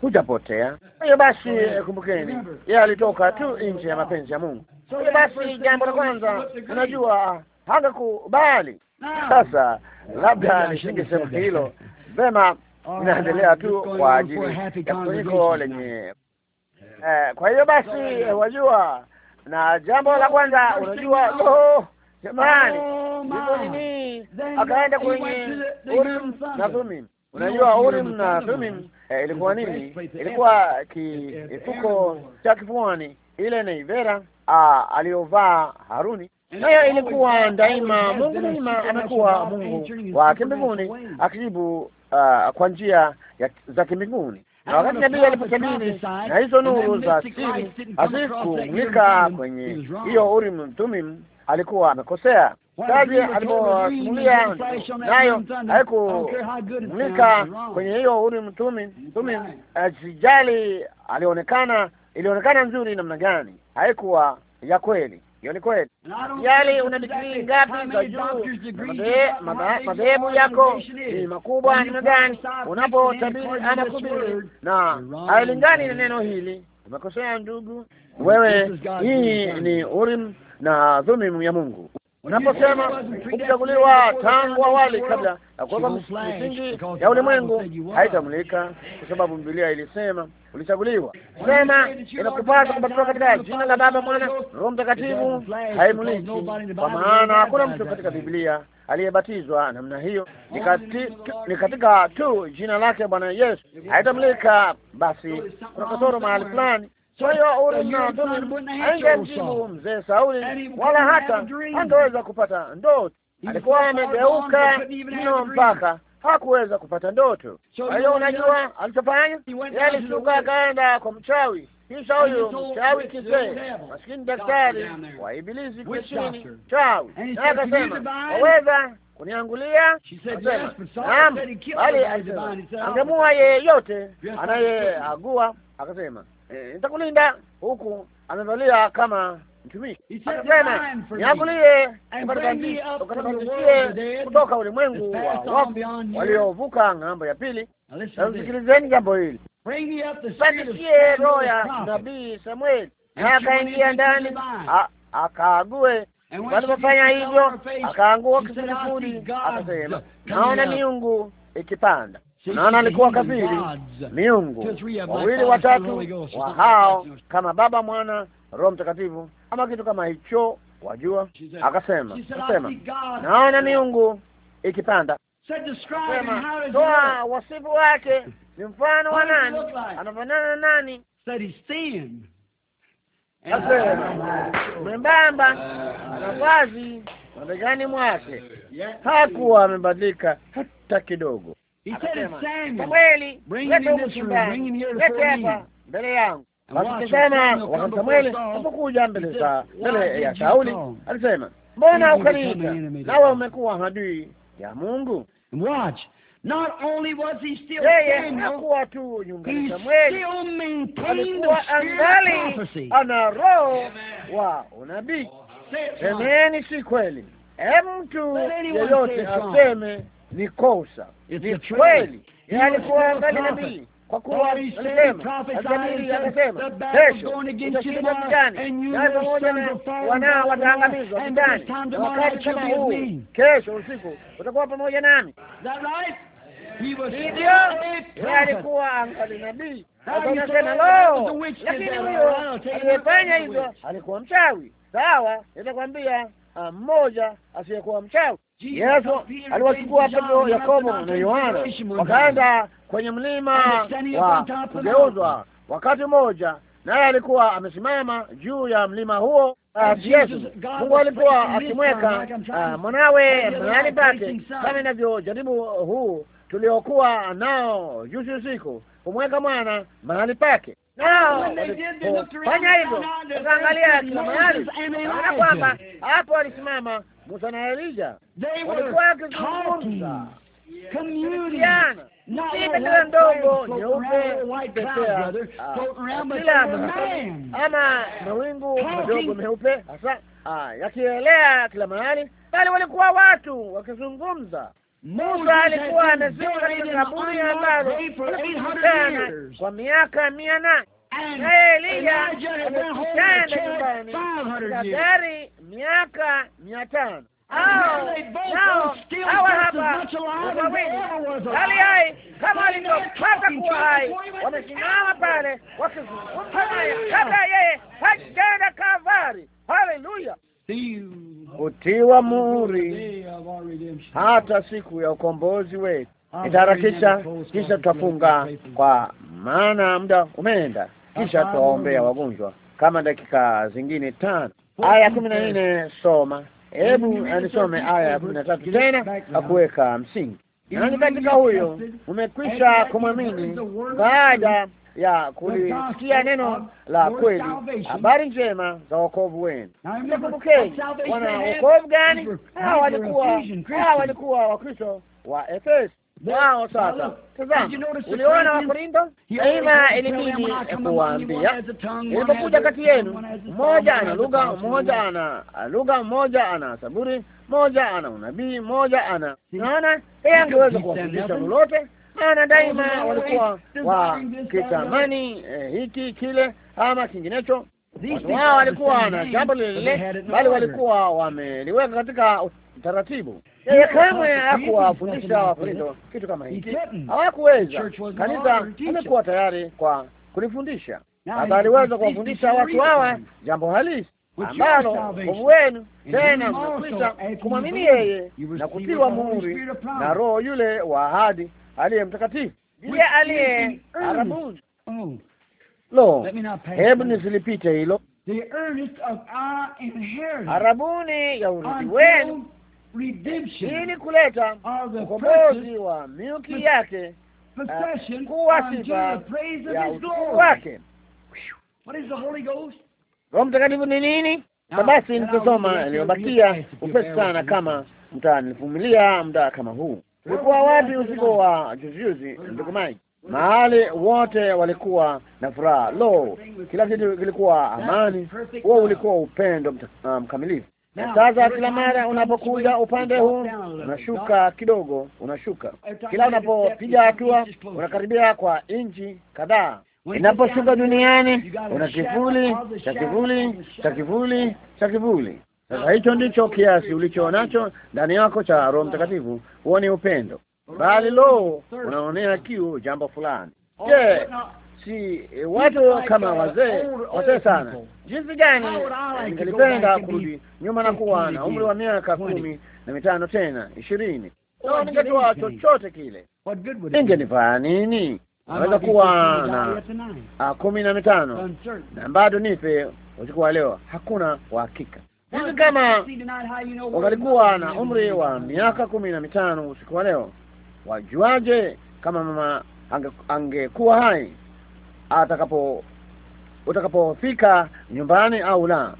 hujapotea. Hiyo basi, eh, kumbukeni, yeye alitoka tu nje ya mapenzi ya Mungu. Hiyo basi, jambo la kwanza, unajua hangekubali. Sasa labda nisingesema hilo vema, inaendelea tu kwa ajili ya kuliko lenye. Eh, kwa hiyo basi, eh, wajua, na jambo la kwanza, unajua oh, Jamani, nini? Akaenda kwenye Urim na Thumim. Unajua Urim na Thumim eh, ilikuwa nini? Ilikuwa kifuko cha kifuani, ile naivera aliyovaa ah, Haruni, nayo ilikuwa daima. Mungu daima amekuwa Mungu wa kimbinguni akijibu ah, kwa njia za kimbinguni na wakati nabii alipotabiri na hizo nuru za siri hazikufanyika kwenye hiyo Urim Thumim alikuwa amekosea. Kazi aliposimulia nayo haikumulika kwenye hiyo huyu mtumi mtumi, eh, sijali alionekana, ilionekana nzuri namna gani, haikuwa ya kweli. Hiyo ni kweli. Yale una digrii ngapi za juu, madhehebu yako ni makubwa namna gani, unapotabiri ama kubiri na hailingani na neno hili, umekosea ndugu. Wewe, hii ni Urim na dhulmu ya Mungu. Unaposema ukichaguliwa tangu awali kabla ya kuwekwa misingi ya ulimwengu, haitamulika kwa sababu Biblia ilisema ulichaguliwa. Sema inakupasa kubatizwa katika jina la Baba, Mwana, Roho Mtakatifu haimuliki, kwa maana hakuna mtu katika Biblia aliyebatizwa namna hiyo. Ni katika tu jina lake Bwana Yesu haitamulika. Basi kuna kasoro mahali fulani choyouri Mnadhuni angemjibu mzee Sauli, wala hata angeweza kupata ndoto. Alikuwa amegeuka mno mpaka hakuweza kupata ndoto. Kwa hiyo unajua alichofanya alishuka yaani akaenda kwa mchawi, kisha huyo mchawi kizee, maskini daktari wa ibilisi kisini chawi, naye akasema waweza kuniangulia? Naam, bali alisema angemua yeyote anayeagua, akasema nitakulinda huku amevalia kama mtumishi akasema, niagulie kutoka ulimwengu wa waliovuka ng'ambo ya pili. Nasikilizeni jambo hili, patishie roho ya nabii Samueli, na akaingia ndani akaague. Walipofanya hivyo, akaangua kifudifudi, akasema naona miungu ikipanda Naona alikuwa kafiri miungu wawili watatu wa hao, kama Baba, Mwana, Roho Mtakatifu ama kitu kama hicho, wajua. Akasema, akasema naona miungu ikipanda. Sema toa wasifu wake, ni mfano wa nani? Anafanana na nani? mwembamba, ana uh, vazi mabegani mwake, hakuwa amebadilika hata kidogo room. Bring him here to see me. mbele yangu. Wakitazama wakati Samueli alipokuja mbele za mbele ya Sauli, alisema mbona ukaniita nawe umekuwa adui ya Mungu? Yeye hakuwa tu nyumbani, Samueli alikuwa angali ana roho wa unabii. Semeni si kweli? Mtu yeyote aseme ni kosa, ni kweli. Alikuwa yaani angali nabii kwa kuwa alisema kesho utashikwa yaani vitani, nawe pamoja na wanao wataangamizwa vitani, wakati kama huu kesho usiku utakuwa pamoja nami. Ndio, alikuwa angali nabii. Nasema lo, lakini huyo aliyefanya hivyo alikuwa mchawi. Sawa, nitakwambia ah, mmoja asiyekuwa mchawi Yesu aliwachukua Petro, Yakobo na Yohana wakaenda kwenye mlima wa kugeuzwa wakati mmoja, naye alikuwa amesimama juu ya mlima huo. Ah, Yesu Mungu alikuwa akimweka ah, mwanawe mahali pake, kama inavyojaribu uh, huu tuliokuwa nao juzi usiku, kumweka mwana mahali pake fanya hivyo, kaangalia kila mahali, kwamba hapo alisimama Musa na Elija walikuwa wakizungumza iia ndogo nyeupe ikipepea kila ah. ama mawingu madogo meupe hasa ah, yakielea kila mahali, bali walikuwa watu wakizungumza. Musa alikuwa amezima katika kaburi ambalo walikutana kwa miaka mia nane. Eliya nyumbani na gari miaka mia tano nao hawa hapa wawili hali hai kama kuwa hai, wamesimama pale wakizungumza naye kabla yeye Kavari. Haleluya! muhuri hata siku ya ukombozi wetu itaharakisha, kisha tutafunga, kwa maana muda umeenda kisha tuwaombea wagonjwa kama dakika zingine tano. Aya kumi na nne soma. Hebu anisome aya ya kumi na tatu tena, akuweka msingi nani katika huyo umekwisha kumwamini baada ya kulisikia neno la kweli, habari njema za wokovu wenu. Kumbukeni, wana wokovu gani? Hawa walikuwa Wakristo wa Efeso wao. Sasa tazama, uliona Wakorinto, daima ilibidi kuwaambia, ilipokuja kati yenu, mmoja ana lugha, mmoja ana lugha, mmoja ana saburi, mmoja ana unabii, mmoja ana naona. Yeye angeweza kuwafundisha lolote, maana daima walikuwa wakitamani eh, hiki kile ama kinginecho. Watu wao walikuwa na jambo lile, bali walikuwa wameliweka katika taratibu. Yeye kamwe hakuwafundisha Wakorintho kitu kama hiki, hawakuweza. Kanisa amekuwa tayari kwa kulifundisha, sasa aliweza kuwafundisha watu hawa jambo halisi ambalo wovu wenu tena mnakwita kumwamini yeye na kutiwa muhuri na Roho yule wa ahadi aliye mtakatifu, ndiye aliye arabuni. Lo, hebu nisilipite hilo, arabuni ya urithi wenu ili kuleta ukombozi wa milki yake eh, kuwa sifa ya utukufu wake. Roho Mtakatifu ni nini? Basi nitasoma iliyobakia upesi sana, kama mtanivumilia muda kama huu. Ulikuwa wapi usiku wa juzijuzi, ndugu Mike? Mahali wote walikuwa na furaha, lo, kila kitu kilikuwa amani. Huo ulikuwa upendo um, mkamilifu sasa kila mara unapokuja upande huu unashuka kidogo, unashuka kila unapopiga hatua, unakaribia kwa inchi kadhaa. Inaposhuka duniani, una kivuli cha kivuli cha kivuli cha kivuli. Sasa hicho ndicho kiasi ulicho nacho ndani yako cha Roho Mtakatifu. Huo ni upendo, bali lo, unaonea kiu jambo fulani. Oh, Je, si eh, watu kama wazee wazee sana, jinsi gani ningelipenda kurudi nyuma na kuwa na umri wa miaka kumi na mitano tena ishirini. ningetoa chochote kile ingenifaa nini? Naweza kuwa na kumi na mitano na bado nife usiku wa leo, hakuna uhakika. Hivi kama wangalikuwa na umri wa miaka kumi na mitano usiku wa leo, wajuaje kama mama angekuwa ange hai? atakapo utakapofika nyumbani au la.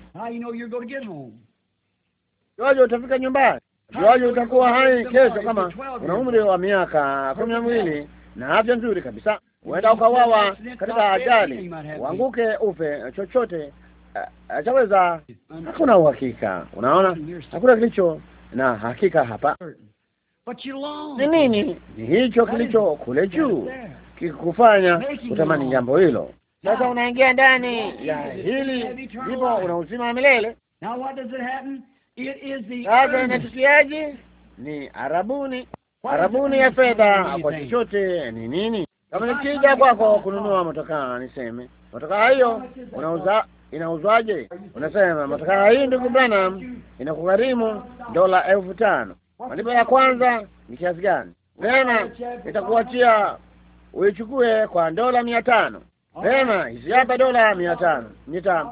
Juaje utafika nyumbani, juaje utakuwa hai kesho, kama una umri wa miaka kumi na miwili na afya nzuri kabisa. uenda ukawawa katika ajali, uanguke, ufe, chochote eh, achaweza Hakuna uhakika, unaona, hakuna kilicho na hakika hapa. Ni nini? Ni hicho kilicho kule juu kikufanya utamani jambo hilo. Sasa unaingia ndani ya hili, ndipo una uzima wa milele. Sasa inatukiaje? Ni arabuni, arabuni ya fedha kwa chochote. Ni nini? Kama nikija kwako kununua motokaa, niseme motokaa hiyo unauza inauzwaje? Unasema motokaa hii, ndugu Branham, inakugharimu dola elfu tano. Malipo ya kwanza ni kiasi gani? Tena nitakuachia uichukue kwa dola mia tano. Pema, hizi hapa dola mia tano nita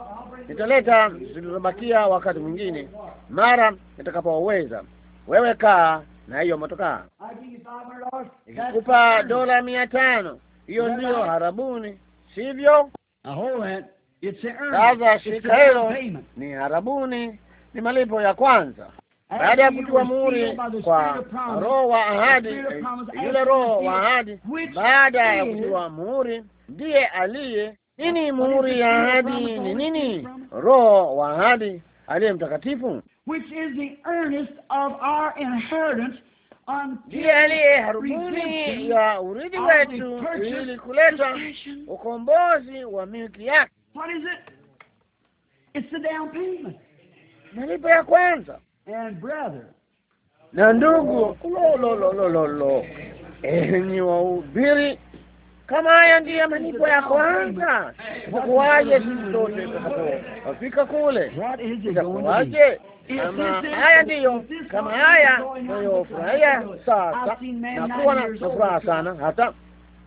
nitaleta zilizobakia wakati mwingine, mara nitakapoweza. Wewe kaa na hiyo motokaa, ikikupa dola mia tano, hiyo ndiyo harabuni, sivyo? Sasa shirika hilo ni harabuni, ni malipo ya kwanza baada ya kutiwa muhuri kwa Roho wa ahadi, eh, yule Roho wa ahadi, baada ya kutiwa muhuri ndiye aliye nini. Muhuri ya ahadi ni nini? Roho wa ahadi aliye Mtakatifu ndiye aliye harubuni ya urithi wetu, ili kuleta ukombozi wa milki yake, malipo ya kwanza na ndugu. lo, enyi eh, wahubiri, kama haya ndiyo malipo ya kwanza, itakuwaje sisi sote tutakapofika kule? Itakuwaje? Kama haya ndiyo, kama haya nayofurahia sasa, nakuwa na furaha sana. Hata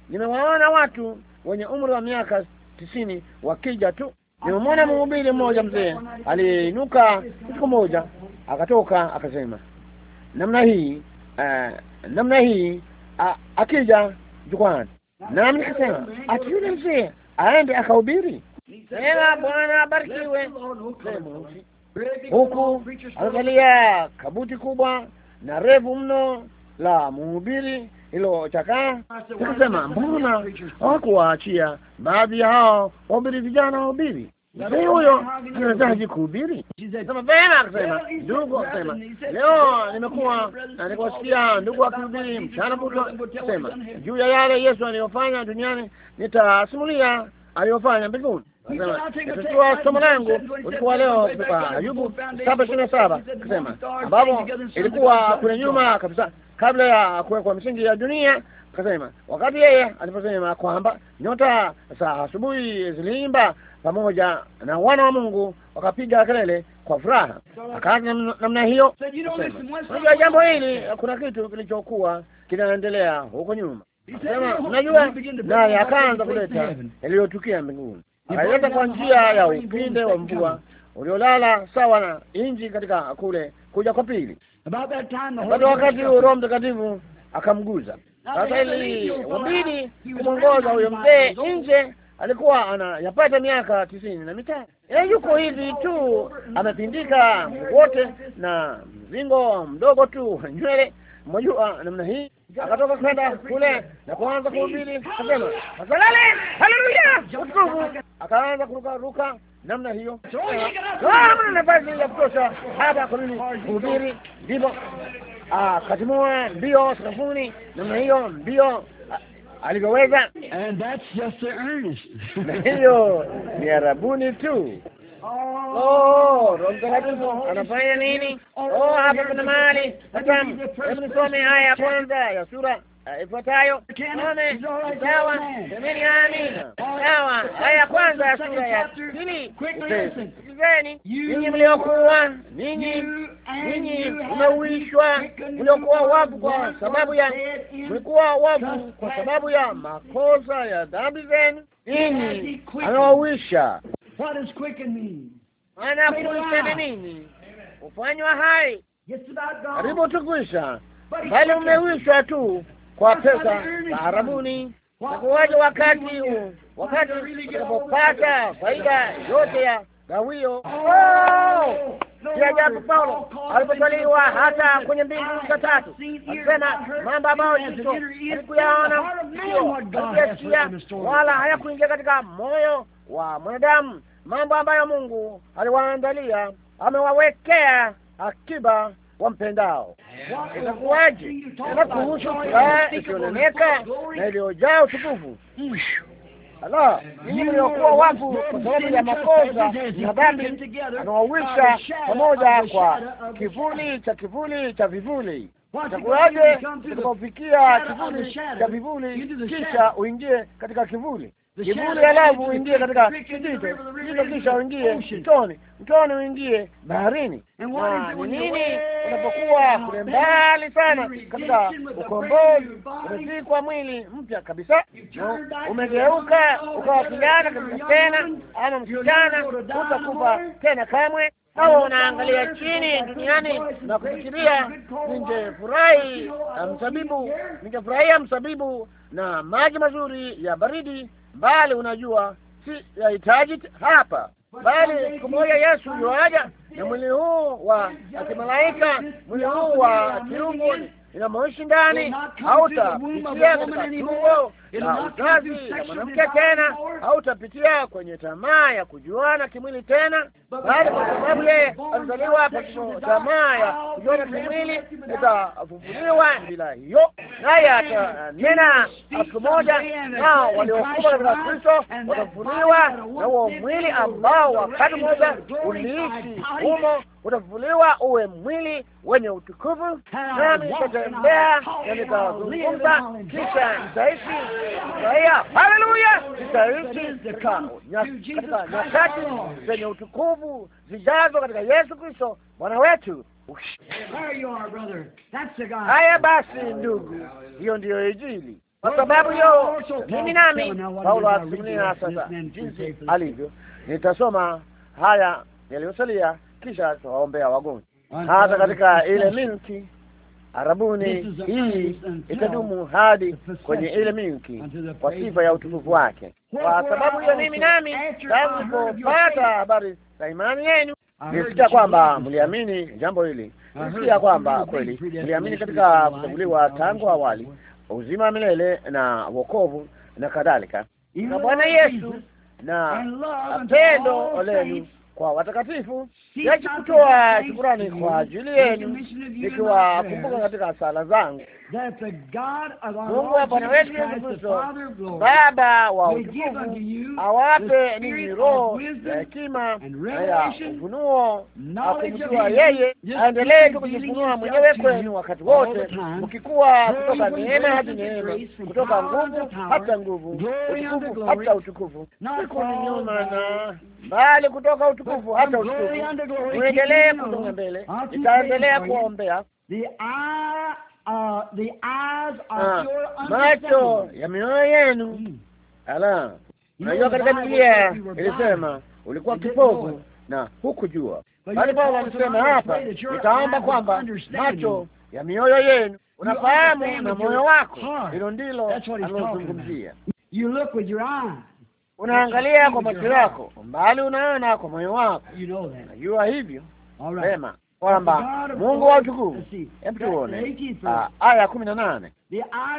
nimewaona watu wenye umri wa miaka tisini wakija tu. Nimemwona mhubiri mmoja mzee aliinuka siku moja akatoka akasema namna hii uh, namna hii uh, akija jukwani, nami nikasema ati yule mzee aende akahubiri. Sema Bwana abarikiwe, huku amevalia kabuti kubwa na refu mno la mhubiri chakaa Nikasema mbona hawakuwaachia baadhi ya hao wahubiri vijana wahubiri? mzee huyo anawezaje kuhubiri? Sema vema, akasema ndugu, akasema leo nimekuwa nikuwasikia ndugu akihubiri mchana kutwa, sema juu ya yale Yesu aliyofanya duniani, nitasimulia aliyofanya mbinguni. Tutachukua somo langu ulikuwa leo kutoka Ayubu saba ishirini na saba akasema ambapo ilikuwa kule nyuma kabisa, kabla ya kuwekwa misingi ya dunia akasema wakati yeye aliposema kwamba nyota za asubuhi ziliimba pamoja na wana wa Mungu wakapiga kelele kwa furaha. Akaanza namna hiyo. Unajua jambo hili, kuna kitu kilichokuwa kinaendelea huko nyuma. Unajua, naye akaanza kuleta yaliyotukia mbinguni, akaleta kwa njia ya upinde wa mvua uliolala sawa na inji katika kule kuja kwa pili. Bado wakati huo Roho Mtakatifu akamguza sasa, ili wabidi kumwongoza huyo mzee nje alikuwa anayapata miaka tisini na mitano. E, yuko hivi tu, amepindika wote na mzingo mdogo tu nywele, mwajua namna hii. Akatoka kwenda kule na kuanza kuhubiri, akasema asalale, haleluya, utukufu. Akaanza kurukaruka namna hiyo, ah, hamna nafasi ya kutosha hapa kwa nini kuhubiri, ndipo akatimua mbio sakafuni namna hiyo, mbio alivyoweza. Na hiyo ni arabuni tu. Oh, Roho Mtakatifu anafanya nini? Oh, hapa kuna mahali. Hebu nisome haya kwanza ya sura Eh, ifuatayo nane sawa, semeni amina. Sawa, aya ya kwanza ya sura ya nini? Sikilizeni ninyi mliokuwa ninyi ninyi umeuishwa, mliokuwa wafu kwa sababu ya mlikuwa wafu kwa sababu ya makosa ya dhambi zenu, ninyi anaowisha anakuisha nini? Ufanywa hai karibu tukwisha, bali umeuishwa tu kwa pesa zaharabuni nakuwaja wakati huu, wakati utakapopata faida yote ya gawio. Si oh! Paulo alipotwaliwa hata kwenye mbingu za tatu akisema mambo ambayo jicho alikuyaona, alikusikia, wala hayakuingia katika moyo wa mwanadamu, mambo ambayo Mungu aliwaandalia, amewawekea akiba wampendao. Itakuwaje tena kuhusu furaha isiyoneneka na iliyojaa utukufu? Ala, ninyi mliokuwa wafu kwa sababu ya makosa na dhambi, anawawisha pamoja kwa kivuli cha kivuli cha vivuli. Itakuwaje utakapofikia kivuli cha vivuli, kisha uingie katika kivuli kivuli, halafu uingie katika kijito, kijito, kisha uingie mtoni, mtoni uingie baharini. Na ni nini unapokuwa kule mbali sana katika ukombozi, umezikwa mwili mpya kabisa, umegeuka oh, ukawa kijana kabisa tena, ama msichana, utakufa tena kamwe au unaangalia chini duniani na kufikiria, ningefurahi mzabibu, ningefurahia mzabibu na maji mazuri ya baridi bali unajua si yahitaji hapa, bali siku moja Yesu yuaja na mwili huu wa kimalaika mwili huu wa kiungu ina ndani, hautapitia katika tumbo na uzazi ya mwanamke tena, hautapitia kwenye tamaa ya kujuana kimwili tena, bali kwa sababu yeye alizaliwa pasipo tamaa ya kujuana kimwili, itafufuliwa bila hiyo naye atanena uh, siku moja, nao waliokufa katika Kristo watafufuliwa, na huo mwili ambao wakati mmoja uliishi humo utafufuliwa uwe mwili wenye utukufu. Nami nitatembea na nitazungumza, kisha nitaishi. Haya, haleluya! Nitaishi katika nyakati zenye utukufu zijazo katika Yesu Kristo Bwana wetu. Haya basi, ndugu, hiyo ndiyo Injili. Kwa sababu hiyo, mimi nami Paulo asimulia sasa jinsi alivyo. Nitasoma haya yaliyosalia, kisha tuwaombea wagonjwa. Hata katika ile milki arabuni hii itadumu hadi kwenye ile milki kwa sifa ya utukufu wake. Kwa sababu hiyo, mimi nami tanipopata habari za imani yenu nisikia kwamba mliamini jambo hili, nisikia kwamba kweli mliamini katika kuchaguliwa tangu awali, uzima wa milele na wokovu na kadhalika, na Bwana Yesu na pendo lenu kwa watakatifu, yachi kutoa shukurani kwa ajili yenu, nikiwakumbuka katika sala zangu. Mungu wa Bwana wetu Yesu Kristo, Baba wa utukufu, awape ninyi roho ya hekima ya ufunuo, akumjua yeye, aendelee tu kujifunua mwenyewe kwenu wakati wote, ukikuwa kutoka neema hadi neema, kutoka nguvu hata nguvu, utukufu hata utukufu, siku ni nyuma na mbali kutoka utukufu hata utukufu. Muendelee kusonga mbele, itaendelea kuombea Uh, the eyes ah, macho ya mioyo yenu mm. Ala, unajua katika Biblia ilisema ulikuwa kipofu na hukujua, bali Paulo alisema hapa, nitaomba kwamba macho ya mioyo yenu, unafahamu na moyo wako, hilo ndilo alilozungumzia. Unaangalia kwa macho yako, mbali unaona kwa moyo wako, unajua hivyo. Sema kwamba Mungu wa utukufu. Hebu tuone ah, aya kumi na nane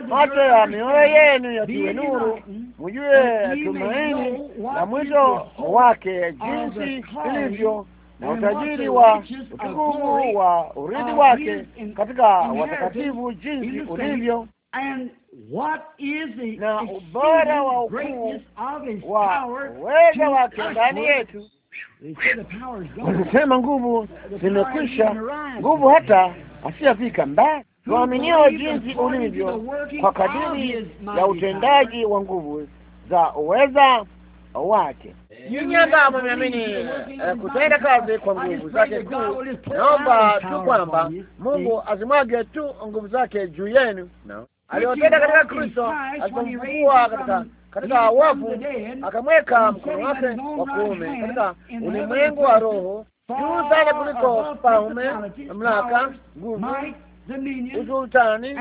macho ya mioyo yenu yatiwe nuru, mjue tumaini la mwisho wake jinsi ilivyo, na utajiri wa utukufu wa urithi wake katika watakatifu jinsi ulivyo na ubora wa ukuu wa uweza wake ndani yetu Wanasema nguvu zimekwisha, nguvu hata asiyafika mbali. Waaminio jinsi ulivyo kwa kadiri ya utendaji wa nguvu za uweza wake. Nyinyi ambao mmeamini eh, kutenda kazi kwa nguvu zake kuu, naomba tu kwamba Mungu azimwage tu nguvu zake juu yenu aliotenda katika Kristo alipomfufua katika katika wafu, akamweka mkono wake wa kuume eh, katika ulimwengu wa roho juu sana kuliko paume, mamlaka, nguvu, usultani,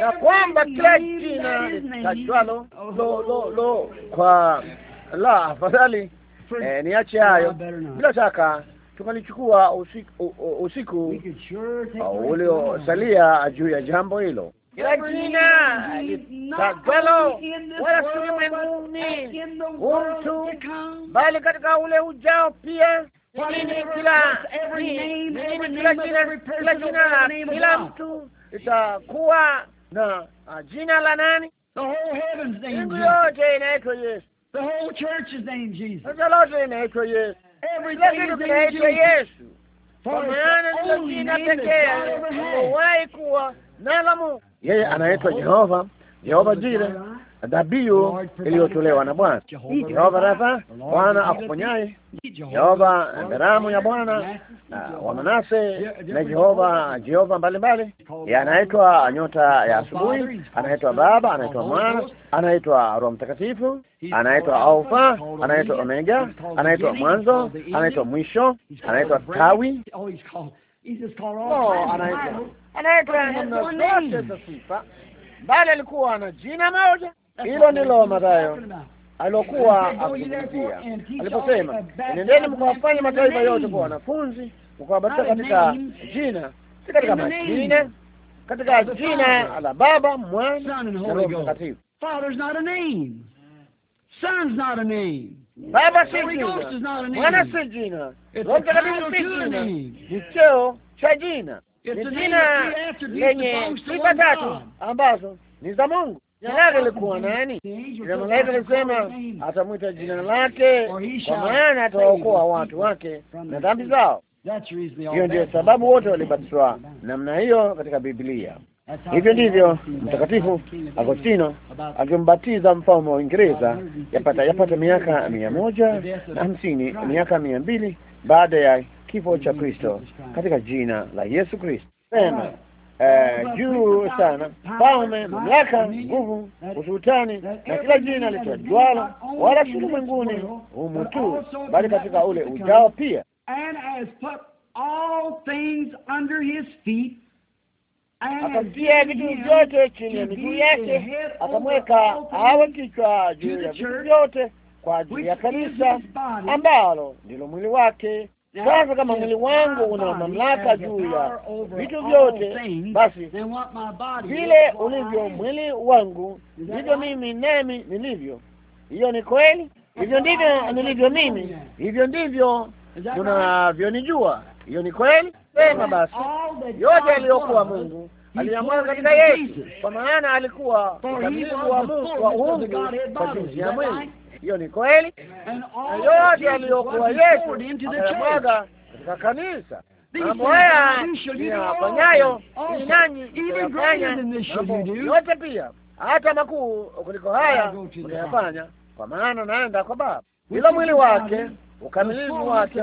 na kwamba kila jina litajwalo oh, lo lo lo oh, oh, kwa la afadhali. Eh, niache hayo. Bila shaka tukalichukua usiku uliosalia juu ya jambo hilo kila jina litagwelo wala si ulimwenguni huu mtu, bali katika ule ujao pia. Kwa nini kila jina kila kila mtu itakuwa na uh, jina la nani? Mbingu yote inaitwa Yesu, lote inaitwa Yesu, kila kitu kinaitwa Yesu, kwa maana ndilo jina pekee wahi kuwa nalo Mungu yeye anaitwa Jehova, Jehova Jire, dhabihu iliyotolewa na Bwana, Jehova Rafa, Bwana akuponyaye, Jehova Meramu ya Bwana uh, wa Manase na Jehova Jehova mbalimbali. Yeye anaitwa nyota ya asubuhi, anaitwa Baba, anaitwa Mwana, anaitwa Roho Mtakatifu, anaitwa Alfa, anaitwa Omega, anaitwa mwanzo, anaitwa mwisho, anaitwa tawi, oh, oh, anaitwa anayetoa namna zote za sifa, bali alikuwa na jina moja. Hilo ndilo Mathayo alilokuwa akizungumzia aliposema, nendeni mkawafanye mataifa yote kwa wanafunzi, mkawabatiza katika jina, si katika majina, katika jina la Baba, Mwana na Roho Mtakatifu. Baba si jina, Mwana si jina, Roho Mtakatifu si jina, ni cheo cha jina jina lenye sifa tatu ambazo ni za Mungu. Jina lilikuwa nani? Malaika alisema atamwita jina lake, kwa maana atawaokoa watu wake na dhambi zao. Hiyo ndiyo sababu wote walibatizwa namna hiyo katika Biblia. Hivyo ndivyo Mtakatifu Agostino akimbatiza mfalme wa Uingereza yapata yapata miaka mia moja na hamsini miaka mia mbili baada ya kifo cha Kristo katika jina la Yesu Kristo. Sema eh, juu sana, falme, mamlaka, nguvu, usultani na kila jina litajwala, wala si ulimwenguni humu tu, bali katika ule ujao pia akatia vitu vyote chini ya miguu yake, akamweka awe kichwa juu ya vitu vyote kwa ajili ya kanisa ambalo ndilo mwili wake sasa kama mwili wangu una mamlaka juu ya vitu vyote, basi vile ulivyo mwili wangu ndivyo mimi nami nilivyo. Hiyo ni kweli, hivyo ndivyo nilivyo mimi, hivyo ndivyo tunavyonijua. Hiyo ni kweli. Sema basi, yote aliyokuwa Mungu aliamua katika Yesu, kwa maana alikuwa kamilifu wa Mungu kwa jinsi ya mwili hiyo ni kweli, na yote aliyokuwa Yesu amemwaga katika kanisa. Mambo haya niyafanyayo nanyi mtayafanya, yote pia, hata makuu kuliko haya mtayafanya, kwa maana naenda kwa Baba. Ilo mwili wake ukamilifu wake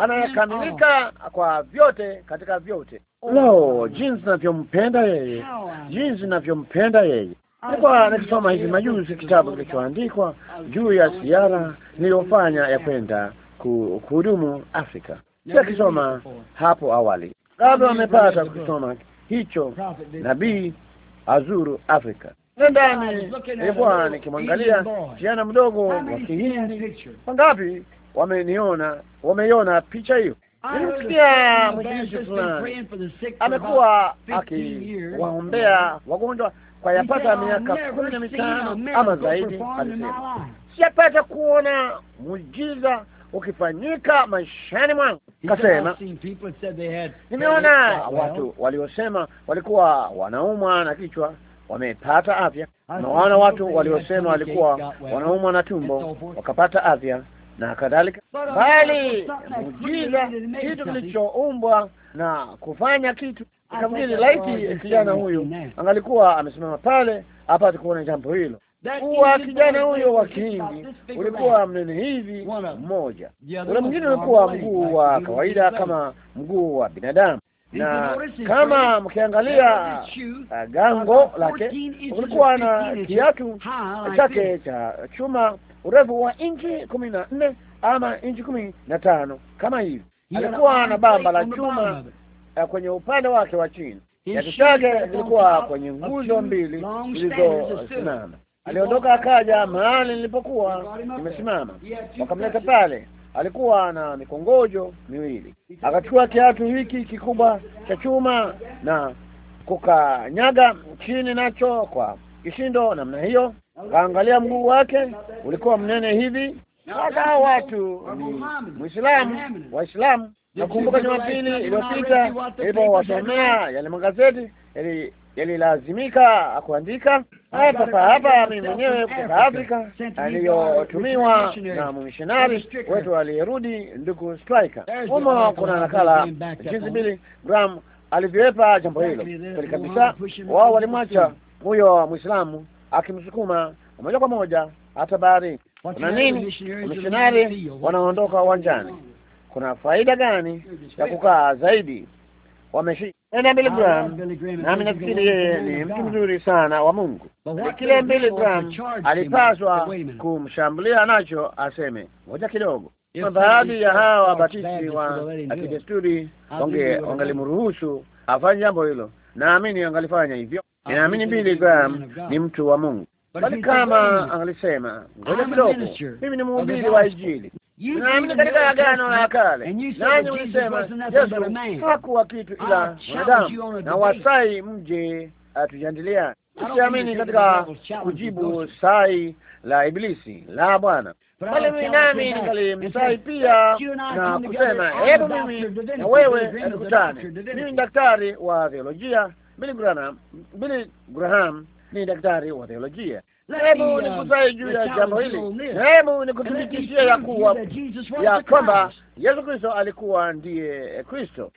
anayekamilika kwa vyote katika vyote. Lo, jinsi navyompenda yeye, jinsi navyompenda yeye! Nilikuwa nikisoma hivi majuzi kitabu kilichoandikwa juu ya ziara niliyofanya ya kwenda kuhudumu Afrika. Sio kisoma hapo awali, kabla amepata kukisoma hicho. Nabii azuru Afrika ndani. Nilikuwa eh, nikimwangalia kijana mdogo wa Kihindi. Wangapi wameniona, wameiona picha hiyo? Nilimsikia mwenyezi fulani amekuwa akiwaombea wagonjwa kwa yapata miaka kumi na mitano ama zaidi, alisema sijapata kuona muujiza ukifanyika maishani mwangu. Kasema nimeona watu waliosema walikuwa wanaumwa na kichwa wamepata afya. Nawaona watu waliosema walikuwa wanaumwa na tumbo wakapata afya na kadhalika, bali muujiza, kitu kilichoumbwa na kufanya kitu Nafikiri laiti kijana huyu angalikuwa amesimama pale apate kuona jambo hilo. Kuwa kijana huyo wa Kihindi ulikuwa mnene hivi mmoja, ule mwingine ulikuwa mguu wa kawaida kama mguu wa binadamu, na kama mkiangalia uh, gango lake ulikuwa na kiatu chake cha chuma, urefu wa inchi kumi na nne ama inchi kumi na tano kama hivi. Alikuwa na bamba la chuma Eh, kwenye upande wake wa chini. Kiatu yaani chake zilikuwa kwenye nguzo mbili zilizosimama. Aliondoka akaja mahali nilipokuwa nimesimama, wakamleta pale. Alikuwa na mikongojo miwili. Akachukua kiatu hiki kikubwa cha chuma na kukanyaga chini nacho kwa kishindo namna hiyo. Kaangalia mguu wake ulikuwa mnene hivi. Sasa hao watu ni Muislamu, Waislamu Nakumbuka Jumapili iliyopita wasomea yale magazeti yalilazimika kuandika hapa hapa, mimi mwenyewe kutoka Afrika, aliyotumiwa na mmishinari wetu aliyerudi, ndugu Striker. Humo kuna nakala jinsi mbili Graham alivyoepa jambo hilo kweli kabisa. Wao walimwacha huyo Mwislamu akimsukuma moja kwa moja hata bahari. Kuna nini? Wamishinari wanaondoka uwanjani kuna faida gani ya kukaa zaidi? Wameshinda nena ah, Billy Graham, nami nafikiri yeye ni mtu mzuri sana wa Mungu. Kile Billy Graham alipaswa kumshambulia nacho, aseme moja kidogo baadhi ya hawa wabatisi wa akidesturi wangalimruhusu afanye jambo hilo, naamini angalifanya hivyo. Ninaamini Billy Graham ni mtu wa Mungu, bali kama angalisema ngoja kidogo, mimi ni mhubiri wa Injili, nami katika Agano la Kale, nanyi mlisema Yesu hakuwa kitu ila mwanadamu, na wasai mje atujandilia. Ah, Siamini katika kujibu sai la iblisi la Bwana, bali mimi nami nikalimsai pia na kusema, hebu mimi na wewe atukutane. Mimi ni daktari wa theolojia, Billy Graham. Billy Graham ni daktari wa theolojia. Hebu uh, nikusae juu ya jambo hili, hebu nikuthibitishie ya kuwa ya kwamba Yesu Kristo alikuwa ndiye eh, Kristo.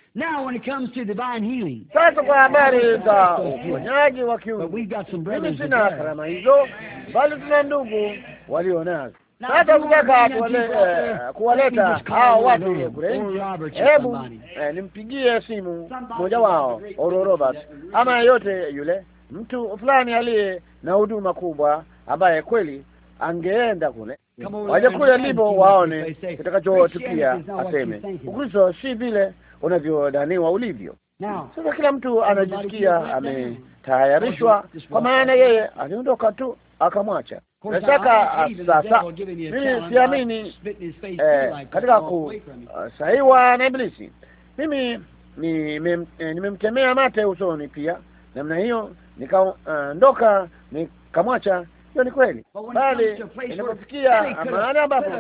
Sasa kwa habari za uponyaji wa kiungu, mimi sina karama hizo, bali tuna ndugu walio nazo. Sasa kutaka eh, kuwaleta hao watu kule nje, hebu eh, nimpigie simu mmoja wao, Oro ama yeyote yule mtu fulani aliye na huduma kubwa ambaye kweli angeenda kule waje kule alipo waone kitakachotukia, aseme Ukristo si vile unavyodhaniwa ulivyo. Sasa kila mtu anajisikia ametayarishwa, kwa maana yeye aliondoka tu akamwacha. Nashaka sasa, mimi siamini eh, katika kusaiwa na Iblisi. Mimi eh, nimemtemea mate usoni pia namna hiyo nikaondoka, uh, nikamwacha. Hiyo ni kweli, bali inapofikia mahali ambapo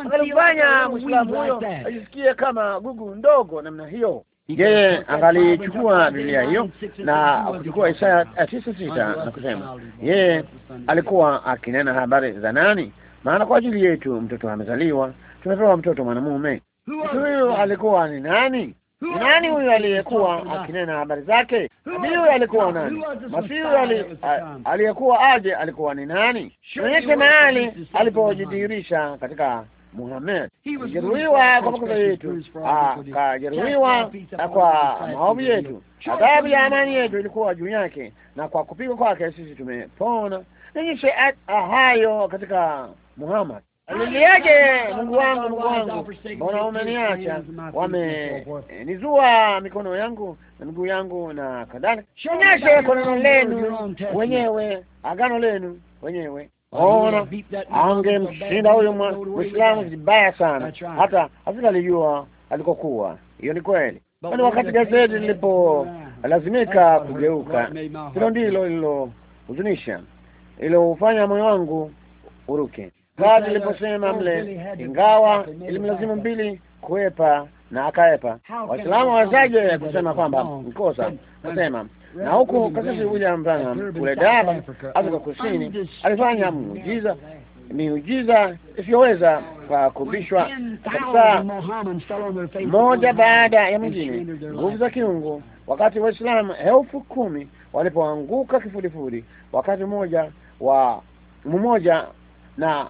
angalimfanya mwislamu huyo ajisikie kama gugu ndogo namna hiyo, yeye angalichukua Biblia hiyo na kuchukua Isaya eh, tisa sita na kusema yeye alikuwa akinena habari za nani? Maana kwa ajili yetu mtoto amezaliwa, tumepewa mtoto mwanamume. Mtu huyu alikuwa ni nani? Nani huyu aliyekuwa akinena habari zake? Nabii huyu alikuwa nani? Masihi huyu aliyekuwa aje? Alikuwa ni nani? Onyeshe mahali alipojidhihirisha katika Muhammad. Alijeruhiwa kwa makosa yetu, akajeruhiwa kwa maovu yetu, adhabu ya amani yetu ilikuwa juu yake, na kwa kupigwa kwake sisi tumepona. Onyeshe hayo katika Muhammad niliaje, Mungu wangu, Mungu wangu, mbona umeniacha? Wamenizua mikono yangu na miguu yangu na kadhalika. Onyeshe koneno lenu wenyewe, agano lenu wenyewe. Ona, angemshinda huyu Mwislamu vibaya sana, hata hasingalijua alikokuwa. Hiyo ni kweli, kwani wakati gazeti lazimika kugeuka, hilo ndilo lilohuzunisha iliofanya moyo wangu uruke. Gadi liliposema mle, ingawa ilimlazimu mbili kuepa na akaepa. Waislamu wazaje kusema kwamba mkosa? Nasema na huku kasisi William Branham kule Dar, Afrika Kusini, alifanya muujiza miujiza isiyoweza kwa kubishwa kabisa, moja baada ya mwingine, nguvu za kiungu, wakati Waislamu elfu kumi walipoanguka kifudifudi wakati mmoja wa mmoja na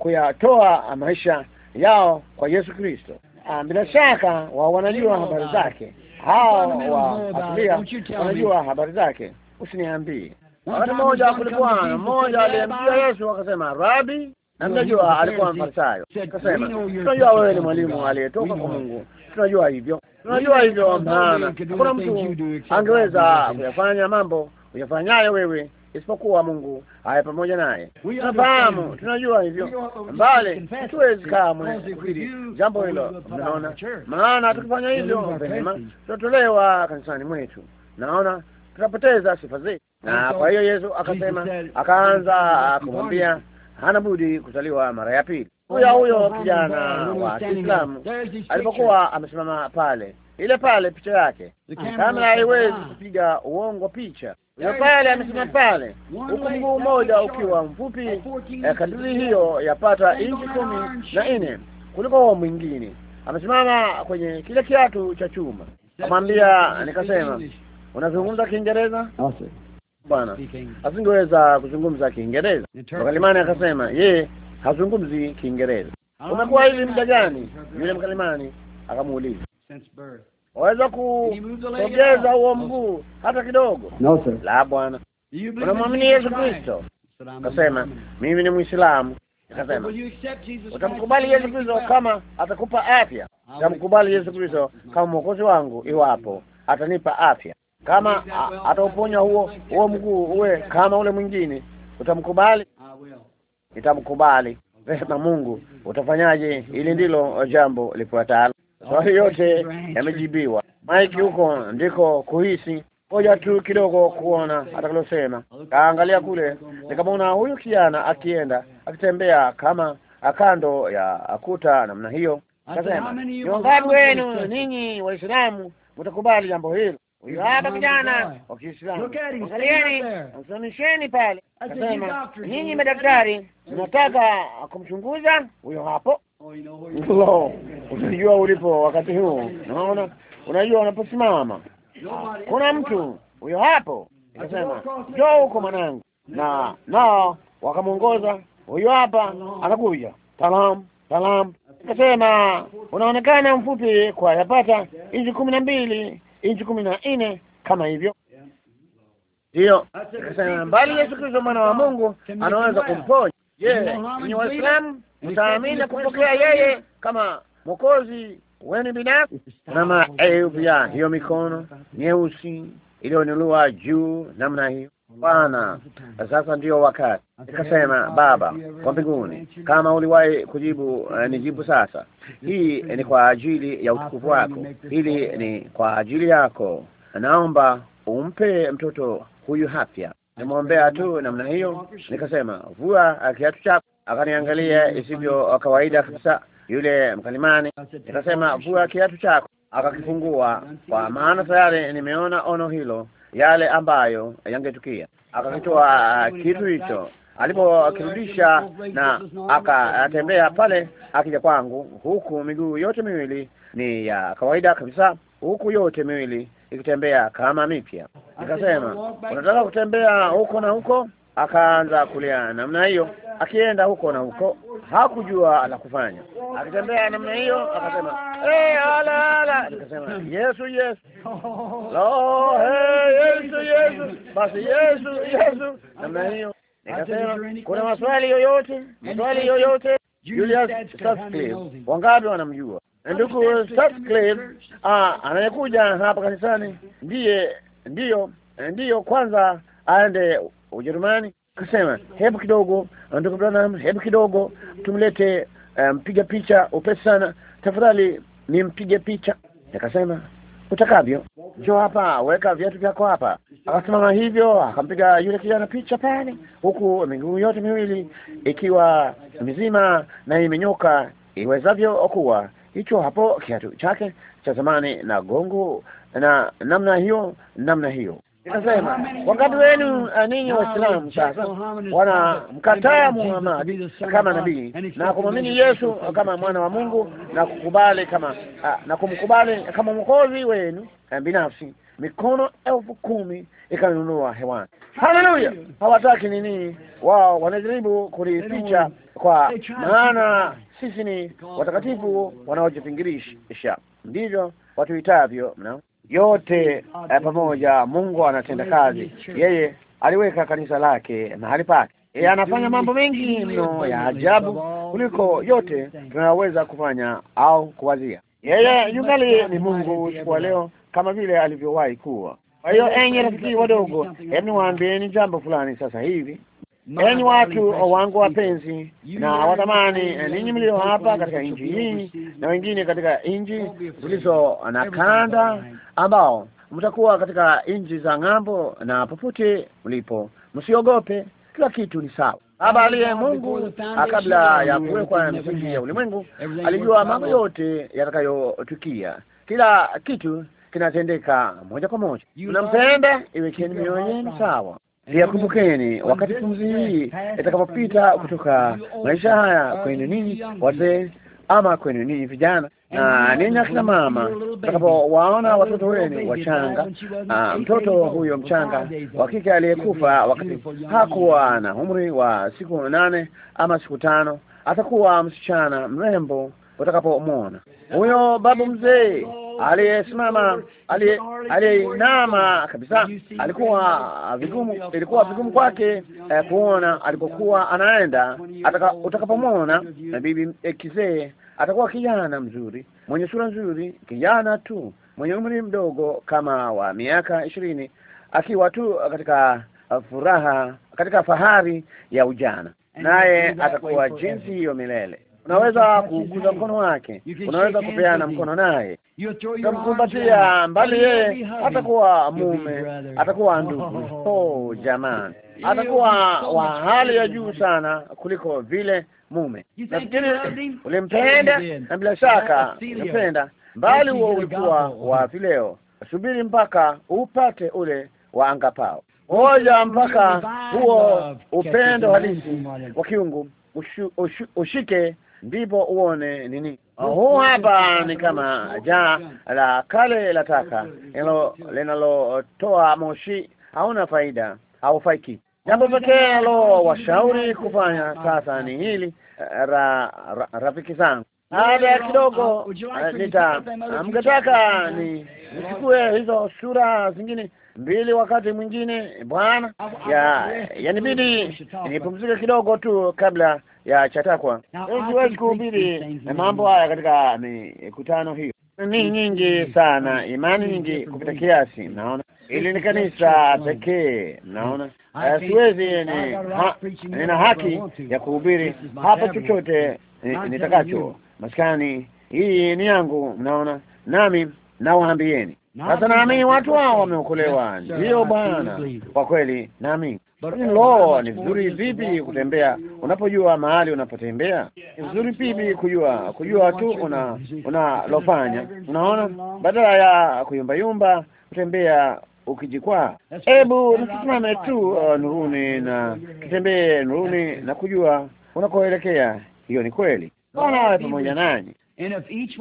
kuyatoa maisha yao kwa Yesu Kristo. Ah, bila shaka wao wanajua habari zake, hao wa asilia wanajua habari zake. Usiniambie. Wakati mmoja kulikuwa mmoja aliyemjia Yesu akasema, Rabi, na mnajua alikuwa Mfarisayo. Akasema, tunajua wewe ni mwalimu aliyetoka kwa Mungu, tunajua hivyo, tunajua hivyo, maana hakuna mtu angeweza kuyafanya mambo uyafanyayo wewe isipokuwa Mungu aye pamoja naye. Tunafahamu, tunajua hivyo, mbali hatuwezi kamwe kufikiri jambo hilo. Mnaona, maana tukifanya hivyo vema, tutatolewa kanisani mwetu, naona tutapoteza sifa zetu. Na kwa hiyo Yesu akasema, akaanza kumwambia hana budi kuzaliwa mara ya pili. Oh, huyo huyo oh, oh, kijana wa Kiislamu alipokuwa amesimama pale, ile pale picha yake, kamera haiwezi ah. kupiga uongo picha na pale amesimama pale, huku mguu mmoja ukiwa mfupi kadiri hiyo yapata inchi kumi na nne kuliko huo mwingine. Amesimama kwenye kile kiatu cha chuma. Kamwambia, nikasema unazungumza Kiingereza bwana? Asingeweza kuzungumza Kiingereza. Mkalimani akasema ye hazungumzi Kiingereza. Umekuwa hivi muda gani? Yule mkalimani akamuuliza waweza kusogeza huo mguu hata kidogo? La, bwana, unamwamini Yesu Kristo? Akasema mimi ni Mwislamu. Akasema utamkubali Yesu Kristo kama atakupa afya. Utamkubali Yesu Kristo kama mwokozi wangu iwapo atanipa afya, kama atauponya huo huo mguu uwe kama ule mwingine. Utamkubali? Ah, Nitamkubali. Rehema Mungu, utafanyaje? Hili ndilo jambo lifuatalo. Swali yote yamejibiwa. Mike huko ndiko kuhisi. Ngoja tu kidogo kuona atakalosema. Kaangalia kule, nikamwona huyu kijana akienda akitembea kama akando ya akuta namna hiyo. Kasema, ni wangapi wenu ninyi Waislamu mtakubali jambo hilo? Huyo hapa kijana wa Kiislamu, angalieni, msimamisheni pale. Kasema, ninyi madaktari mnataka kumchunguza huyo hapo. Oh, usijua ulipo wakati huu. Unaona, unajua unaposimama, kuna mtu huyo hapo, ikasema jo huko mwanangu, na na wakamwongoza huyo hapa, anakuja salam salam, ikasema unaonekana mfupi kwa yapata inchi kumi na mbili inchi kumi na nne kama hivyo hiyo kasema mbali, Yesu Kristo mwana wa Mungu anaweza kumponya. Je, ni Waislamu mtaamini na yeye kama mwokozi weni binafsi. Tazama aibu hiyo mikono nyeusi iliyonuliwa juu namna hiyo. Bwana, sasa ndiyo wakati. Nikasema, Baba kwa mbinguni, kama uliwahi kujibu, uh, nijibu sasa. Hii ni kwa ajili ya utukufu wako, hili ni kwa ajili yako. Naomba umpe mtoto huyu hapya Nimwombea tu namna hiyo, nikasema, vua kiatu chako. Akaniangalia isivyo kawaida kabisa, yule mkalimani, nikasema vua kiatu chako, akakifungua kwa maana tayari nimeona ono hilo, yale ambayo yangetukia. Akakitoa uh, kitu hicho alipokirudisha na akatembea pale akija kwangu, huku miguu yote miwili ni ya kawaida kabisa, huku yote miwili ikitembea kama mipya. Nikasema, unataka kutembea huko na huko? akaanza kulia namna hiyo, akienda huko na huko, hakujua la kufanya, akitembea namna hiyo, akasema hey, eh, ala ala, nikasema Yesu Yesu, lo hey, Yesu Yesu, basi Yesu Yesu, namna hiyo nikasema, kuna maswali yoyote, maswali yoyote? Julius Sutcliffe, wangapi wanamjua? Ndugu Sutcliffe ah, anayekuja hapa kanisani ndiye, ndiyo, eh, ndiyo, kwanza aende Ujerumani akasema hebu kidogo, ndugu Branham, hebu kidogo tumlete eh, mpiga um, picha upesi sana tafadhali, nimpige picha. Akasema utakavyo, njoo hapa, weka viatu vyako hapa. Akasimama hivyo, akampiga yule kijana picha pale, huku miguu yote miwili ikiwa mizima na imenyoka iwezavyo kuwa, hicho hapo kiatu chake cha zamani na gongo na namna hiyo, namna hiyo Inasema wakati wenu eh, ninyi Waislamu sasa wanamkataa Muhammad kama nabii na kumwamini Yesu kama mwana wa Mungu na kukubali kama ah, na kumkubali kama mwokozi wenu eh, binafsi. Mikono elfu kumi ikanunua hewani. Haleluya! hawataki nini? Wao wanajaribu kulificha kwa maana sisi ni watakatifu wanaojipingirisha, ndivyo watuitavyo. Mnao yote eh, pamoja. Mungu anatenda kazi. Yeye aliweka kanisa lake mahali pake. Yeye anafanya mambo mengi mno ya ajabu kuliko yote tunaweza kufanya au kuwazia. Yeye yungali ni Mungu usiku wa leo kama vile alivyowahi kuwa. Kwa hiyo enye rafiki wadogo, hebu niwaambieni jambo fulani sasa hivi Enyi watu wangu wapenzi na wadhamani, ninyi mlio hapa katika nchi hii na wengine katika nchi zilizo na kanda, ambao mtakuwa katika nchi za ng'ambo, na popote mlipo, msiogope, kila kitu ni sawa. Baba aliye Mungu kabla ya kuwekwa misingi ya ulimwengu alijua mambo yote yatakayotukia. Kila kitu kinatendeka moja kwa moja. Unampenda, iwekeni mioyo yenu sawa. Liyakumbukeni wakati pumzi hii itakapopita kutoka maisha haya kwenu ninyi wazee ama kwenu ninyi vijana na ninyi akina mama, utakapowaona watoto wenu wachanga, mtoto huyo mchanga wa kike aliyekufa wakati hakuwa na umri wa siku nane ama siku tano, atakuwa msichana mrembo. Utakapomwona huyo babu mzee aliyesimama aliyeinama kabisa, alikuwa vigumu, ilikuwa vigumu kwake eh, kuona alikokuwa anaenda. Utakapomwona na bibi eh, kizee, atakuwa kijana mzuri mwenye sura nzuri, kijana tu mwenye umri mdogo kama wa miaka ishirini, akiwa tu katika furaha, katika fahari ya ujana, naye atakuwa jinsi hiyo milele unaweza kuuguza mkono wake, unaweza kupeana mkono naye, ukamkumbatia mbali. Yeye atakuwa mume, atakuwa ndugu. Oh jamani, atakuwa wa hali ya juu sana kuliko vile mume. Nafikiri ulimpenda na bila shaka ulimpenda, mbali huo ulikuwa wa vileo. Subiri mpaka upate ule wa angapao. Ngoja mpaka huo upendo halisi wa kiungu ushike ndipo uone nini. Huu hapa ni kama jaa la kale la taka linalotoa moshi, hauna faida, haufaiki. Jambo pekee washauri kufanya sasa ni hili eh, ra, ra, rafiki zangu baada ya kidogo eh, nita ah, mkataka ni nichukue hizo sura zingine mbili wakati mwingine bwana, ya eh, yanibidi nipumzike kidogo tu kabla ya chatakwa. Siwezi kuhubiri mambo haya katika mikutano hiyo, ni nyingi sana, imani nyingi kupita kiasi. Naona ili ni kanisa pekee, naona hmm. eh, siwezi, nina haki ya kuhubiri hapa chochote eh, nitakacho, maskani hii ni yangu, mnaona, nami nawaambieni sasa. Naamini watu hao wameokolewa, ndiyo Bwana, kwa kweli naamini Yaani Lo, ni vizuri vipi kutembea unapojua mahali unapotembea? Ni vizuri vipi kujua kujua tu una unalofanya, unaona, badala ya kuyumbayumba, kutembea ukijikwaa. Hebu nasimame tu uh, nuruni na tutembee nuruni na kujua unakoelekea. Hiyo ni kweli. Bwana awe pamoja nanyi.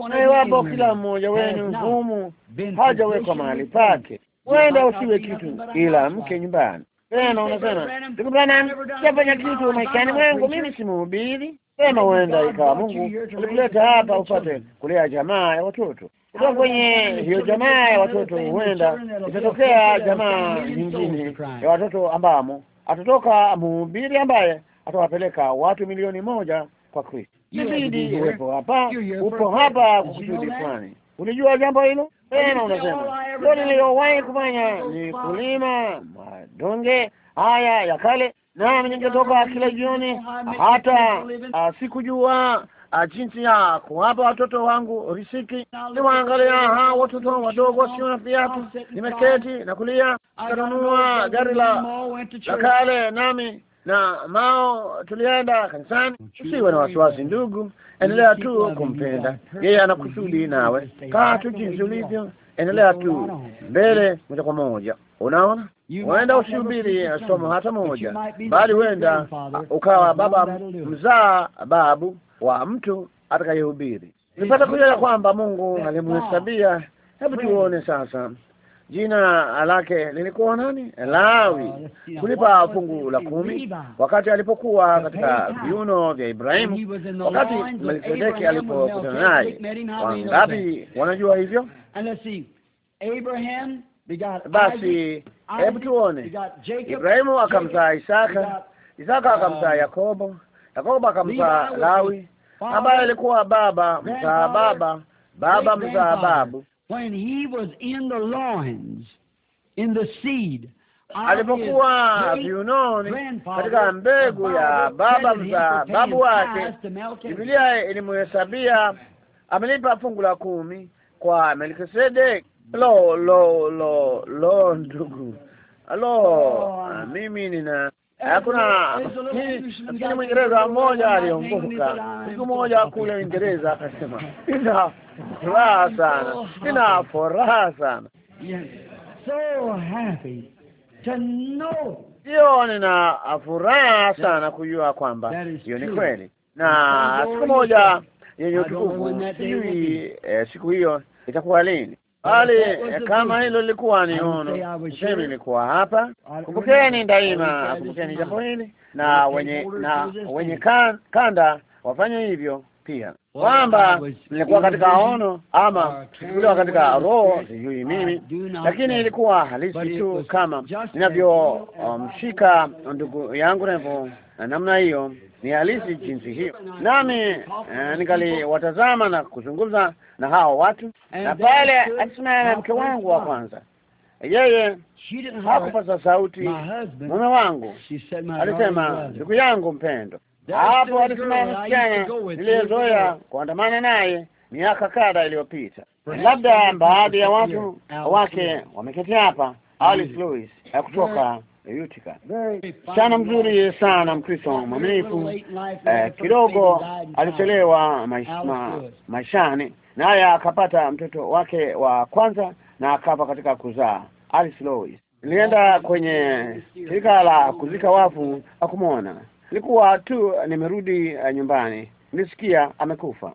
Na iwapo kila mmoja wenu humu hajawekwa mahali pake, huenda usiwe kitu ila mke nyumbani Sema unasema, ndugu Branham, sijafanya kitu maishani mwangu, mimi si mhubiri. Sema huenda ikawa Mungu alikuleta hapa upate kulea jamaa ya watoto kutoka kwenye hiyo jamaa ya watoto, huenda itatokea jamaa nyingine ya watoto ambamo atatoka mhubiri ambaye atawapeleka watu milioni moja kwa Kristo. Ibidi uwepo hapa, upo hapa kwa kusudi fulani. Ulijua jambo hilo? tena unasema o, niliyowahi kufanya ni kulima madonge haya ya kale, nami ningetoka kila jioni, hata ah, sikujua ah, jinsi ya kuwapa watoto wangu risiki Niwaangalia hawa watoto wadogo wasio na viatu, nimeketi na kulia. Nikanunua gari la kale nami na mao tulienda kanisani. Usiwe na wasiwasi, ndugu endelea tu kumpenda yeye, anakusudi nawe, kaa tu jinsi ulivyo, endelea tu mbele moja kwa moja. Unaona, huenda usihubiri somo hata moja, bali huenda ukawa baba mzaa babu wa mtu atakayehubiri. Nipata kujua ya kwamba Mungu alimhesabia. Hebu tuone sasa jina lake lilikuwa nani? Lawi, ah, kulipa fungu la kumi wakati alipokuwa katika viuno vya Ibrahimu, wakati melkizedeki alipokutana naye. Wangapi wanajua hivyo? Basi hebu tuone, Ibrahimu akamzaa Isaka, Isaka akamzaa um, Yakobo, Yakobo akamzaa Lawi ambaye alikuwa baba mzaa baba, baba mzaa babu alipokuwa viunoni katika mbegu ya baba za babu wake, Biblia ilimuhesabia amelipa fungu la kumi kwa Melkisedek. Lo, lo, lo, lo, ndugu, lo, mimi nina hakuna Mwingereza mmoja aliongoka siku moja kule Uingereza akasema furaha sana, nina furaha sana hiyo. Nina furaha sana kujua kwamba hiyo ni kweli, na siku moja yenye utukufu, sijui eh, siku hiyo itakuwa lini, bali eh, kama hilo lilikuwa ni ono sehemu, ilikuwa hapa. Kumbukeni daima, kumbukeni jambo hili, na wenye na wenye kanda wafanye hivyo pia kwamba nilikuwa katika ono ama uh, kuchukuliwa katika roho, sijui mimi, lakini ilikuwa halisi tu kama ninavyomshika um, ndugu yangu nevo na namna hiyo, ni halisi jinsi hiyo. Nami uh, eh, nikaliwatazama na kuzungumza na hao watu, na pale akisimama mke wangu wa kwanza yeye hakupasa sauti. Mume wangu alisema, ndugu yangu mpendo, hapo alisema msichana niliyezoea kuandamana naye miaka kadha iliyopita. Labda baadhi ya watu wake wameketi hapa. Alice ya kutoka Utica, msichana mzuri sana, Mkristo mwaminifu eh, kidogo alichelewa maishani, naye akapata mtoto wake wa kwanza na akafa katika kuzaa. Alice Lewis, nilienda kwenye shirika la kuzika wafu akumwona Nilikuwa tu eh, nimerudi eh, nyumbani, nilisikia amekufa.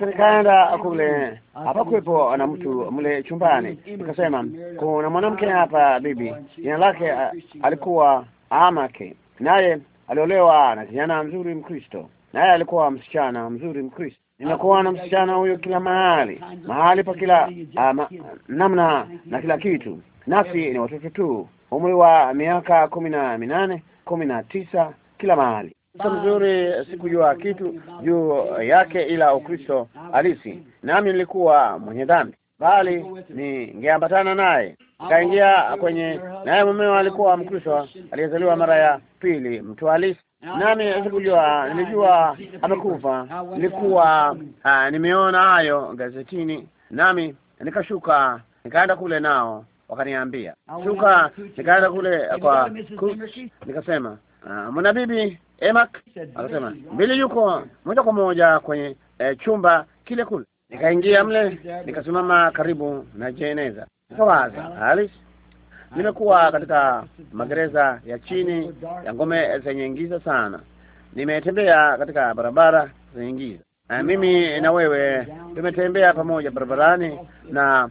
Nikaenda kule, hapakuwepo na mtu mle chumbani. Nikasema kuna mwanamke hapa, bibi, jina lake eh, alikuwa Amake, naye aliolewa na kijana mzuri Mkristo, naye alikuwa msichana mzuri Mkristo. Nimekuwa na msichana huyo kila mahali mahali pa kila uh, ma, namna na kila kitu, nasi ni watoto tu, umri wa miaka kumi na minane kumi na tisa kila mahali. Sasa mzuri, sikujua kitu juu yake ila Ukristo halisi, nami nilikuwa mwenye dhambi, bali ningeambatana naye kaingia kwenye naye. Mumewe alikuwa Mkristo aliyezaliwa mara ya pili, mtu halisi, nami sikujua. Nilijua amekufa, nilikuwa nimeona hayo gazetini, nami nikashuka nikaenda kule nao wakaniambia shuka, nikaenda kule kwa nikasema Ah, mwanabibi Emak akasema mbili yuko moja kwa moja kwenye eh, chumba kile kule. Nikaingia mle nikasimama karibu na jeneza, nikawaza Alice, nimekuwa katika magereza ya chini ya ngome zenye ngiza sana, nimetembea katika barabara zenye ngiza, Uh, mimi na wewe tumetembea pamoja barabarani na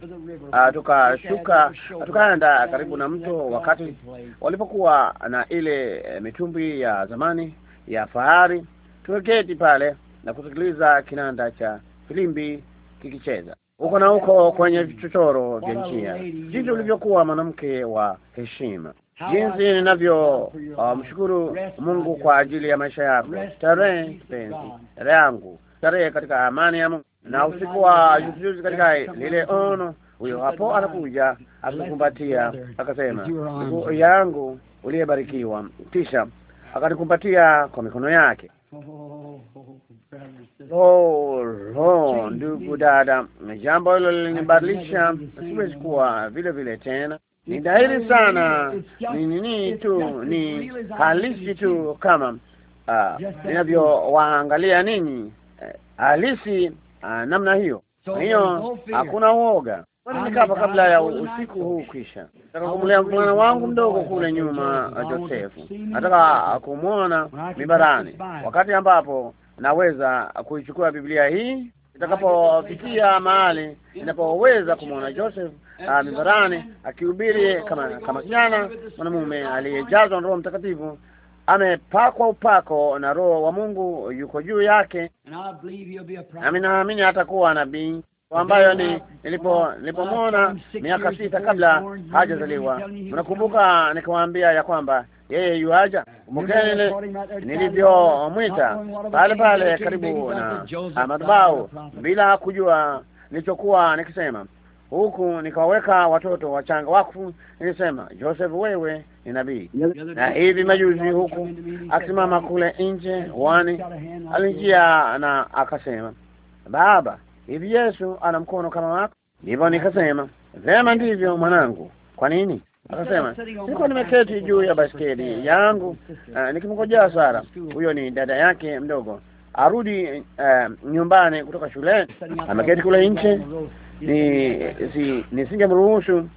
uh, tukashuka tukaenda karibu na mto wakati walipokuwa na ile eh, mitumbi ya zamani ya fahari. Tumeketi pale na kusikiliza kinanda cha filimbi kikicheza huko na huko kwenye vichochoro vya njia, jinsi ulivyokuwa mwanamke wa heshima jinsi ninavyo ah, mshukuru Mungu kwa ajili ya maisha yako. Tarehe penzi yangu starehe katika amani ya Mungu. Na usiku wa juzijuzi katika lile ono, huyo hapo anakuja akakumbatia, akasema ndugu yangu uliyebarikiwa, kisha akanikumbatia kwa mikono yake. Lo, oh, lo, oh, oh, ndugu dada, jambo hilo lilinibadilisha, siwezi kuwa vile vile tena. Ni dhahiri sana, ni nini tu, ni halisi tu kama uh, ninavyowaangalia ninyi halisi ah, namna hiyo. Kwa hiyo hakuna uoga. nikapa kabla ya usiku huu kisha nataka kumlea mwana wangu mdogo kule nyuma, Josefu. Nataka kumwona mibarani, wakati ambapo naweza kuichukua Biblia hii nitakapofikia mahali ninapoweza kumwona Joseph uh, mibarani akihubiri kama kama kijana mwanamume aliyejazwa na Roho Mtakatifu amepakwa upako na Roho wa Mungu yuko juu yake, nami naamini atakuwa nabii ambayo ni nilipo uh, nilipomwona uh, miaka sita kabla hajazaliwa. mnakumbuka nikamwambia ya kwamba yeye yuaja. Kumbukeni nilivyomwita pale pale karibu na madhabahu bila kujua nilichokuwa nikisema, huku nikawaweka watoto wachanga wakfu. Nilisema Joseph, wewe ni nabii. Na hivi majuzi, huku akisimama kule nje wani, alinjia na akasema, Baba, hivi Yesu ana mkono kama wako? Ndipo nikasema vema, ndivyo mwanangu. Kwa nini? Akasema niko nimeketi juu ya baskeli yangu uh, nikimngojea Sara, huyo ni dada yake mdogo, arudi uh, nyumbani kutoka shuleni. Ameketi kule nje, ni si, nisingemruhusu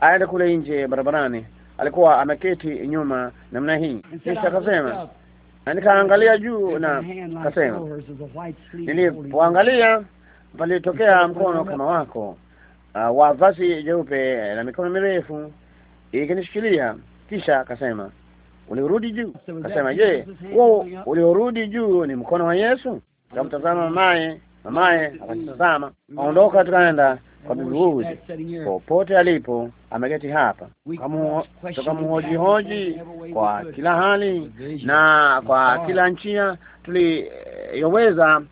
aende kule nje barabarani alikuwa ameketi nyuma namna hii, kisha akasema, na nikaangalia juu na akasema, nilipoangalia palitokea mkono kama wako uh, wa vazi jeupe na mikono mirefu ikinishikilia. Kisha akasema uliorudi juu, akasema, je, huo uliorudi juu ni mkono wa Yesu? Akamtazama mamaye, mamaye akatazama, aondoka, tukaenda kwa miguuzi popote alipo, ameketi hapa, hoji kwa kila hali na kwa kila njia tuliyoweza.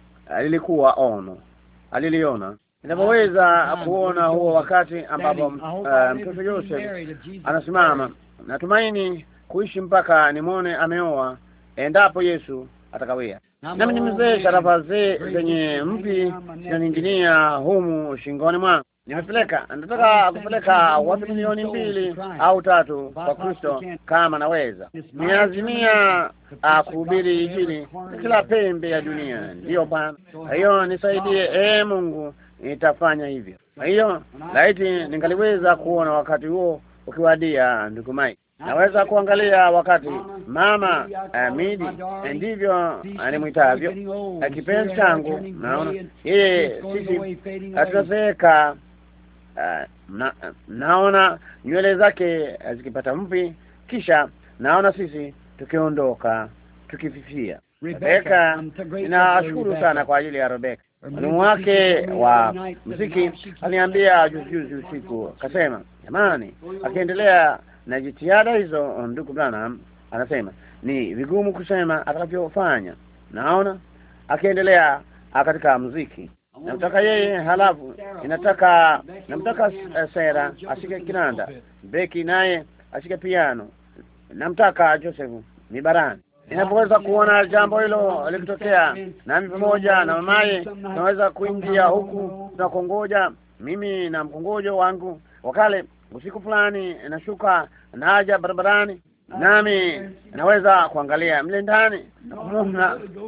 Lilikuwa eh, ono aliliona inavyoweza ah, ah, kuona huo wakati ambapo eh, mtoto Joseph anasimama, natumaini kuishi mpaka nimwone ameoa, endapo Yesu atakawia nami nimezee mzee sharafa zenye mpi zinaning'inia humu shingoni mwangu. Nimepeleka, nataka kupeleka watu milioni mbili au tatu kwa Kristo kama naweza. Niazimia ah, kuhubiri Injili kila pembe ya dunia. Ndiyo Bwana, hiyo nisaidie, ee Mungu, nitafanya hivyo. Hiyo laiti ningaliweza kuona wakati huo ukiwadia, ndugu Mike naweza kuangalia wakati mama Amidi, eh, eh, ndivyo animwitavyo, eh, kipenzi changu. Naona yeye, sisi tunazeeka. Naona nywele zake zikipata mvi, kisha naona sisi tukiondoka, tukififia. Rebeka, ninashukuru sana kwa ajili ya Rebecca. mwalimu wake wa muziki. aliambia juzi juzi usiku, akasema, jamani, akiendelea na jitihada hizo, um, ndugu Branham anasema ni vigumu kusema atakavyofanya. Naona akiendelea ah, katika muziki, namtaka yeye, halafu inataka namtaka eh, Sera ashike kinanda, Beki naye ashike piano, namtaka Joseph barani inapoweza kuona jambo hilo likitokea, nami pamoja na mamaye tunaweza kuingia huku tunakongoja, mimi na mkongojo wangu wakale usiku fulani nashuka naja barabarani, nami naweza kuangalia mle ndani, na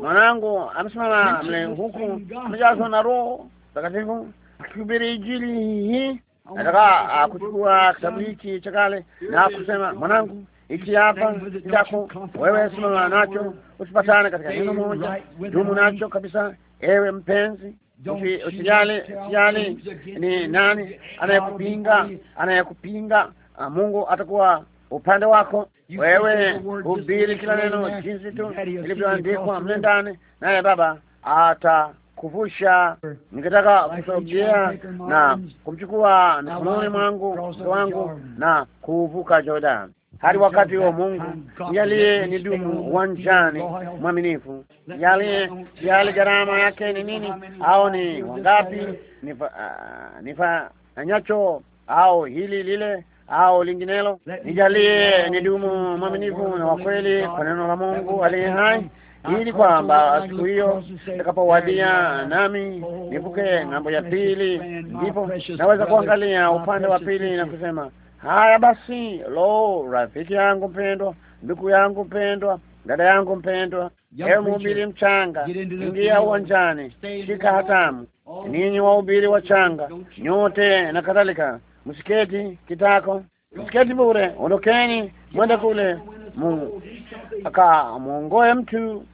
mwanangu amesimama mle huku, amejazwa na Roho Mtakatifu akihubiri Injili hii. Nataka ah, kuchukua kitabu hiki cha kale na kusema, mwanangu, hiki hapa chako wewe, simama nacho, usipatane katika neno moja, dumu nacho kabisa, ewe mpenzi Usijali, usijali ni nani anayekupinga, anayekupinga. Ah, Mungu atakuwa upande wako. Wewe hubiri kila neno jinsi tu ilivyoandikwa mle ndani, naye Baba atakuvusha. Nikitaka kusogea na kumchukua mikononi mwangu wangu na kuvuka Jordani hadi wakati huo Mungu yaliye ni dumu uwanjani mwaminifu, yaliye yali gharama yake ni nini, au ni wangapi nifanyacho uh, au hili lile au linginelo, nijalie ni dumu mwaminifu na wa kweli kwa neno la Mungu aliye hai, ili kwamba siku hiyo itakapowadia nami oh, nivuke ng'ambo ya pili, ndipo naweza kuangalia upande wa pili na kusema Haya basi, lo, rafiki yangu mpendwa, ndugu yangu mpendwa, dada yangu mpendwa, ewe mhubiri mchanga, ingia uwanjani, shika hatamu. Oh. Ninyi wahubiri wachanga nyote na kadhalika, msiketi kitako, msiketi bure, ondokeni, mwende kule akamwongoe mtu,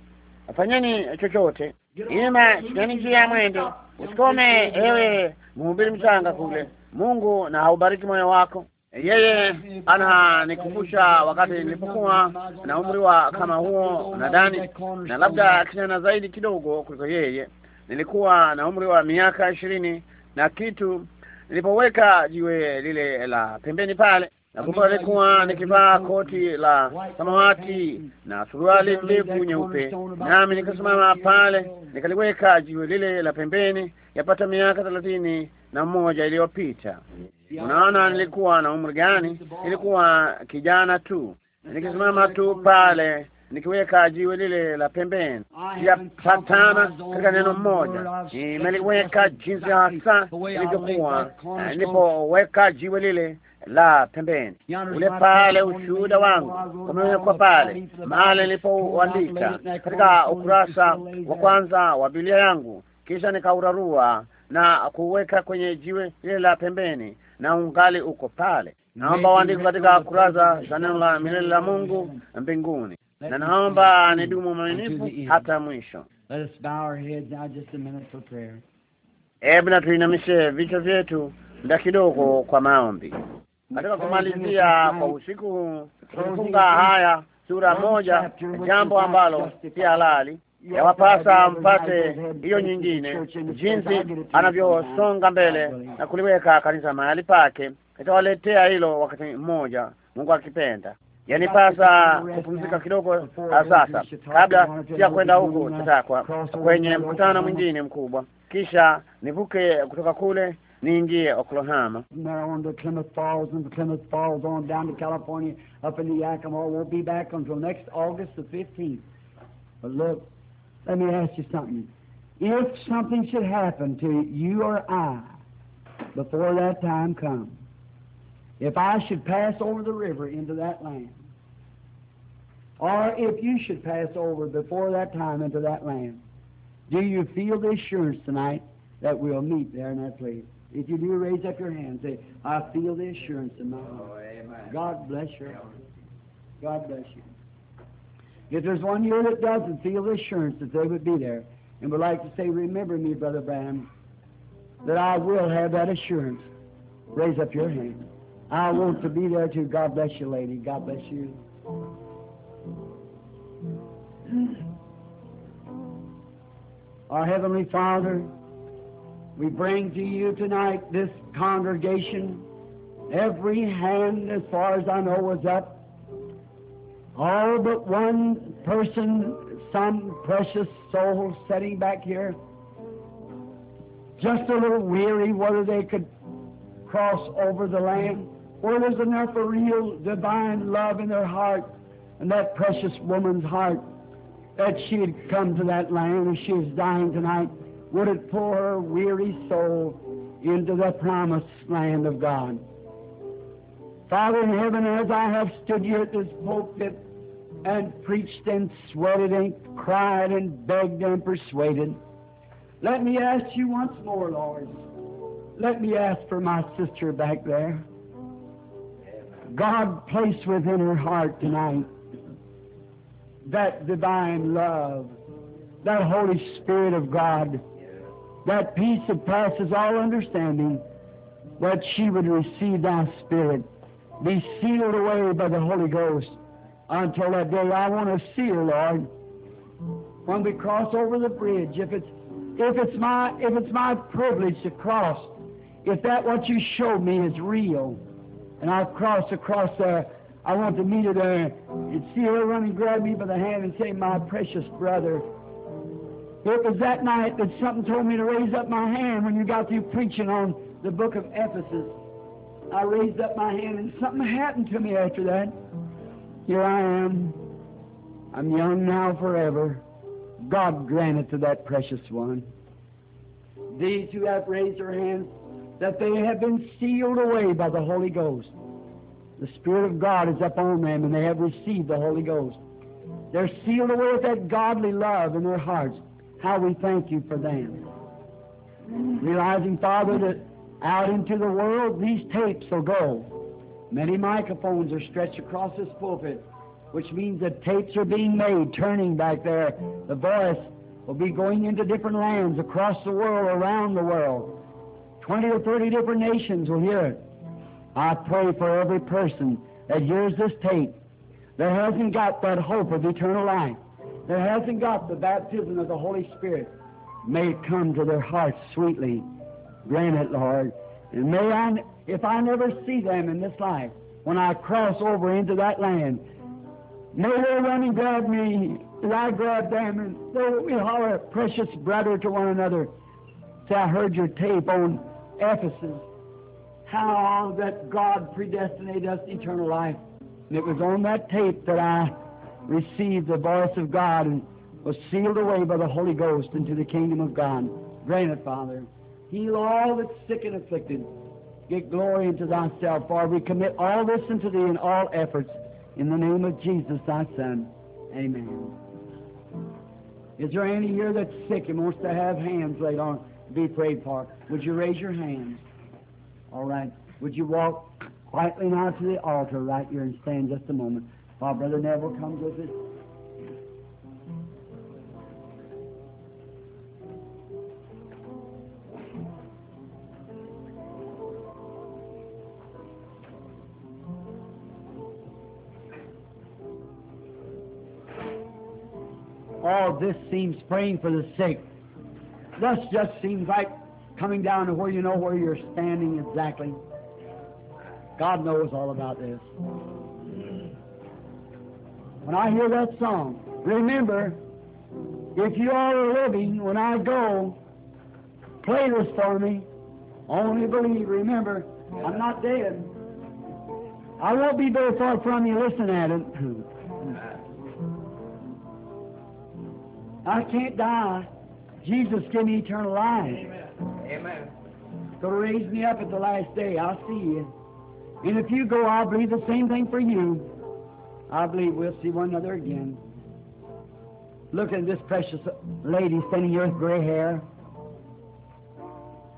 afanyeni chochote ima, shikeni njia, mwende usikome. Ewe mhubiri mchanga kule, Mungu na haubariki moyo wako yeye ananikumbusha wakati nilipokuwa na umri wa kama huo, nadhani na labda kijana zaidi kidogo kuliko yeye. Nilikuwa na umri wa miaka ishirini na kitu nilipoweka jiwe lile la pembeni pale. Nakumbuka nilikuwa nikivaa koti la samawati na suruali ndefu nyeupe, nami nikasimama pale nikaliweka jiwe lile la pembeni yapata miaka thelathini na mmoja iliyopita. Unaona, nilikuwa na umri gani? Nilikuwa kijana tu, nikisimama tu pale nikiweka jiwe lile la pembeni, yapatana katika neno mmoja, nimeliweka jinsi hasa ilivyokuwa nilipoweka jiwe lile la pembeni. Ule pale ushuhuda wangu umewekwa pale mahali nilipouandika katika ukurasa wa kwanza wa Biblia yangu, kisha nikaurarua na kuweka kwenye jiwe lile la pembeni na ungali uko pale. Naomba uandike katika kurasa za neno la milele la Mungu mbinguni, na naomba nidumu mwaminifu hata mwisho. Hebu na tuinamishe vichwa vyetu muda kidogo hmm. kwa maombi. Katika kumalizia kwa usiku huu, tulifunga haya sura moja, jambo ambalo si halali yawapasa mpate hiyo nyingine, jinsi anavyosonga mbele na kuliweka kanisa mahali pake. Itawaletea hilo wakati mmoja, Mungu akipenda. Yanipasa kupumzika kidogo ah, sasa, kabla ya kwenda huko tutakwa kwenye mkutano mwingine mkubwa, kisha nivuke kutoka kule niingie Oklahoma. Let me ask you something. If something should happen to you or I before that time comes, if I should pass over the river into that land, or if you should pass over before that time into that land, do you feel the assurance tonight that we'll meet there in that place? If you do, raise up your hand and say, I feel the assurance in my heart. Oh, God bless you. God bless you. If there's one here that doesn't feel the assurance that they would be there and would like to say, Remember me, Brother Bram, that I will have that assurance, raise up your hand. I want to be there too. God bless you, lady. God bless you. Our Heavenly Father, we bring to you tonight this congregation. Every hand, as far as I know, was up all but one person, some precious soul sitting back here, just a little weary whether they could cross over the land, or there's enough of real divine love in their heart and that precious woman's heart that she had come to that land and she was dying tonight. Would it pour her weary soul into the promised land of God? Father in heaven, as I have stood here at this pulpit and preached and sweated and cried and begged and persuaded, let me ask you once more, Lord. Let me ask for my sister back there. God placed within her heart tonight that divine love, that Holy Spirit of God, that peace that passes all understanding, that she would receive thy spirit be sealed away by the Holy Ghost until that day. I want to see you, Lord, when we cross over the bridge. If it's if it's my if it's my privilege to cross, if that what you showed me is real, and I've crossed across there, I want to meet her there and see her run and grab me by the hand and say, "My precious brother." It was that night that something told me to raise up my hand when you got through preaching on the book of Ephesus. I raised up my hand and something happened to me after that. Here I am. I'm young now forever. God granted to that precious one. These who have raised their hands, that they have been sealed away by the Holy Ghost. The Spirit of God is upon them, and they have received the Holy Ghost. They're sealed away with that godly love in their hearts. How we thank you for them. Realizing, Father, that out into the world, these tapes will go. Many microphones are stretched across this pulpit, which means that tapes are being made, turning back there. The voice will be going into different lands across the world, around the world. 20 or 30 different nations will hear it. I pray for every person that hears this tape that hasn't got that hope of eternal life, that hasn't got the baptism of the Holy Spirit. May it come to their hearts sweetly. Grant it, Lord. And may I, if I never see them in this life, when I cross over into that land, may they run and grab me, and I grab them, and will we holler, precious brother, to one another. Say, I heard your tape on Ephesus, how that God predestinated us to eternal life. And it was on that tape that I received the voice of God and was sealed away by the Holy Ghost into the kingdom of God. Grant it, Father. Heal all that's sick and afflicted. Get glory into thyself, for we commit all this unto thee in all efforts. In the name of Jesus, thy Son. Amen. Is there any here that's sick and wants to have hands laid on be prayed for? Would you raise your hands? All right. Would you walk quietly now to the altar right here and stand just a moment while Brother Neville comes with us? all this seems praying for the sick. This just seems like coming down to where you know where you're standing exactly. God knows all about this. When I hear that song, remember, if you are living when I go, play this for me. Only believe, remember, I'm not dead. I won't be very far from you. Listen at it. I can't die. Jesus, give me eternal life. Amen. Amen. So raise me up at the last day. I'll see you. And if you go, I'll believe the same thing for you. I believe we'll see one another again. Look at this precious lady standing here with gray hair.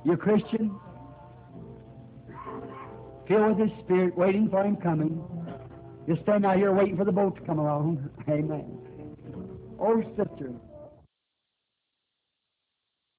You're Christian? Filled with His Spirit, waiting for Him coming. You're standing out here waiting for the boat to come along. Amen. Oh, sister,